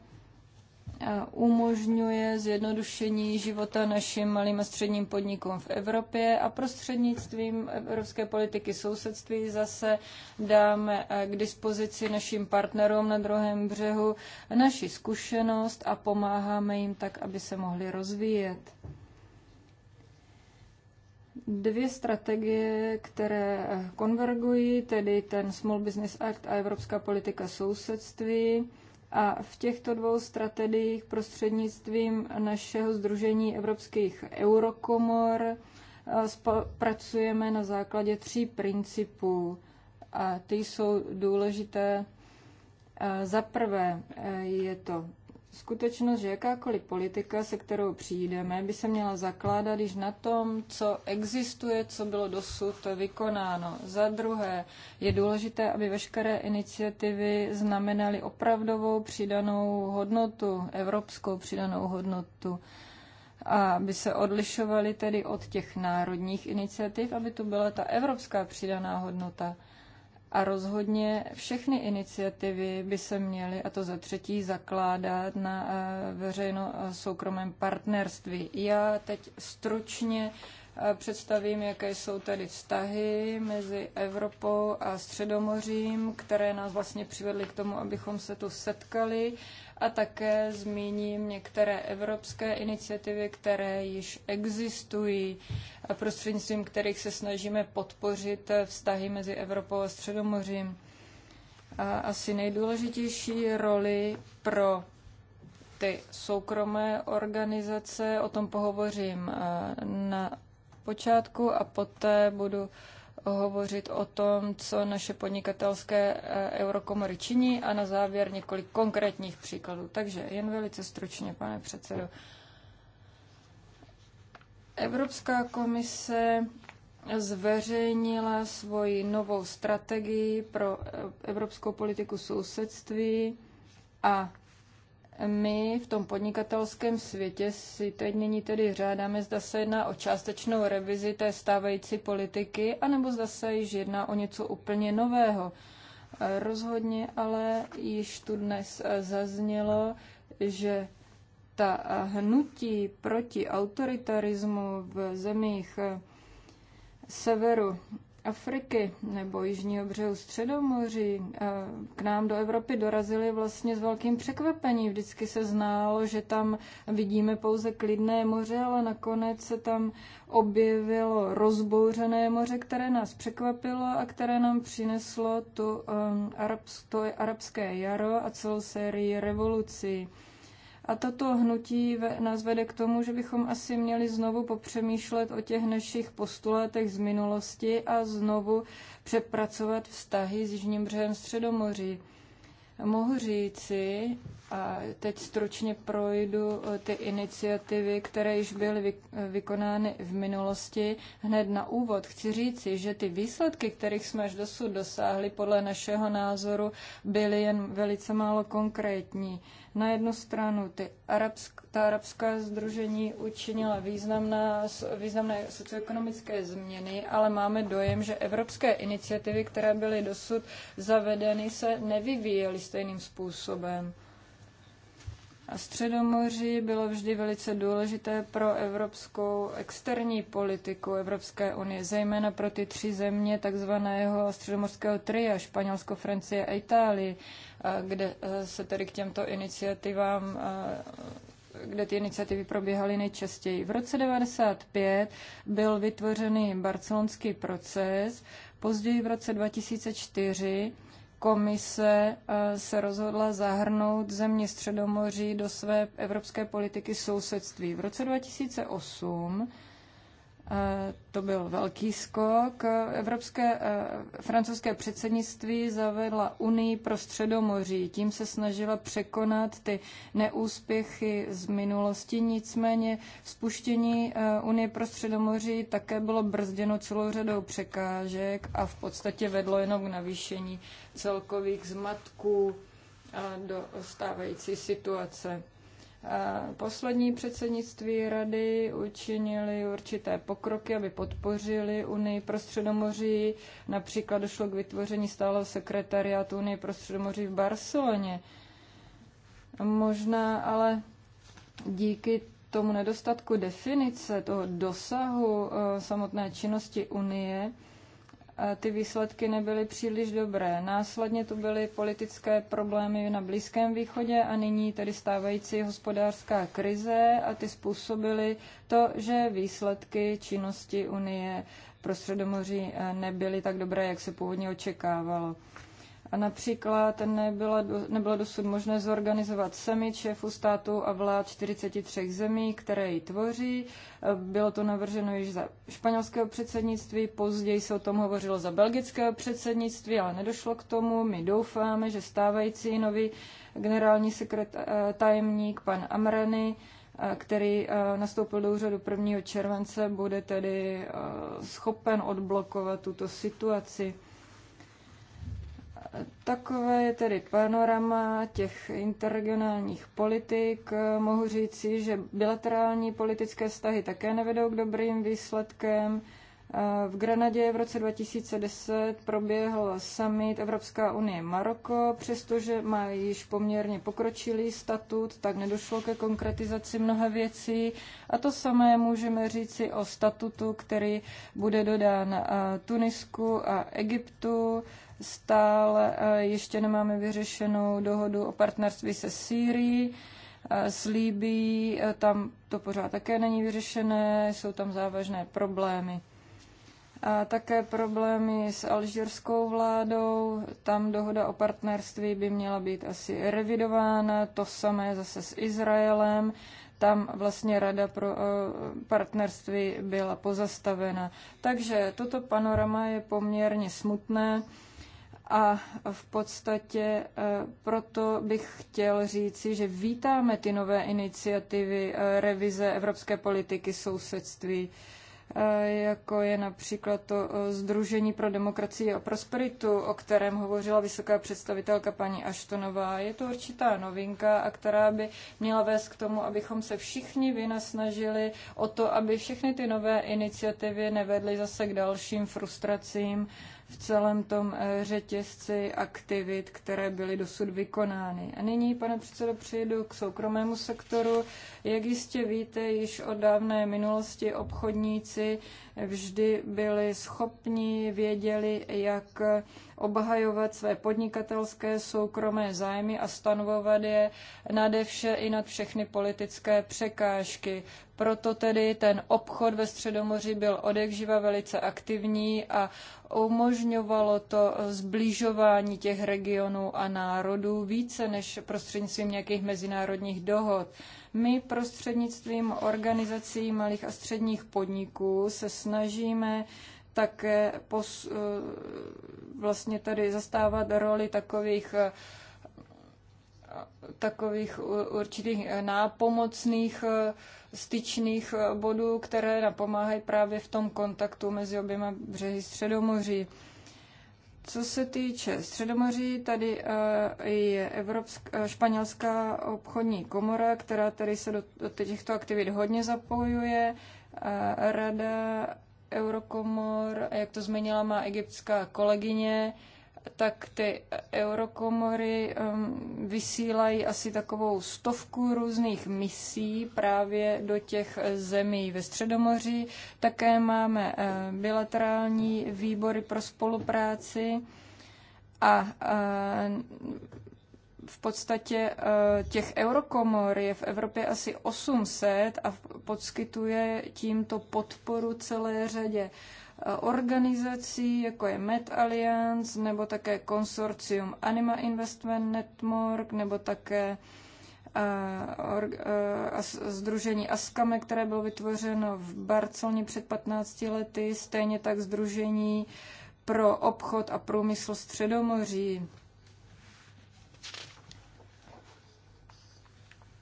umožňuje zjednodušení života našim malým a středním podnikům v Evropě a prostřednictvím evropské politiky sousedství zase dáme eh, k dispozici našim partnerům na druhém břehu naši zkušenost a pomáháme jim tak, aby se mohli rozvíjet dvě strategie, které eh, konvergují, tedy ten Small Business Act a Evropská politika sousedství. A v těchto dvou strategiích prostřednictvím našeho Združení evropských eurokomor eh, pracujeme na základě tří principů. A ty jsou důležité. Eh, za prvé eh, je to skutečnost, že jakákoliv politika, se kterou přijdeme, by se měla zakládat již na tom, co existuje, co bylo dosud vykonáno. Za druhé, je důležité, aby veškeré iniciativy znamenaly opravdovou přidanou hodnotu, evropskou přidanou hodnotu a aby se odlišovaly tedy od těch národních iniciativ, aby tu byla ta evropská přidaná hodnota. A rozhodně všechny iniciativy by se měly, a to za třetí, zakládat na eh, veřejno-soukromém partnerství. Já teď stručně eh, představím, jaké jsou tedy vztahy mezi Evropou a Středomořím, které nás vlastně přivedly k tomu, abychom se tu setkali a také zmíním některé evropské iniciativy, které již existují a prostřednictvím kterých se snažíme podpořit vztahy mezi Evropou a Středomořím. A asi nejdůležitější roli pro ty soukromé organizace, o tom pohovořím eh, na počátku a poté budu hovořit o tom, co naše podnikatelské eh, eurokomory činí a na závěr několik konkrétních příkladů. Takže jen velice stručně, pane předsedo. Evropská komise zveřejnila svoji novou strategii pro eh, evropskou politiku sousedství a my v tom podnikatelském světě si teď nyní tedy řádáme, zda se jedná o částečnou revizi té stávající politiky, anebo zda se již jedná o něco úplně nového. Rozhodně ale již tu dnes zaznělo, že ta hnutí proti autoritarismu v zemích severu Afriky nebo Jižního břehu Středomoří eh, k nám do Evropy dorazili vlastně s velkým překvapením. Vždycky se ználo, že tam vidíme pouze klidné moře, ale nakonec se tam objevilo rozbouřené moře, které nás překvapilo a které nám přineslo tu, um, eh, arabs, to arabské jaro a celou sérii revolucí. A tato hnutí nás vede k tomu, že bychom asi měli znovu popřemýšlet o těch našich postulatech z minulosti a znovu přepracovat vztahy s Jižním břehem Středomoří. Mohu říci, a teď stručně projdu eh, ty iniciativy, které již byly eh, vykonány v minulosti. Hned na úvod chci říci, že ty výsledky, kterých jsme až dosud dosáhli, podle našeho názoru byly jen velice málo konkrétní. Na jednu stranu ty arabsk, ta arabská združení učinila významná, významné socioekonomické změny, ale máme dojem, že evropské iniciativy, které byly dosud zavedeny, se nevyvíjely stejným způsobem. Středomoří bylo vždy velice důležité pro evropskou externí politiku Evropské unie, zejména pro ty tři země takzvaného středomorského tria, Španělsko, Francie a Itálii, kde e, se tedy k těmto iniciativám e, kde ty iniciativy probíhaly nejčastěji. V roce 1995 byl vytvořený barcelonský proces, později v roce 2004 komise eh, se rozhodla zahrnout země Středomoří do své evropské politiky sousedství. V roce 2008 Eh, to byl velký skok. Evropské, eh, francouzské předsednictví zavedla Unii pro středomoří. Tím se snažila překonat ty neúspěchy z minulosti. Nicméně spuštění eh, Unie pro středomoří také bylo brzděno celou řadou překážek a v podstatě vedlo jenom k navýšení celkových zmatků do stávající situace. Eh, poslední předsednictví rady učinili určité pokroky, aby podpořili Unii pro Středomoří. Například došlo k vytvoření stáleho sekretariátu Unii pro Středomoří v Barceloně. Možná ale díky tomu nedostatku definice toho dosahu eh, samotné činnosti Unie, ty výsledky nebyly příliš dobré. Následně tu byly politické problémy na Blízkém východě a nyní tedy stávající hospodářská krize a ty způsobily to, že výsledky činnosti Unie pro Středomoří eh, nebyly tak dobré, jak se původně očekávalo. A například nebylo, nebylo dosud možné zorganizovat summit šéfů státu a vlád 43 zemí, které ji tvoří. E, bylo to navrženo již za španělského předsednictví, později se o tom hovořilo za belgického předsednictví, ale nedošlo k tomu. My doufáme, že stávající nový generální sekret, e, tajemník pan Amreny e, který nastoupil do úřadu 1. července, bude tedy schopen odblokovat tuto situaci. Takové je tedy panorama těch interregionálních politik. Mohu říci, že bilaterální politické vztahy také nevedou k dobrým výsledkem. V Granadě v roce 2010 proběhl summit Evropská unie Maroko, přestože má již poměrně pokročilý statut, tak nedošlo ke konkretizaci mnoha věcí. A to samé můžeme říci o statutu, který bude dodán Tunisku a Egyptu Stále eh, ještě nemáme vyřešenou dohodu o partnerství se Sýrií eh, s Líbí, eh, tam to pořád také není vyřešené, jsou tam závažné problémy. A také problémy s alžírskou vládou, tam dohoda o partnerství by měla být asi revidována, to samé zase s Izraelem, tam vlastně Rada pro partnerství byla pozastavena. Takže toto panorama je poměrně smutné. A v podstatě eh, proto bych chtěl říci, že vítáme ty nové iniciativy eh, revize evropské politiky sousedství, eh, jako je například to Združení pro demokracii a prosperitu, o kterém hovořila vysoká představitelka paní Aštonová. Je to určitá novinka, a která by měla vést k tomu, abychom se všichni vynasnažili o to, aby všechny ty nové iniciativy nevedly zase k dalším frustracím v celém tom eh, řetězci aktivit, které byly dosud vykonány. A nyní, pane předsedo, přejdu k soukromému sektoru. Jak jistě víte, již od dávné minulosti obchodníci vždy byli schopni, věděli, jak obhajovat své podnikatelské soukromé zájmy a stanovovat je nade vše i nad všechny politické překážky. Proto tedy ten obchod ve Středomoří byl odevživa velice aktivní a umožňovalo to zbližování těch regionů a národů více než prostřednictvím nějakých mezinárodních dohod. My prostřednictvím organizací malých a středních podniků se snažíme také pos, eh, vlastně tady zastávat roli takových eh, takových určitých nápomocných eh, styčných bodů, které napomáhají právě v tom kontaktu mezi oběma břehy Středomoří. Co se týče Středomoří, tady eh, je Evropská, eh, španělská obchodní komora, která tady se do, do těchto aktivit hodně zapojuje. Eh, Rada Eurokomor, jak to zmínila má egyptská kolegyně, tak ty eurokomory um, vysílají asi takovou stovku různých misí právě do těch zemí ve Středomoří. Také máme eh, bilaterální výbory pro spolupráci a eh, v podstatě eh, těch eurokomor je v Evropě asi 800 a poskytuje tímto podporu celé řadě Eh, organizací, jako je Met Alliance, nebo také konsorcium Anima Investment Network, nebo také eh, eh, Združení Askame, které bylo vytvořeno v Barceloně před 15 lety, stejně tak Združení pro obchod a průmysl Středomoří.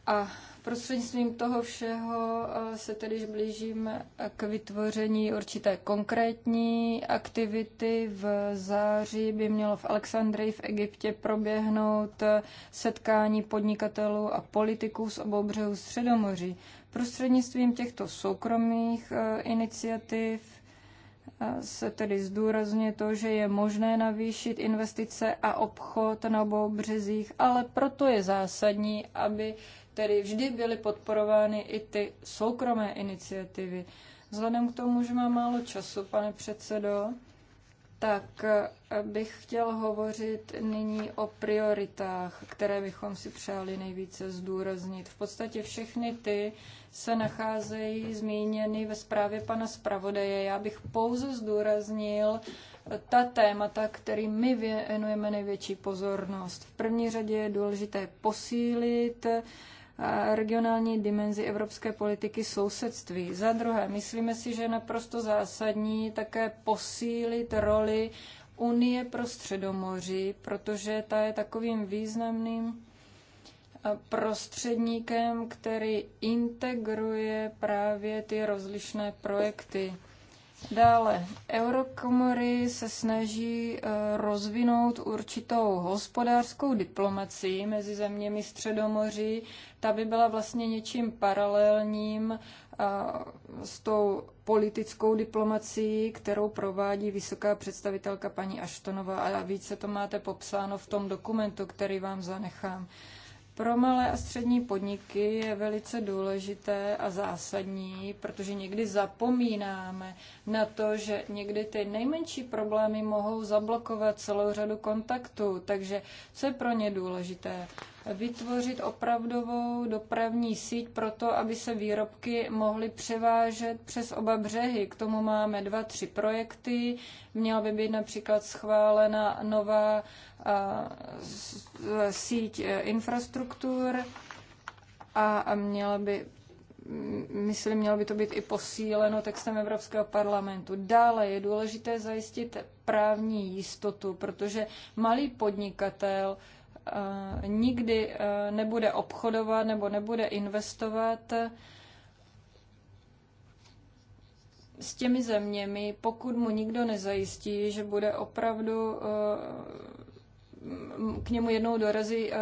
A Prostřednictvím toho všeho eh, se tedy blížím eh, k vytvoření určité konkrétní aktivity. V září by mělo v Alexandrii v Egyptě proběhnout eh, setkání podnikatelů a politiků z obou břehů Středomoří. Prostřednictvím těchto soukromých iniciativ se tedy zdůrazně to, že je možné navýšit investice a obchod na obou březích, ale proto je zásadní, aby tedy vždy byly podporovány i ty soukromé iniciativy. Vzhledem k tomu, že mám málo času, pane předsedo, tak eh, bych chtěl hovořit nyní o prioritách, které bychom si přáli nejvíce zdůraznit. V podstatě všechny ty se nacházejí zmíněny ve zprávě pana zpravodaje. Já bych pouze zdůraznil eh, ta témata, kterým my věnujeme největší pozornost. V první řadě je důležité posílit uh, regionální dimenzi evropské politiky sousedství. Za druhé, myslíme si, že je naprosto zásadní také posílit roli Unie pro Středomoří, protože ta je takovým významným prostředníkem, který integruje právě ty rozlišné projekty. Dále, eurokomory se snaží eh, rozvinout určitou hospodářskou diplomacii mezi zeměmi Středomoří. Ta by byla vlastně něčím paralelním eh, s tou politickou diplomací, kterou provádí vysoká představitelka paní Aštonová. A více to máte popsáno v tom dokumentu, který vám zanechám. Pro malé a střední podniky je velice důležité a zásadní, protože někdy zapomínáme na to, že někdy ty nejmenší problémy mohou zablokovat celou řadu kontaktů. Takže co je pro ně důležité? vytvořit opravdovou dopravní síť pro to, aby se výrobky mohly převážet přes oba břehy. K tomu máme dva, tři projekty. Měla by být například schválena nová síť e, infrastruktur a měla by myslím, mělo by to být i posíleno textem Evropského parlamentu. Dále je důležité zajistit právní jistotu, protože malý podnikatel Eh, nikdy eh, nebude obchodovat nebo nebude investovat s těmi zeměmi, pokud mu nikdo nezajistí, že bude opravdu eh, k němu jednou dorazí eh,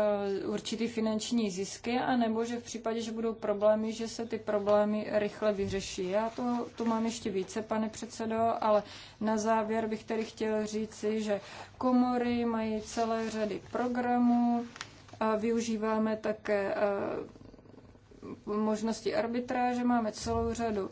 určitý finanční zisky, anebo že v případě, že budou problémy, že se ty problémy rychle vyřeší. Já to, to mám ještě více, pane předsedo, ale na závěr bych tedy chtěl říci, že komory mají celé řady programů, a využíváme také eh, možnosti arbitráže, máme celou řadu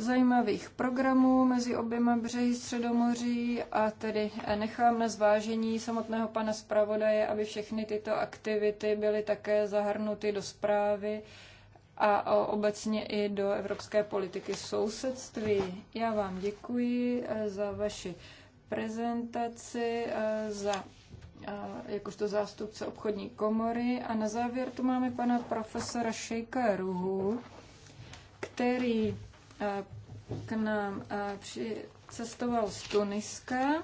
zajímavých programů mezi oběma břehy Středomoří a tedy nechám na zvážení samotného pana zpravodaje, aby všechny tyto aktivity byly také zahrnuty do zprávy a obecně i do evropské politiky sousedství. Já vám děkuji eh, za vaši prezentaci, eh, za eh, jakožto zástupce obchodní komory. A na závěr tu máme pana profesora Šejka Ruhu, který k nám eh, přicestoval z Tuniska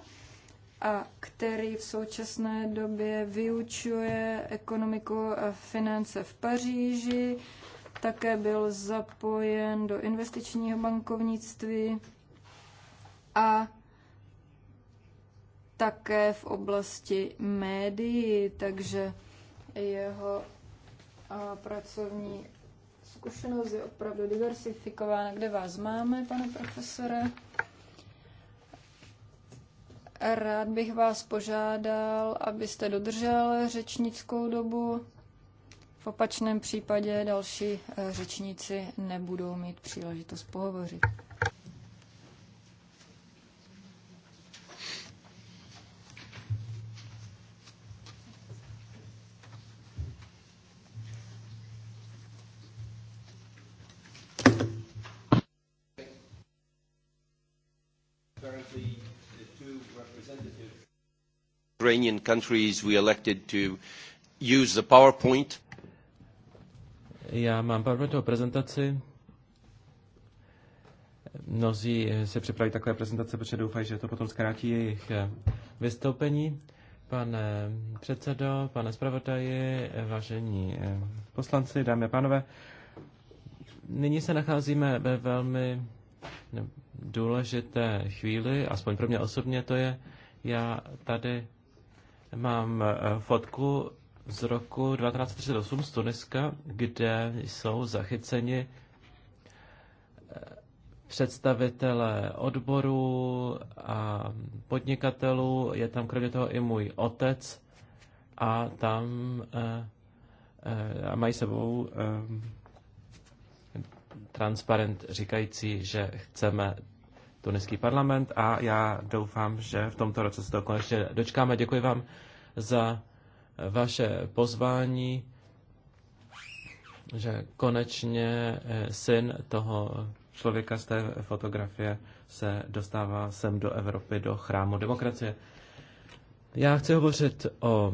a který v současné době vyučuje ekonomiku a finance v Paříži, také byl zapojen do investičního bankovnictví a také v oblasti médií, takže jeho eh, pracovní zkušenost je opravdu diversifikována. Kde vás máme, pane profesore? Rád bych vás požádal, abyste dodržel řečnickou dobu. V opačném případě další eh, řečníci nebudou mít příležitost pohovořit. Ukrainian countries we elected to use the PowerPoint. Já mám PowerPointovou prezentaci. Mnozí eh, se připraví takové prezentace, protože doufají, že to potom zkrátí jejich eh, vystoupení. Pane eh, předsedo, pane zpravodaji, vážení poslanci, dámy a pánové, nyní se nacházíme ve velmi důležité chvíli, aspoň pro mě osobně to je. Já tady Mám eh, fotku z roku 1938 z Tuniska, kde jsou zachyceni eh, představitelé odborů a podnikatelů. Je tam kromě toho i můj otec a tam eh, a mají sebou transparent říkající, že chceme tuniský parlament a já doufám, že v tomto roce se to konečně dočkáme. Děkuji vám za vaše pozvání, že konečně eh, syn toho člověka z té fotografie se dostává sem do Evropy, do chrámu demokracie. Já chci hovořit o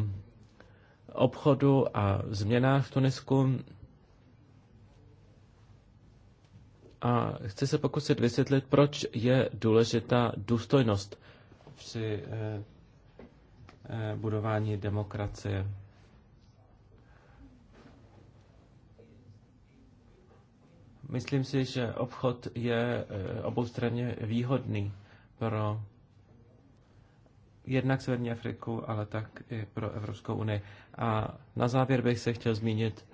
obchodu a změnách v Tunisku. A chci se pokusit vysvětlit, proč je důležitá důstojnost při eh, eh, budování demokracie. Myslím si, že obchod je eh, oboustranně výhodný pro jednak Severní Afriku, ale tak i pro Evropskou unii. A na závěr bych se chtěl zmínit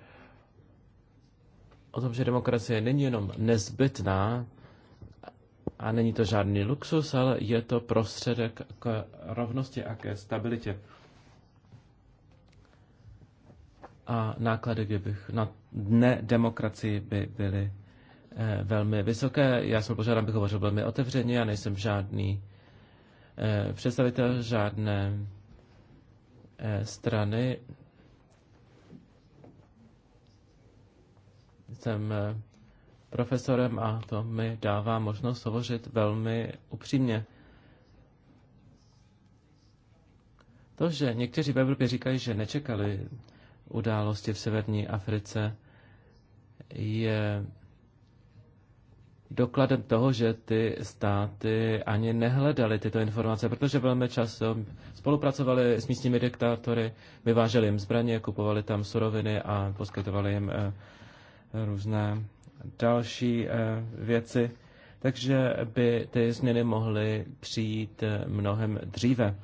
o tom, že demokracie není jenom nezbytná a není to žádný luxus, ale je to prostředek k rovnosti a ke stabilitě. A náklady, kdybych na dne demokracii by byly eh, velmi vysoké. Já jsem požádám, abych hovořil velmi otevřeně, já nejsem žádný eh, představitel žádné eh, strany. jsem eh, profesorem a to mi dává možnost hovořit velmi upřímně. To, že někteří v Evropě říkají, že nečekali události v severní Africe, je dokladem toho, že ty státy ani nehledaly tyto informace, protože velmi často spolupracovali s místními diktátory, vyváželi jim zbraně, kupovali tam suroviny a poskytovali jim eh, různé další eh, věci, takže by ty změny mohly přijít eh, mnohem dříve.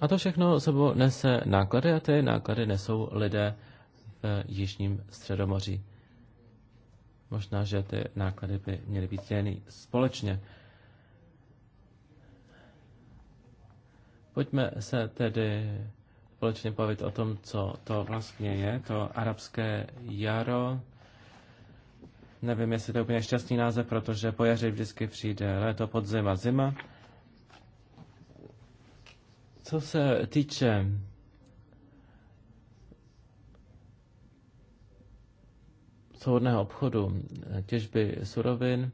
A to všechno sebou nese náklady a ty náklady nesou lidé v Jižním středomoří. Možná, že ty náklady by měly být děleny společně. Pojďme se tedy společně bavit o tom, co to vlastně je, to arabské jaro. Nevím, jestli to je úplně šťastný název, protože po jaře vždycky přijde léto, podzim a zima. Co se týče svobodného obchodu těžby surovin,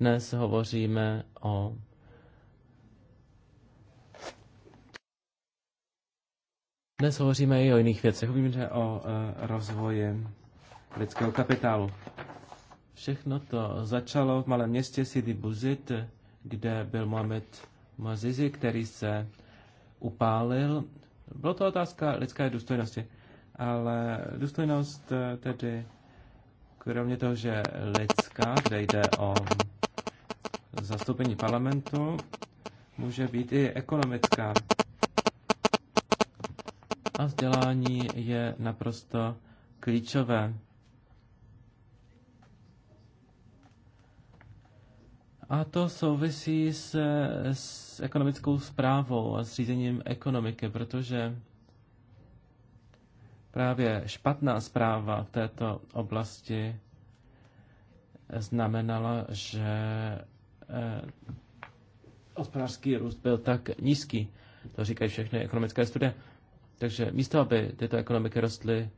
dnes hovoříme o Dnes hovoříme i o jiných věcech. že o e, rozvoji lidského kapitálu. Všechno to začalo v malém městě Sidi Buzit, kde byl Mohamed Mazizi, který se upálil. Bylo to otázka lidské důstojnosti, ale důstojnost e, tedy kromě toho, že lidská, kde jde o zastoupení parlamentu, může být i ekonomická a vzdělání je naprosto klíčové. A to souvisí s, s ekonomickou zprávou a s řízením ekonomiky, protože právě špatná zpráva v této oblasti znamenala, že eh, hospodářský růst byl tak nízký. To říkají všechny ekonomické studie. Takže místo, aby tyto ekonomiky rostly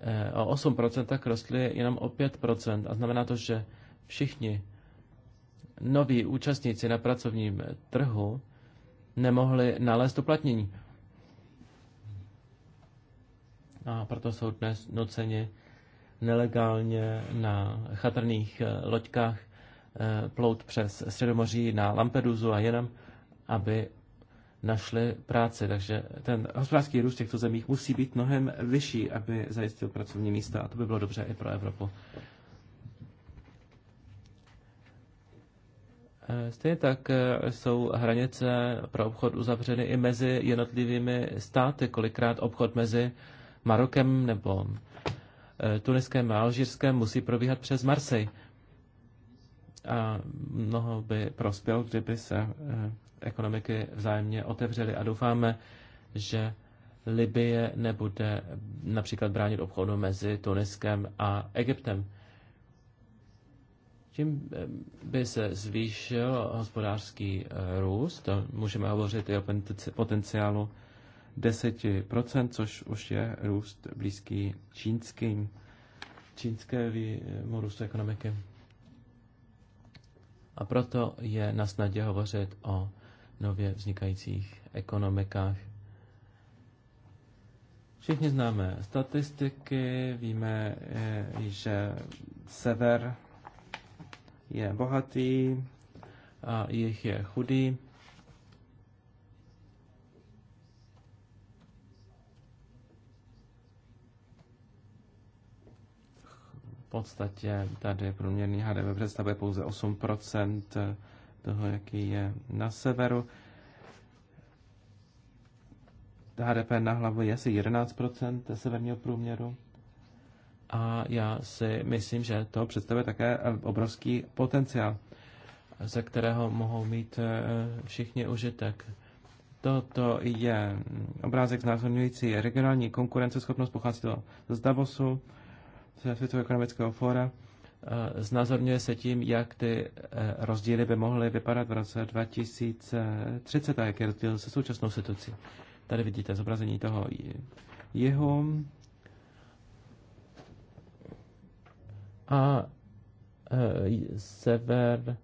eh, o 8%, tak rostly jenom o 5%. A znamená to, že všichni noví účastníci na pracovním trhu nemohli nalézt uplatnění. A proto jsou dnes nuceni nelegálně na chatrných eh, loďkách eh, plout přes Středomoří na Lampedusu a jenom, aby našli práci. Takže ten hospodářský růst v těchto zemích musí být mnohem vyšší, aby zajistil pracovní místa a to by bylo dobře i pro Evropu. Eh, stejně tak eh, jsou hranice pro obchod uzavřeny i mezi jednotlivými státy. Kolikrát obchod mezi Marokem nebo eh, Tuniskem a Alžírskem musí probíhat přes Marseille. A mnoho by prospěl, kdyby se ekonomiky vzájemně otevřely a doufáme, že Libie nebude například bránit obchodu mezi Tuniskem a Egyptem. Tím eh, by se zvýšil hospodářský eh, růst. Můžeme hovořit i o potenciálu 10%, což už je růst blízký čínským, čínskému růstu ekonomiky. A proto je na snadě hovořit o nově vznikajících ekonomikách. Všichni známe statistiky, víme, eh, že sever je bohatý a jich je chudý. V podstatě tady průměrný HDP představuje pouze 8 toho, jaký je na severu. HDP na hlavu je asi 11 severního průměru. A já si myslím, že to představuje také obrovský potenciál, ze kterého mohou mít e, všichni užitek. Toto je obrázek znázorňující regionální konkurenceschopnost, pochází do z Davosu, ze Světového ekonomického fóra. Eh, znázorňuje se tím, jak ty eh, rozdíly by mohly vypadat v roce 2030 a jak je rozdíl se současnou situací. Tady vidíte zobrazení toho jeho a eh, sever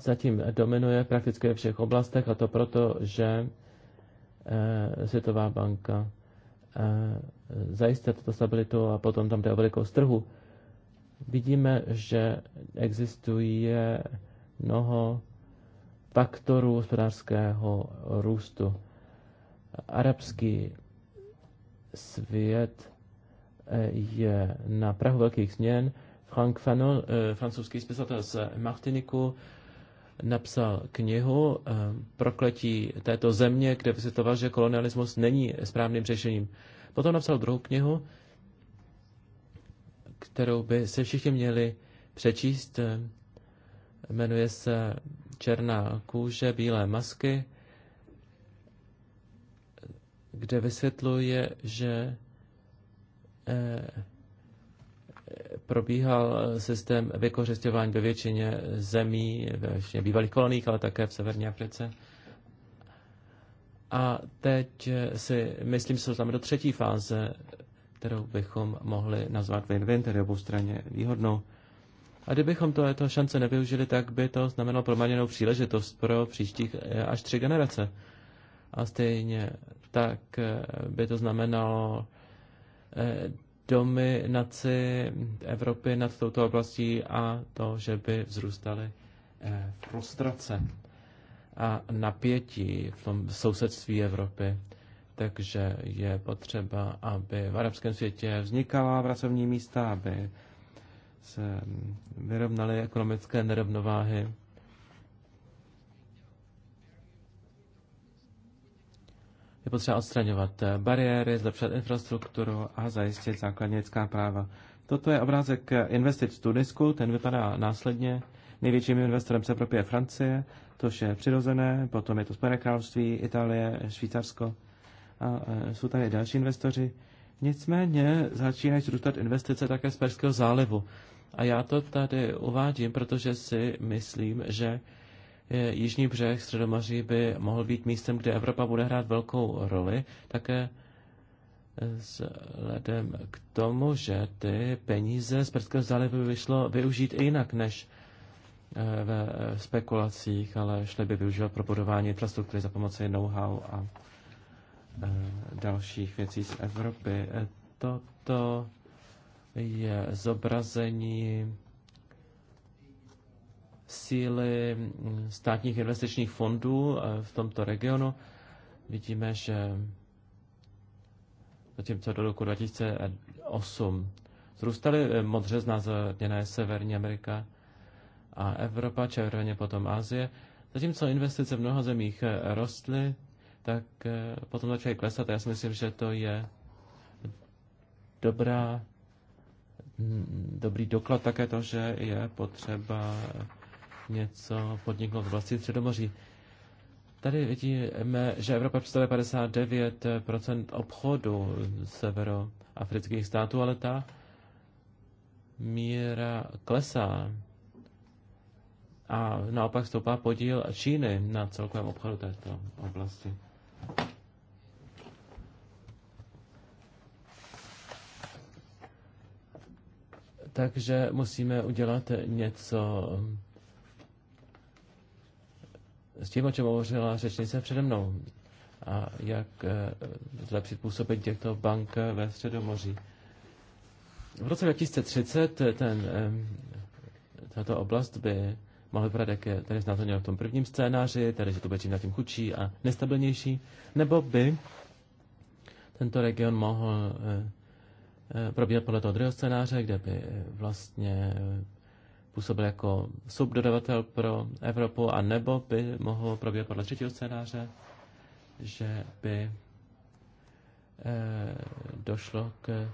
zatím dominuje prakticky ve všech oblastech a to proto, že Světová banka zajistit tuto stabilitu a potom tam jde o velikost trhu. Vidíme, že existuje mnoho faktorů hospodářského růstu. Arabský svět eh, je na Prahu velkých změn. Frank Fanon, eh, francouzský spisatel z Martiniku, napsal knihu eh, Prokletí této země, kde vysvětloval, že kolonialismus není správným řešením. Potom napsal druhou knihu, kterou by se všichni měli přečíst. Jmenuje se Černá kůže, bílé masky, kde vysvětluje, že eh, probíhal systém vykořišťování ve většině zemí, ve většině bývalých koloních, ale také v Severní Africe. A teď eh, si myslím, že tam do třetí fáze, kterou bychom mohli nazvat win-win, tedy obou straně výhodnou. A kdybychom to, to šance nevyužili, tak by to znamenalo promaněnou příležitost pro příštích eh, až tři generace. A stejně tak eh, by to znamenalo dominaci Evropy nad touto oblastí a to, že by vzrůstaly frustrace a napětí v tom sousedství Evropy. Takže je potřeba, aby v arabském světě vznikala pracovní místa, aby se vyrovnaly ekonomické nerovnováhy. Je potřeba odstraňovat bariéry, zlepšovat infrastrukturu a zajistit základní lidská práva. Toto je obrázek investic v Tunisku, ten vypadá následně. Největším investorem z Evropy je Francie to je přirozené, potom je to Spojené království, Itálie, Švýcarsko a e, jsou tady další investoři. Nicméně začínají zrůstat investice také z Perského zálivu. A já to tady uvádím, protože si myslím, že e, Jižní břeh Středomoří by mohl být místem, kde Evropa bude hrát velkou roli, také vzhledem e, k tomu, že ty peníze z Perského zálivu vyšlo využít i jinak, než Eh, ve spekulacích, ale šli by využívat pro budování infrastruktury za pomoci know-how a eh, dalších věcí z Evropy. Eh, toto je zobrazení síly hm, státních investičních fondů v tomto regionu. Vidíme, že zatímco do roku 2008 zrůstaly modře znázorněné Severní Amerika, a Evropa, červeně potom Asie. Zatímco investice v mnoha zemích eh, rostly, tak eh, potom začaly klesat. Já si myslím, že to je dobrá, mm, dobrý doklad také to, že je potřeba něco podniknout v oblasti Středomoří. Tady vidíme, že Evropa představuje 59 obchodu severoafrických států, ale ta míra klesá a naopak stoupá podíl Číny na celkovém obchodu této oblasti. Takže musíme udělat něco eh, s tím, o čem hovořila řečnice přede mnou a jak eh, zlepšit působení těchto bank ve Středomoří. V roce 2030 ten, eh, tato oblast by mohl vypadat, jak je tady znázorněno v tom prvním scénáři, tedy že to bude čím na tím chudší a nestabilnější, nebo by tento region mohl eh, eh, probíhat podle toho druhého scénáře, kde by eh, vlastně působil jako subdodavatel pro Evropu, a nebo by mohl probíhat podle třetího scénáře, že by došlo k,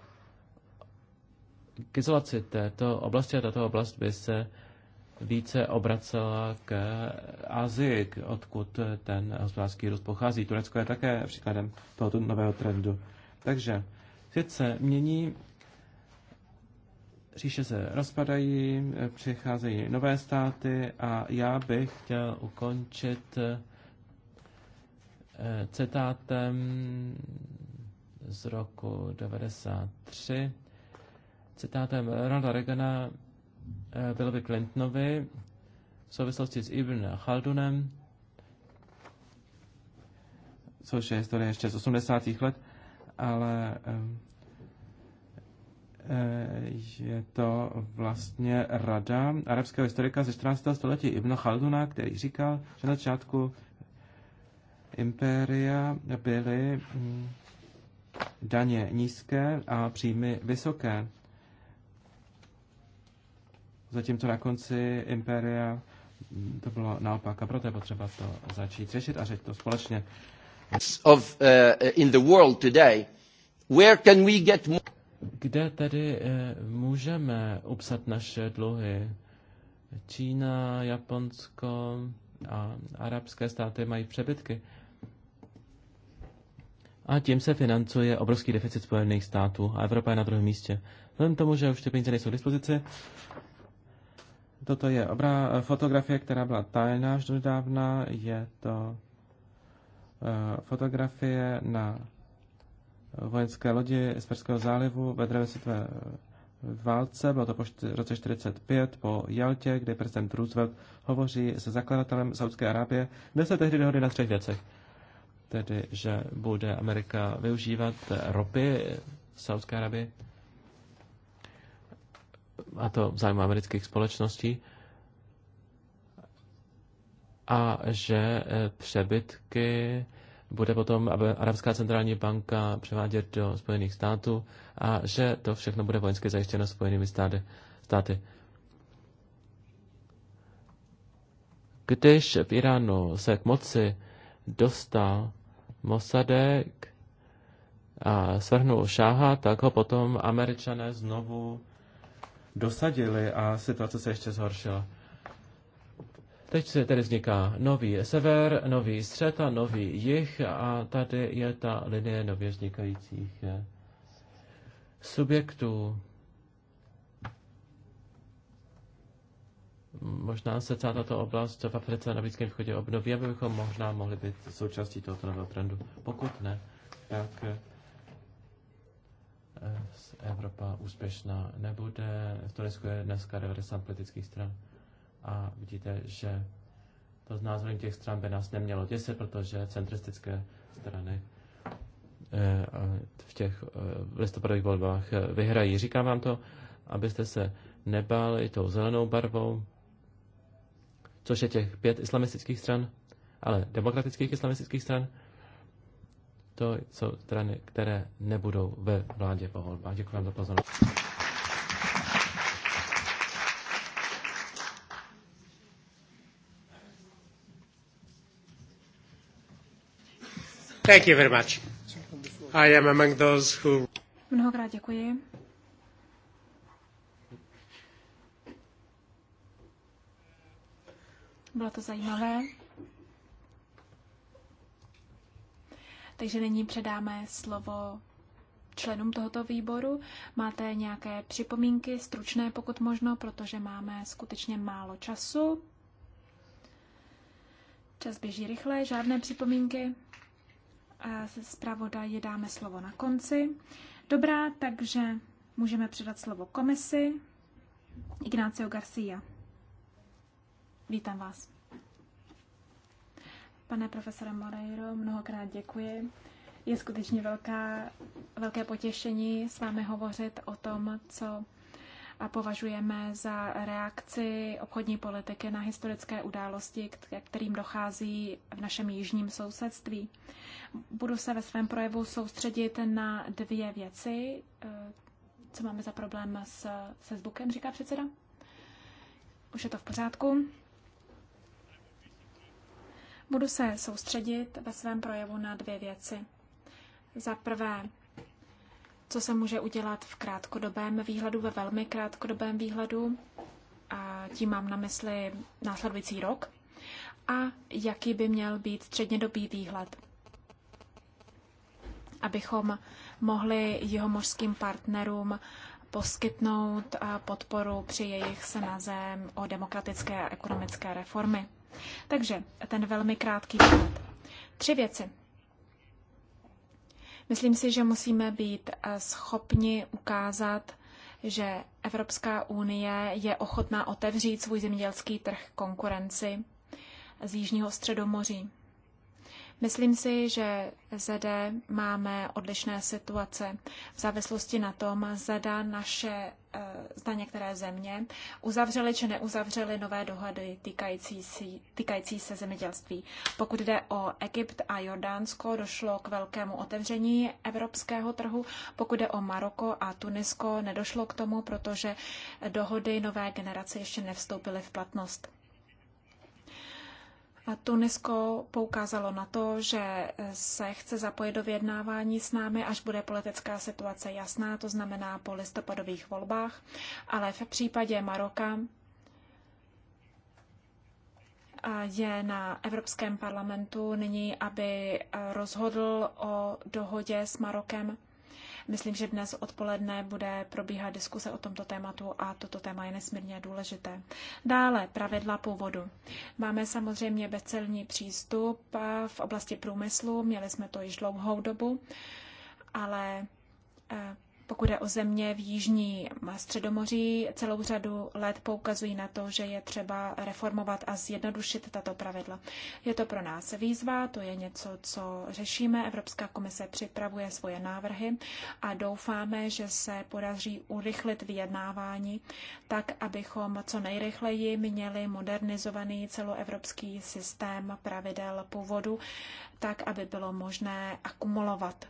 k izolaci této oblasti a tato oblast by se více obracela k Azii, odkud ten hospodářský růst pochází. Turecko je také příkladem tohoto nového trendu. Takže svět se mění, říše se rozpadají, přicházejí nové státy a já bych chtěl ukončit eh, citátem z roku 93, citátem Ronalda Reagana, Billovi eh, Clintonovi v souvislosti s Ibn Chaldunem, což je historie ještě z 80. let, ale eh, eh, je to vlastně rada arabského historika ze 14. století Ibn Khalduna, který říkal, že na začátku impéria byly hm, daně nízké a příjmy vysoké zatímco na konci impéria to bylo naopak a proto je potřeba to začít řešit a řešit to společně. Of, uh, in the world today, where can we get more? Kde tedy uh, můžeme upsat naše dluhy? Čína, Japonsko a arabské státy mají přebytky. A tím se financuje obrovský deficit Spojených států a Evropa je na druhém místě. Vzhledem tomu, že už ty peníze nejsou k dispozici, Toto je obrá eh, fotografie, která byla tajná až nedávna. Je to eh, fotografie na eh, vojenské lodi z Perského zálivu ve druhé světové válce, bylo to po roce 45 po Jaltě, kdy prezident Roosevelt hovoří se zakladatelem Saudské Arábie, kde se tehdy dohodli na třech věcech. Tedy, že bude Amerika využívat ropy Saudské Arábie, a to v zájmu amerických společností, a že e, přebytky bude potom Arabská centrální banka převádět do Spojených států a že to všechno bude vojensky zajištěno Spojenými státy. státy. Když v Iránu se k moci dostal Mossadegh a svrhnul šáha, tak ho potom američané znovu dosadili a situace se ještě zhoršila. Teď se tedy vzniká nový sever, nový střed a nový jih a tady je ta linie nově vznikajících eh, subjektů. Možná se celá tato oblast v Africe na Blízkém východě obnoví, abychom možná mohli být součástí tohoto nového trendu. Pokud ne, tak eh, Evropa úspěšná nebude. V turecku je dneska 90 politických stran a vidíte, že to znázornění těch stran by nás nemělo děsit, protože centristické strany eh, v těch eh, listopadových volbách eh, vyhrají. Říkám vám to, abyste se nebáli tou zelenou barvou, což je těch pět islamistických stran, ale demokratických islamistických stran, to jsou strany, které nebudou ve vládě po volbách. Děkuji vám za pozornost. Thank you very much. I am among those who... Mnohokrát děkuji. Bylo to zajímavé. Takže nyní předáme slovo členům tohoto výboru. Máte nějaké připomínky, stručné pokud možno, protože máme skutečně málo času. Čas běží rychle, žádné připomínky. Zpravodaji dáme slovo na konci. Dobrá, takže můžeme předat slovo komisi. Ignacio Garcia. Vítám vás. Pane profesore Moreiro, mnohokrát děkuji. Je skutečně velká, velké potěšení s vámi hovořit o tom, co a považujeme za reakci obchodní politiky na historické události, kterým dochází v našem jižním sousedství. Budu se ve svém projevu soustředit na dvě věci. E, co máme za problém s, se zvukem, říká předseda? Už je to v pořádku. Budu se soustředit ve svém projevu na dvě věci. Za prvé, co se může udělat v krátkodobém výhledu, ve velmi krátkodobém výhledu, a tím mám na mysli následující rok, a jaký by měl být střednědobý výhled, abychom mohli jeho mořským partnerům poskytnout podporu při jejich snaze o demokratické a ekonomické reformy. Takže ten velmi krátký pohled. Tři věci. Myslím si, že musíme být eh, schopni ukázat, že Evropská unie je ochotná otevřít svůj zemědělský trh konkurenci z Jižního středomoří. Myslím si, že zde máme odlišné situace v závislosti na tom, zda naše eh, zda některé země uzavřely či neuzavřely nové dohody týkající, si, týkající se zemědělství. Pokud jde o Egypt a Jordánsko, došlo k velkému otevření evropského trhu. Pokud jde o Maroko a Tunisko, nedošlo k tomu, protože dohody nové generace ještě nevstoupily v platnost. Tunisko poukázalo na to, že se chce zapojit do vyjednávání s námi, až bude politická situace jasná, to znamená po listopadových volbách, ale v případě Maroka je na Evropském parlamentu nyní, aby rozhodl o dohodě s Marokem Myslím, že dnes odpoledne bude probíhat diskuse o tomto tématu a toto téma je nesmírně důležité. Dále pravidla původu. Máme samozřejmě bezcelní přístup v oblasti průmyslu, měli jsme to již dlouhou dobu, ale eh, pokud jde o země v Jižní Středomoří, celou řadu let poukazují na to, že je třeba reformovat a zjednodušit tato pravidla. Je to pro nás výzva, to je něco, co řešíme. Evropská komise připravuje svoje návrhy a doufáme, že se podaří urychlit vyjednávání tak, abychom co nejrychleji měli modernizovaný celoevropský systém pravidel původu, tak, aby bylo možné akumulovat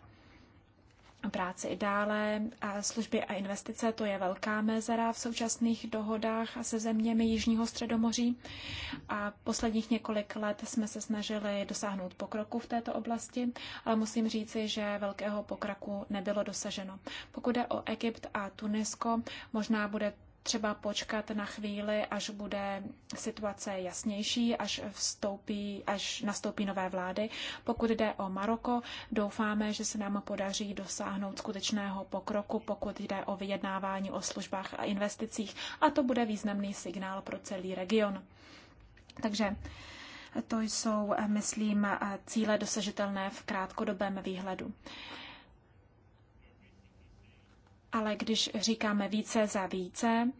práci i dále. A služby a investice, to je velká mezera v současných dohodách se zeměmi Jižního středomoří. A posledních několik let jsme se snažili dosáhnout pokroku v této oblasti, ale musím říci, že velkého pokroku nebylo dosaženo. Pokud jde o Egypt a Tunisko, možná bude třeba počkat na chvíli, až bude situace jasnější, až, vstoupí, až nastoupí nové vlády. Pokud jde o Maroko, doufáme, že se nám podaří dosáhnout skutečného pokroku, pokud jde o vyjednávání o službách a investicích. A to bude významný signál pro celý region. Takže to jsou, myslím, cíle dosažitelné v krátkodobém výhledu ale když říkáme více za více,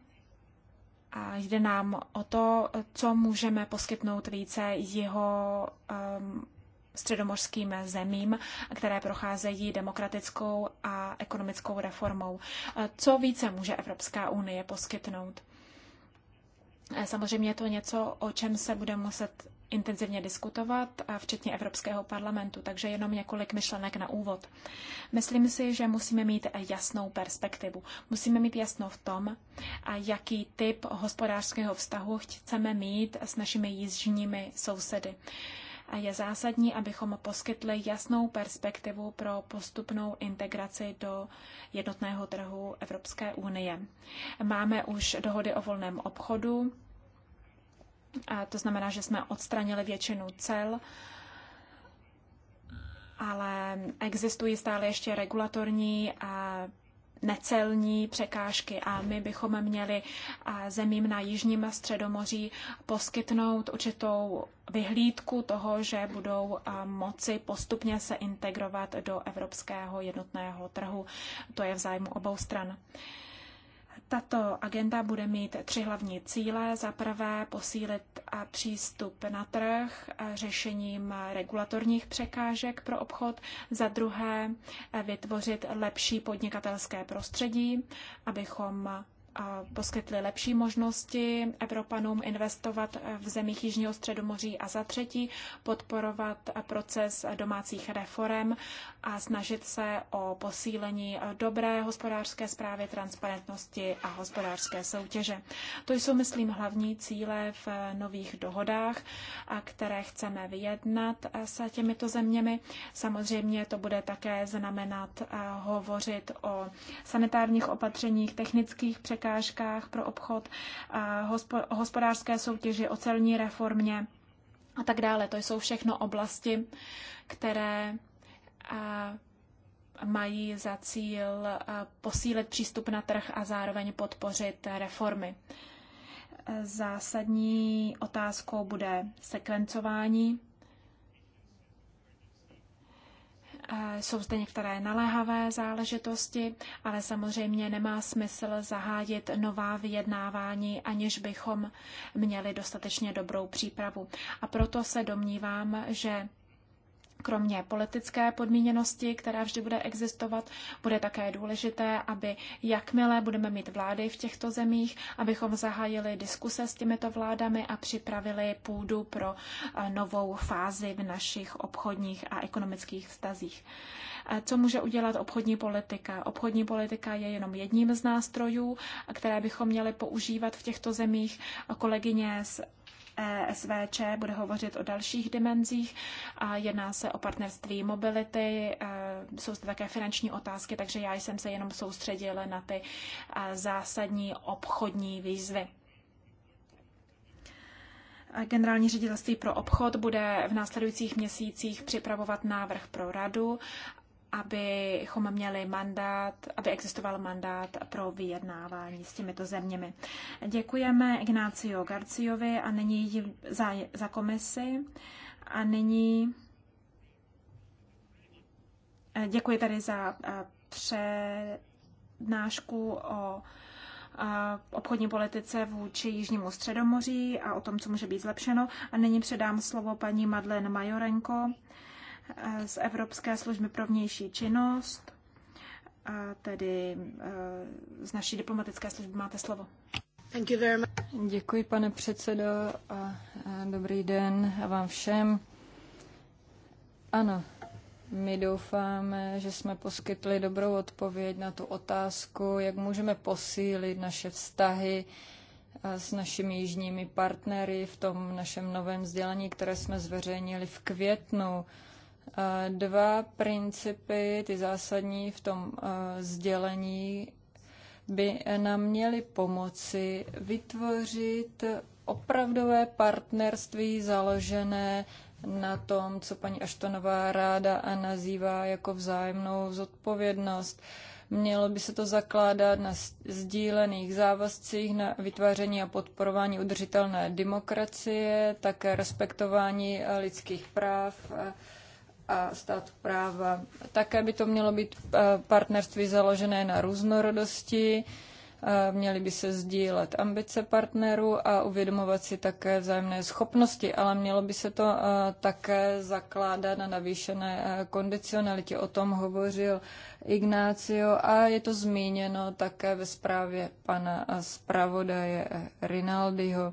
a jde nám o to, co můžeme poskytnout více jeho um, středomořským zemím, které procházejí demokratickou a ekonomickou reformou. Co více může Evropská unie poskytnout? Samozřejmě je to něco, o čem se bude muset intenzivně diskutovat, včetně Evropského parlamentu, takže jenom několik myšlenek na úvod. Myslím si, že musíme mít jasnou perspektivu. Musíme mít jasno v tom, jaký typ hospodářského vztahu chceme mít s našimi jižními sousedy. A je zásadní, abychom poskytli jasnou perspektivu pro postupnou integraci do jednotného trhu Evropské unie. Máme už dohody o volném obchodu, a to znamená, že jsme odstranili většinu cel, ale existují stále ještě regulatorní a necelní překážky a my bychom měli zemím na Jižním středomoří poskytnout určitou vyhlídku toho, že budou moci postupně se integrovat do evropského jednotného trhu. To je v zájmu obou stran. Tato agenda bude mít tři hlavní cíle. Za prvé posílit přístup na trh řešením regulatorních překážek pro obchod. Za druhé vytvořit lepší podnikatelské prostředí, abychom poskytly lepší možnosti Evropanům investovat v zemích Jižního středomoří a za třetí podporovat proces domácích reform a snažit se o posílení dobré hospodářské zprávy, transparentnosti a hospodářské soutěže. To jsou, myslím, hlavní cíle v nových dohodách, které chceme vyjednat s těmito zeměmi. Samozřejmě to bude také znamenat eh, hovořit o sanitárních opatřeních, technických překvapení, překážkách pro obchod, hospodářské soutěži, o celní reformě a tak dále. To jsou všechno oblasti, které mají za cíl posílit přístup na trh a zároveň podpořit reformy. Zásadní otázkou bude sekvencování Eh, jsou zde některé naléhavé záležitosti, ale samozřejmě nemá smysl zahájit nová vyjednávání, aniž bychom měli dostatečně dobrou přípravu. A proto se domnívám, že Kromě politické podmíněnosti, která vždy bude existovat, bude také důležité, aby jakmile budeme mít vlády v těchto zemích, abychom zahájili diskuse s těmito vládami a připravili půdu pro eh, novou fázi v našich obchodních a ekonomických vztazích. Eh, co může udělat obchodní politika? Obchodní politika je jenom jedním z nástrojů, které bychom měli používat v těchto zemích. Kolegyně z E SVČ bude hovořit o dalších dimenzích. jedná se o partnerství mobility, e, jsou zde také finanční otázky, takže já jsem se jenom soustředila na ty e, zásadní obchodní výzvy. Generální ředitelství pro obchod bude v následujících měsících připravovat návrh pro radu abychom měli mandát, aby existoval mandát pro vyjednávání s těmito zeměmi. Děkujeme Ignácio Garciovi a nyní za, za komisi a nyní eh, děkuji tady za eh, přednášku o eh, obchodní politice vůči Jižnímu středomoří a o tom, co může být zlepšeno. A nyní předám slovo paní Madlen Majorenko, z Evropské služby pro vnější činnost, a tedy e, z naší diplomatické služby máte slovo. Thank you very much. Děkuji, pane předsedo, a dobrý den a vám všem. Ano, my doufáme, že jsme poskytli dobrou odpověď na tu otázku, jak můžeme posílit naše vztahy e, s našimi jižními partnery v tom našem novém sdělení, které jsme zveřejnili v květnu. Eh, dva principy, ty zásadní v tom eh, sdělení, by nám měly pomoci vytvořit opravdové partnerství založené na tom, co paní Aštonová ráda nazývá jako vzájemnou zodpovědnost. Mělo by se to zakládat na sdílených závazcích, na vytváření a podporování udržitelné demokracie, také respektování lidských práv, a státu práva. Také by to mělo být eh, partnerství založené na různorodosti, eh, měly by se sdílet ambice partnerů a uvědomovat si také vzájemné schopnosti, ale mělo by se to eh, také zakládat na navýšené kondicionalitě. O tom hovořil Ignácio a je to zmíněno také ve zprávě pana zpravodaje Rinaldiho.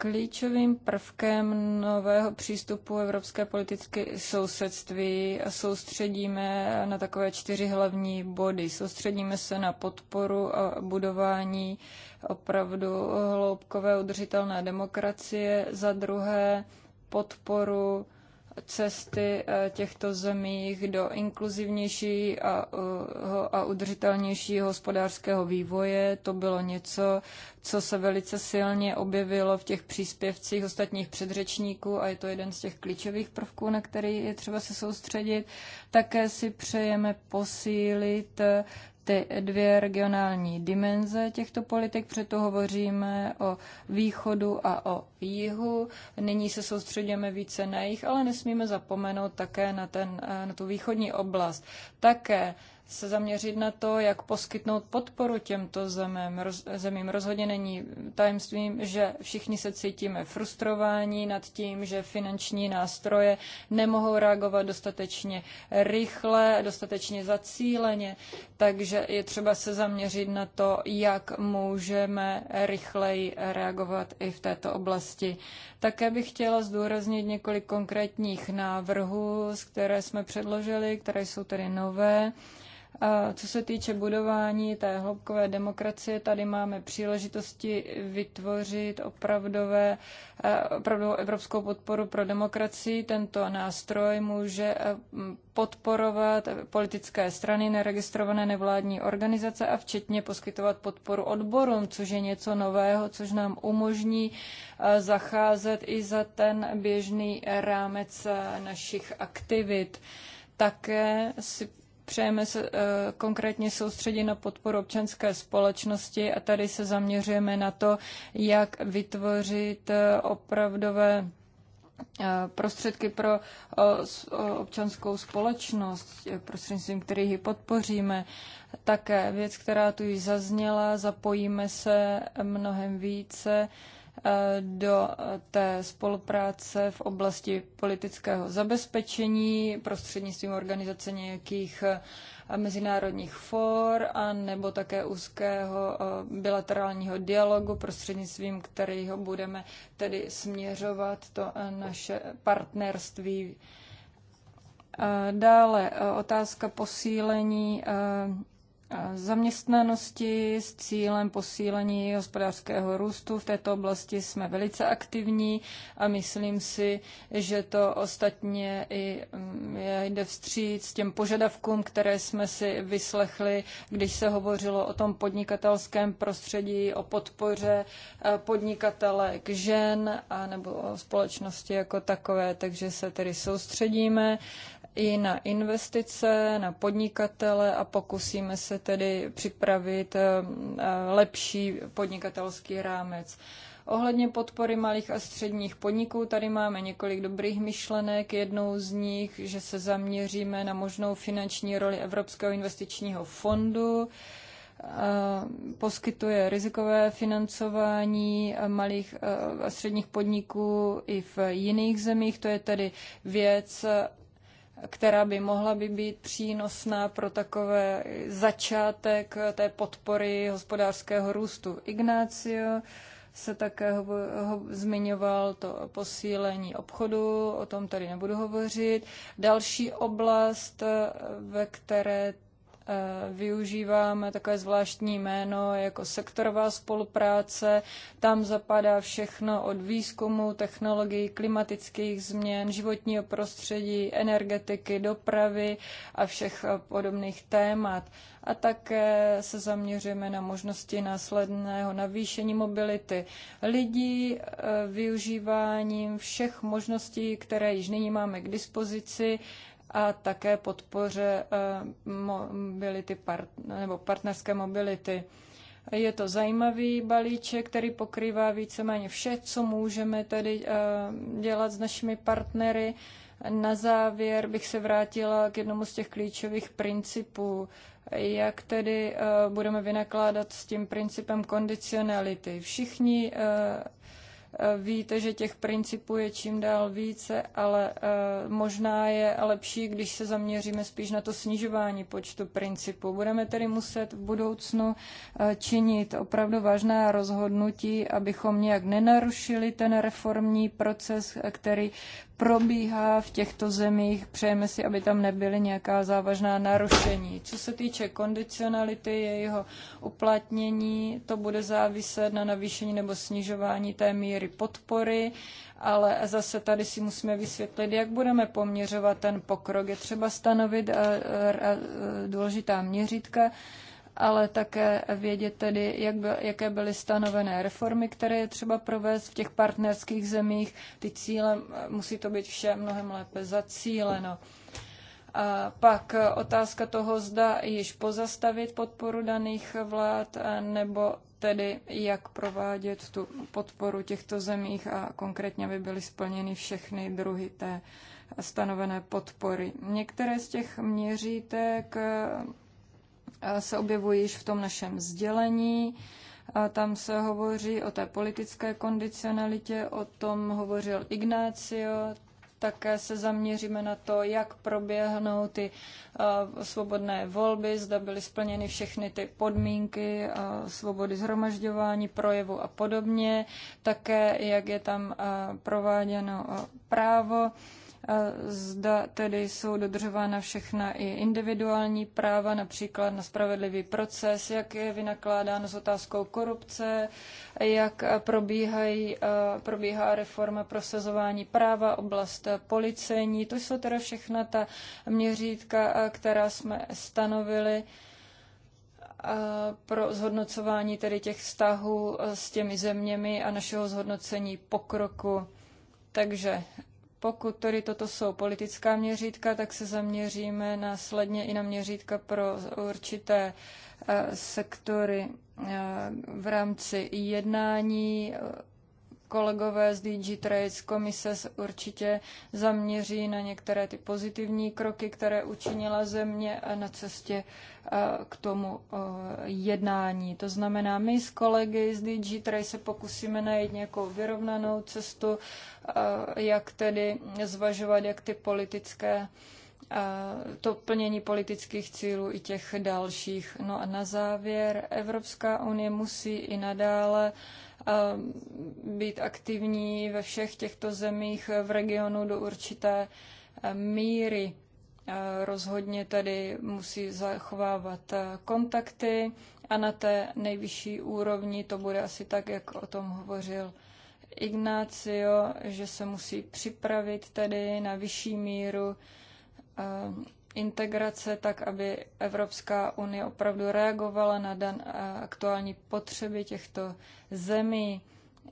Klíčovým prvkem nového přístupu evropské politické sousedství a soustředíme na takové čtyři hlavní body. Soustředíme se na podporu a budování opravdu hloubkové udržitelné demokracie, za druhé podporu cesty eh, těchto zemích do inkluzivnějšího a, eh, a udržitelnějšího hospodářského vývoje. To bylo něco, co se velice silně objevilo v těch příspěvcích ostatních předřečníků a je to jeden z těch klíčových prvků, na který je třeba se soustředit. Také si přejeme posílit eh, ty dvě regionální dimenze těchto politik. Přeto hovoříme o východu a o jihu. Nyní se soustředíme více na jich, ale nesmíme zapomenout také na, ten, eh, na tu východní oblast. Také se zaměřit na to, jak poskytnout podporu těmto zemem. Roz, zemím. Rozhodně není tajemstvím, že všichni se cítíme frustrováni nad tím, že finanční nástroje nemohou reagovat dostatečně rychle, dostatečně zacíleně, takže je třeba se zaměřit na to, jak můžeme rychleji reagovat i v této oblasti. Také bych chtěla zdůraznit několik konkrétních návrhů, které jsme předložili, které jsou tedy nové. Eh, co se týče budování té hloubkové demokracie, tady máme příležitosti vytvořit opravdové, eh, opravdovou evropskou podporu pro demokracii. Tento nástroj může eh, podporovat politické strany, neregistrované nevládní organizace a včetně poskytovat podporu odborům, což je něco nového, což nám umožní zacházet i za ten běžný rámec našich aktivit. Také si přejeme se eh, konkrétně soustředit na podporu občanské společnosti a tady se zaměřujeme na to, jak vytvořit eh, opravdové eh, prostředky pro občanskou společnost, prostřednictvím kterých ji podpoříme. Také věc, která tu již zazněla, zapojíme se mnohem více Eh, do té spolupráce v oblasti politického zabezpečení prostřednictvím organizace nějakých eh, mezinárodních for a nebo také úzkého eh, bilaterálního dialogu, prostřednictvím kterého budeme tedy směřovat to naše partnerství Dále otázka posílení zaměstnanosti s cílem posílení hospodářského růstu. V této oblasti jsme velice aktivní a myslím si, že to ostatně i mm, jde vstříc těm požadavkům, které jsme si vyslechli, když se hovořilo o tom podnikatelském prostředí, o podpoře e, podnikatelek žen a nebo o společnosti jako takové. Takže se tedy soustředíme i na investice, na podnikatele a pokusíme se tedy připravit eh, eh, lepší podnikatelský rámec. Ohledně podpory malých a středních podniků, tady máme několik dobrých myšlenek. Jednou z nich, že se zaměříme na možnou finanční roli Evropského investičního fondu, eh, poskytuje rizikové financování malých a středních podniků i v jiných zemích. To je tedy věc, která by mohla by být přínosná pro takové začátek té podpory hospodářského růstu. Ignácio se také ho, ho, zmiňoval to posílení obchodu, o tom tady nebudu hovořit. Další oblast, ve které Eh, využíváme takové zvláštní jméno jako sektorová spolupráce. Tam zapadá všechno od výzkumu, technologií, klimatických změn, životního prostředí, energetiky, dopravy a všech eh, podobných témat. A také se zaměříme na možnosti následného navýšení mobility lidí, eh, využíváním všech možností, které již nyní máme k dispozici, a také podpoře eh, mobility part, nebo partnerské mobility. Je to zajímavý balíček, který pokrývá víceméně vše, co můžeme tedy eh, dělat s našimi partnery. Na závěr bych se vrátila k jednomu z těch klíčových principů, jak tedy eh, budeme vynakládat s tím principem kondicionality. Všichni Eh, víte, že těch principů je čím dál více, ale eh, možná je lepší, když se zaměříme spíš na to snižování počtu principů. Budeme tedy muset v budoucnu eh, činit opravdu vážná rozhodnutí, abychom nějak nenarušili ten reformní proces, který probíhá v těchto zemích. Přejeme si, aby tam nebyly nějaká závažná narušení. Co se týče kondicionality, jejího uplatnění, to bude záviset na navýšení nebo snižování té míry podpory, ale zase tady si musíme vysvětlit, jak budeme poměřovat ten pokrok. Je třeba stanovit eh, eh, důležitá měřítka, ale také vědět tedy, jak by, jaké byly stanovené reformy, které je třeba provést v těch partnerských zemích. Ty cíle, musí to být vše mnohem lépe zacíleno. A pak otázka toho, zda již pozastavit podporu daných vlád, nebo tedy jak provádět tu podporu těchto zemích a konkrétně by byly splněny všechny druhy té stanovené podpory. Některé z těch měřítek Eh, se objevují již v tom našem sdělení. Eh, tam se hovoří o té politické kondicionalitě, o tom hovořil Ignácio, také se zaměříme na to, jak proběhnou ty eh, svobodné volby, zda byly splněny všechny ty podmínky svobody zhromažďování, projevu a podobně, také jak je tam prováděno právo Zda tedy jsou dodržována všechna i individuální práva, například na spravedlivý proces, jak je vynakládáno s otázkou korupce, jak probíhají, probíhá reforma prosazování práva, oblast policejní. To jsou teda všechna ta měřítka, která jsme stanovili pro zhodnocování tedy těch vztahů s těmi zeměmi a našeho zhodnocení pokroku. Takže pokud tedy toto jsou politická měřítka, tak se zaměříme následně i na měřítka pro určité eh, sektory eh, v rámci jednání kolegové z DG Trade z komise se určitě zaměří na některé ty pozitivní kroky, které učinila země na cestě eh, k tomu eh, jednání. To znamená, my s kolegy z DG Trade se pokusíme najít nějakou vyrovnanou cestu, eh, jak tedy zvažovat, jak ty politické to plnění politických cílů i těch dalších. No a na závěr, Evropská unie musí i nadále uh, Eh, být aktivní ve všech těchto zemích eh, v regionu do určité eh, míry. Rozhodně tedy musí zachovávat kontakty a na té nejvyšší úrovni to bude asi tak, jak o tom hovořil Ignácio, že se musí připravit tedy na vyšší míru integrace tak, aby Evropská unie opravdu reagovala na dan eh, aktuální potřeby těchto zemí.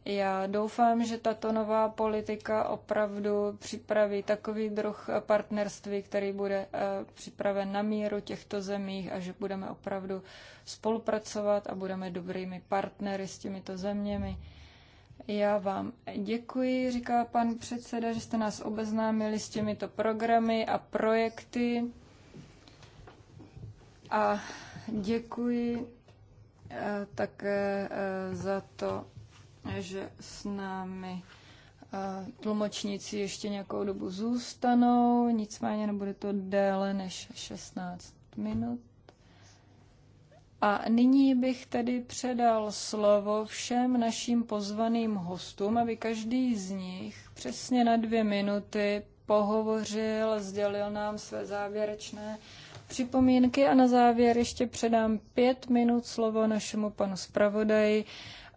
Já doufám, že tato nová politika opravdu připraví takový druh partnerství, který bude eh, připraven na míru těchto zemích a že budeme opravdu spolupracovat a budeme dobrými partnery s těmito zeměmi. Já vám děkuji, říká pan předseda, že jste nás obeznámili s těmito programy a projekty. A děkuji eh, také eh, za to, že s námi eh, tlumočníci ještě nějakou dobu zůstanou, nicméně nebude to déle než 16 minut. A nyní bych tedy předal slovo všem našim pozvaným hostům, aby každý z nich přesně na dvě minuty pohovořil, sdělil nám své závěrečné připomínky a na závěr ještě předám pět minut slovo našemu panu zpravodaji,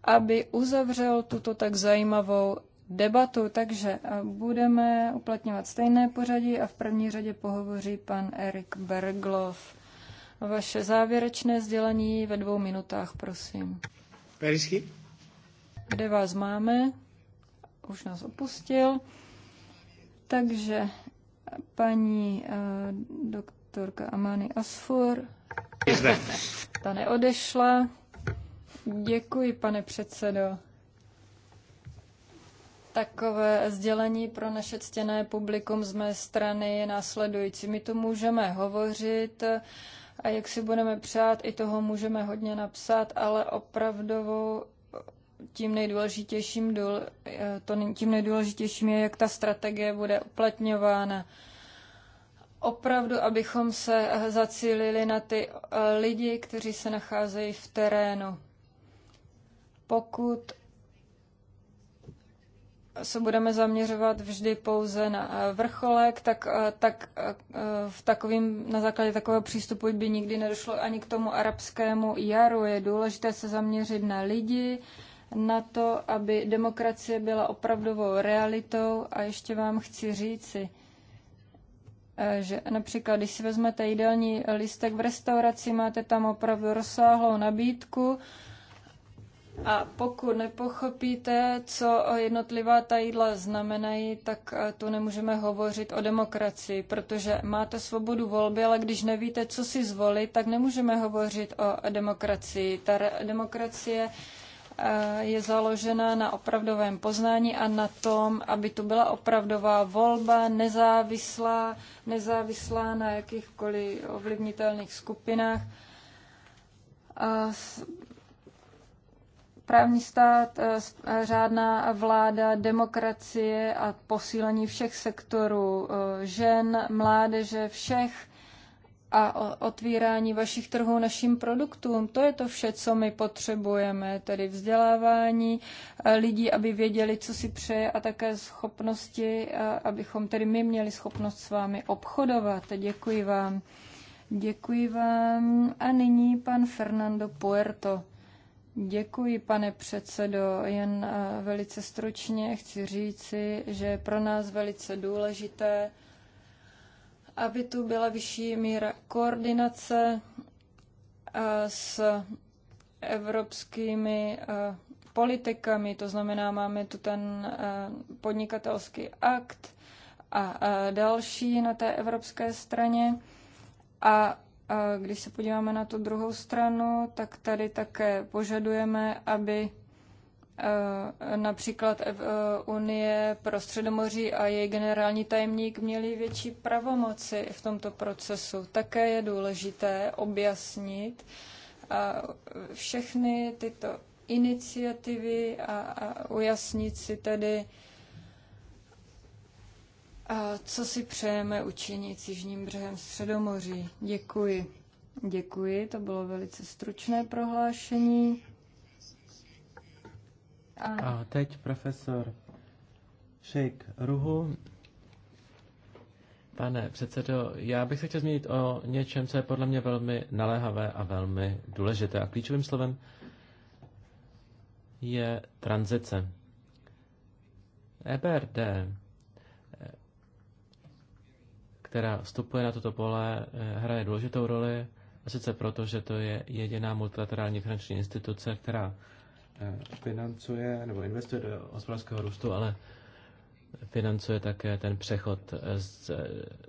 aby uzavřel tuto tak zajímavou debatu. Takže eh, budeme uplatňovat stejné pořadí a v první řadě pohovoří pan Erik Berglov. Vaše závěrečné sdělení ve dvou minutách, prosím. Perisky. Kde vás máme? Už nás opustil. Takže paní uh, doktorka Amani Asfur. Zde. Ta neodešla. Děkuji, pane předsedo. Takové sdělení pro naše ctěné publikum z mé strany je následující. My tu můžeme hovořit uh, a jak si budeme přát, i toho můžeme hodně napsat, ale opravdovou tím nejdůležitějším, eh, to, tím nejdůležitějším je, jak ta strategie bude uplatňována. Opravdu, abychom se zacílili na ty eh, lidi, kteří se nacházejí v terénu. Pokud se budeme zaměřovat vždy pouze na eh, vrcholek, tak, eh, tak eh, v takovým, na základě takového přístupu by nikdy nedošlo ani k tomu arabskému jaru. Je důležité se zaměřit na lidi, na to, aby demokracie byla opravdovou realitou. A ještě vám chci říci, že například, když si vezmete jídelní listek v restauraci, máte tam opravdu rozsáhlou nabídku, a pokud nepochopíte, co jednotlivá ta jídla znamenají, tak eh, tu nemůžeme hovořit o demokracii, protože máte svobodu volby, ale když nevíte, co si zvolit, tak nemůžeme hovořit o demokracii. Ta demokracie eh, je založena na opravdovém poznání a na tom, aby tu byla opravdová volba, nezávislá, nezávislá na jakýchkoliv ovlivnitelných skupinách. A právní stát, eh, eh, řádná vláda, demokracie a posílení všech sektorů eh, žen, mládeže, všech a otvírání vašich trhů našim produktům. To je to vše, co my potřebujeme, tedy vzdělávání lidí, aby věděli, co si přeje a také schopnosti, abychom tedy my měli schopnost s vámi obchodovat. Děkuji vám. Děkuji vám. A nyní pan Fernando Puerto. Děkuji, pane předsedo. Jen eh, velice stručně chci říci, že je pro nás velice důležité, aby tu byla vyšší míra koordinace eh, s evropskými eh, politikami, to znamená, máme tu ten podnikatelský akt a další na té evropské straně. A když se podíváme na tu druhou stranu, tak tady také požadujeme, aby e, například e, e, Unie pro Středomoří a její generální tajemník měli větší pravomoci v tomto procesu. Také je důležité objasnit všechny tyto iniciativy a, a ujasnit si tedy, a co si přejeme učinit s Jižním břehem Středomoří? Děkuji. Děkuji, to bylo velice stručné prohlášení. A, A teď profesor Šejk Ruhu. Pane předsedo, já bych se chtěl zmínit o něčem, co je podle mě velmi naléhavé a velmi důležité. A klíčovým slovem je tranzice. EBRD která vstupuje na toto pole, eh, hraje důležitou roli, a sice proto, že to je jediná multilaterální finanční instituce, která eh, financuje nebo investuje do hospodářského růstu, ale financuje také ten přechod eh, z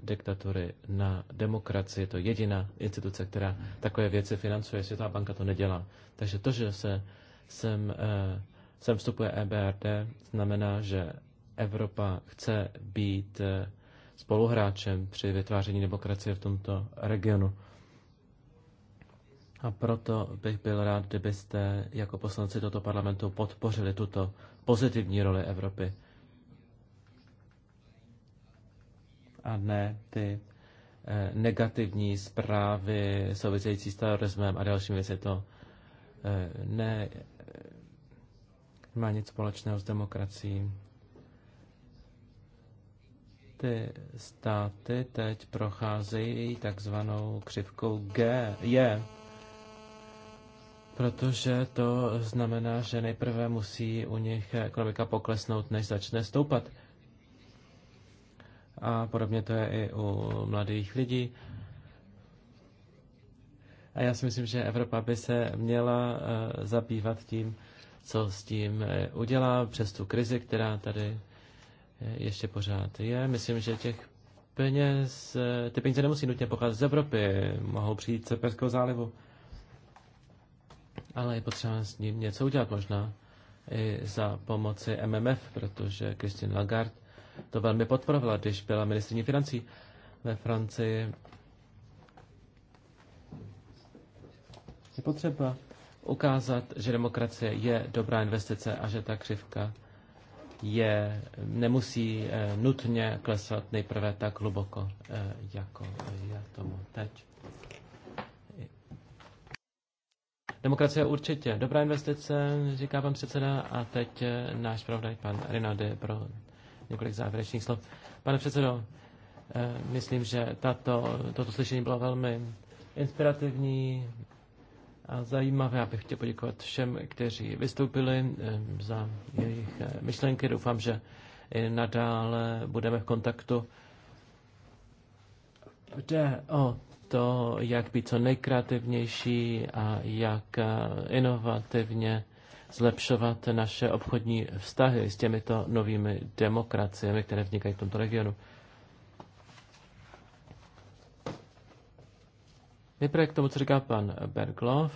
diktatury na demokracii. Je to jediná instituce, která takové věci financuje. Světová banka to nedělá. Takže to, že se sem, sem vstupuje EBRD, znamená, že Evropa chce být spoluhráčem při vytváření demokracie v tomto regionu. A proto bych byl rád, kdybyste jako poslanci tohoto parlamentu podpořili tuto pozitivní roli Evropy. A ne ty eh, negativní zprávy související s terorismem a dalšími věci. To eh, ne eh, má nic společného s demokracií. Ty státy teď procházejí takzvanou křivkou G, je, protože to znamená, že nejprve musí u nich ekonomika poklesnout, než začne stoupat. A podobně to je i u mladých lidí. A já si myslím, že Evropa by se měla eh, zabývat tím, co s tím eh, udělá přes tu krizi, která tady Eh, ještě pořád je. Myslím, že těch peněz, eh, ty peníze nemusí nutně pocházet z Evropy, mohou přijít z Perského zálivu. Ale je potřeba s ním něco udělat možná i za pomoci MMF, protože Christine Lagarde to velmi podporovala, když byla ministrní financí ve Francii. Je potřeba ukázat, že demokracie je dobrá investice a že ta křivka je, nemusí eh, nutně klesat nejprve tak hluboko, eh, jako je tomu teď. Demokracie určitě. Dobrá investice, říká pan předseda, a teď eh, náš pravdaj, pan Rinaldi, pro několik závěrečných slov. Pane předsedo, myslím, že tato, toto slyšení bylo velmi inspirativní, a zajímavé. Já bych chtěl poděkovat všem, kteří vystoupili eh, za jejich eh, myšlenky. Doufám, že i nadále budeme v kontaktu. Jde o to, jak být co nejkreativnější a jak eh, inovativně zlepšovat naše obchodní vztahy s těmito novými demokraciemi, které vznikají v tomto regionu. Nejprve k tomu, co říká pan Berglov.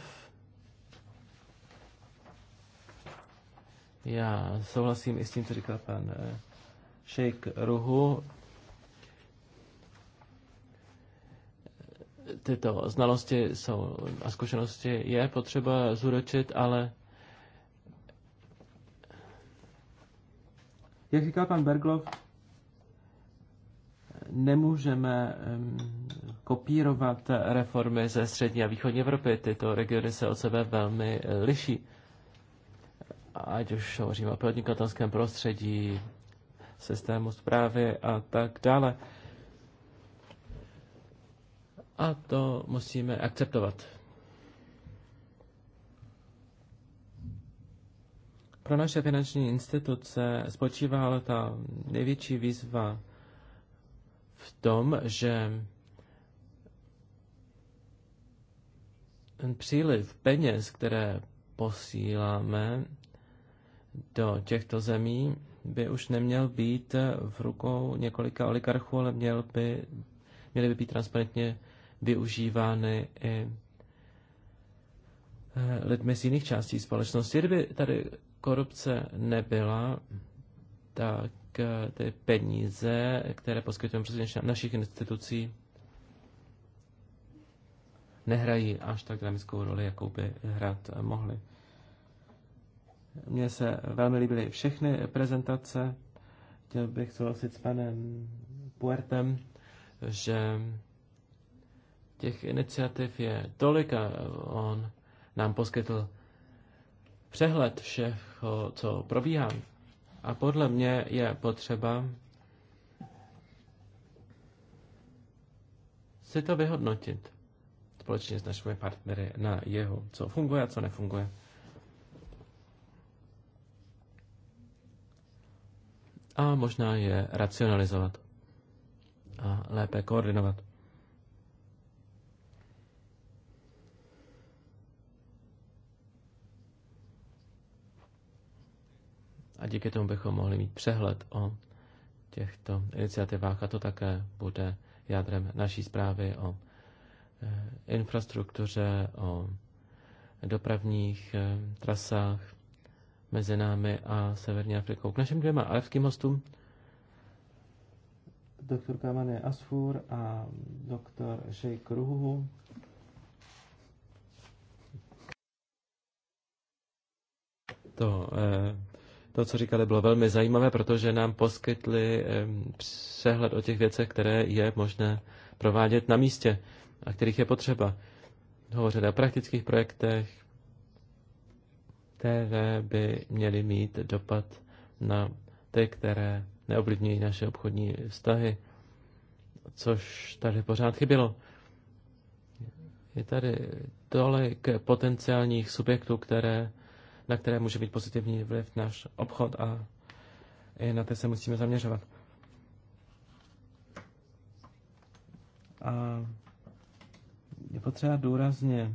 Já souhlasím i s tím, co říká pan eh, Šejk Ruhu. Tyto znalosti jsou, a zkušenosti je potřeba zúročit, ale jak říká pan Berglov, nemůžeme kopírovat reformy ze střední a východní Evropy. Tyto regiony se od sebe velmi eh, liší. Ať už hovoříme o podnikatelském prostředí, systému zprávy a tak dále. A to musíme akceptovat. Pro naše finanční instituce spočívá ale ta největší výzva v tom, že ten příliv peněz, které posíláme do těchto zemí, by už neměl být v rukou několika oligarchů, ale měl by, měly by být transparentně využívány i eh, lidmi z jiných částí společnosti. Kdyby tady korupce nebyla, tak ty peníze, které poskytujeme prostřednictvím našich institucí, nehrají až tak dramatickou roli, jakou by hrát mohly. Mně se velmi líbily všechny prezentace. Chtěl bych souhlasit s panem Puertem, že těch iniciativ je tolik a on nám poskytl přehled všeho, co probíhá a podle mě je potřeba si to vyhodnotit společně s našimi partnery na jeho, co funguje a co nefunguje. A možná je racionalizovat a lépe koordinovat. a díky tomu bychom mohli mít přehled o těchto iniciativách a to také bude jádrem naší zprávy o eh, infrastruktuře, o dopravních eh, trasách mezi námi a Severní Afrikou. K našim dvěma alevským hostům doktor Kamane Asfur a doktor Sheikh Ruhu. To eh, to, co říkali, bylo velmi zajímavé, protože nám poskytli přehled o těch věcech, které je možné provádět na místě a kterých je potřeba. Hovořili o praktických projektech, které by měly mít dopad na ty, které neoblivňují naše obchodní vztahy, což tady pořád chybělo. Je tady tolik potenciálních subjektů, které na které může být pozitivní vliv náš obchod a i na ty se musíme zaměřovat. A je potřeba důrazně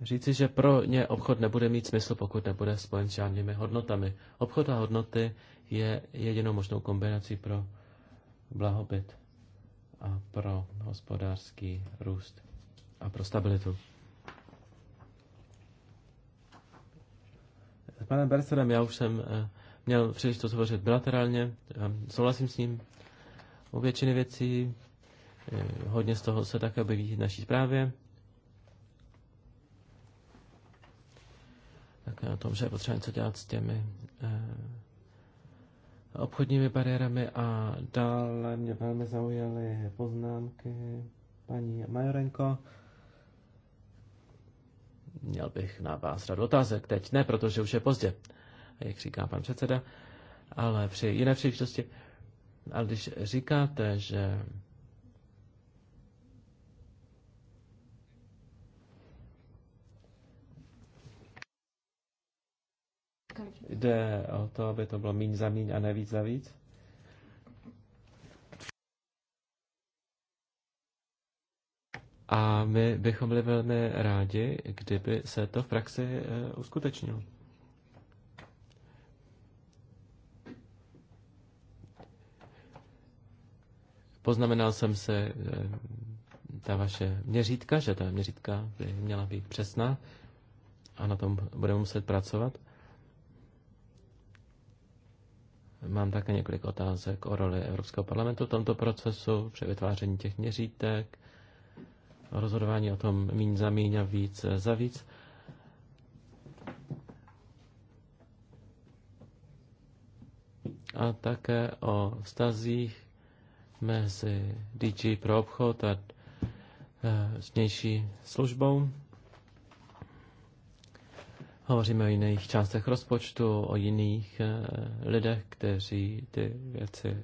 říci, že pro ně obchod nebude mít smysl, pokud nebude spojen s žádnými hodnotami. Obchod a hodnoty je jedinou možnou kombinací pro blahobyt a pro hospodářský růst a pro stabilitu. panem Bersterem já už jsem eh, měl příležitost hovořit bilaterálně, souhlasím s ním u většiny věcí, eh, hodně z toho se také objeví v naší zprávě. Tak o tom, že je potřeba něco dělat s těmi eh, obchodními bariérami a dále mě velmi zaujaly poznámky paní Majorenko měl bych na vás řadu otázek. Teď ne, protože už je pozdě, jak říká pan předseda, ale při jiné příležitosti. Ale když říkáte, že Jde o to, aby to bylo míň za míň a ne víc za víc? A my bychom byli velmi rádi, kdyby se to v praxi eh, uskutečnilo. Poznamenal jsem se eh, ta vaše měřítka, že ta měřítka by měla být přesná a na tom budeme muset pracovat. Mám také několik otázek o roli Evropského parlamentu v tomto procesu při vytváření těch měřítek rozhodování o tom míň za míň a víc za víc. A také o vztazích mezi DG pro obchod a eh, vnější službou. Hovoříme o jiných částech rozpočtu, o jiných eh, lidech, kteří ty věci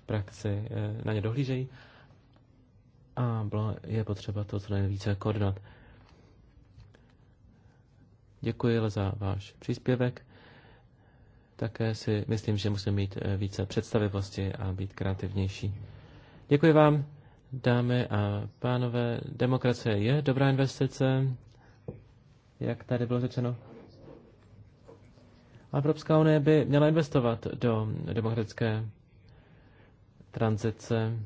v praxi eh, na ně dohlížejí a bylo, je potřeba to co nejvíce koordinovat. Děkuji za váš příspěvek. Také si myslím, že musíme mít eh, více představivosti a být kreativnější. Děkuji vám, dámy a pánové. Demokracie je dobrá investice, jak tady bylo řečeno. A Evropská unie by měla investovat do demokratické tranzice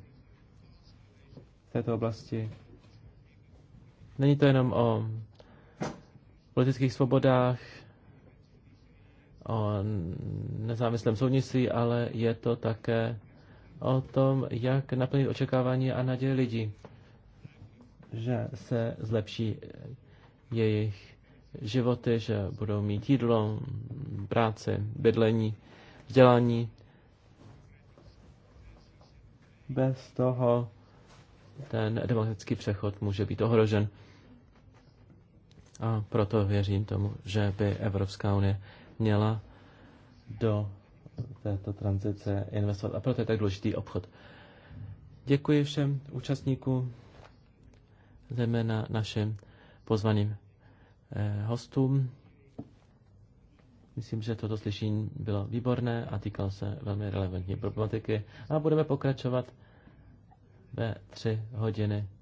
v této oblasti. Není to jenom o politických svobodách, o nezávislém soudnictví, ale je to také o tom, jak naplnit očekávání a naděje lidí, že se zlepší jejich životy, že budou mít jídlo, práci, bydlení, vzdělání. Bez toho ten demokratický přechod může být ohrožen. A proto věřím tomu, že by Evropská unie měla do této tranzice investovat. A proto je tak důležitý obchod. Děkuji všem účastníkům, zejména našim pozvaným eh, hostům. Myslím, že toto slyšení bylo výborné a týkalo se velmi relevantní problematiky. A budeme pokračovat ve tři hodiny.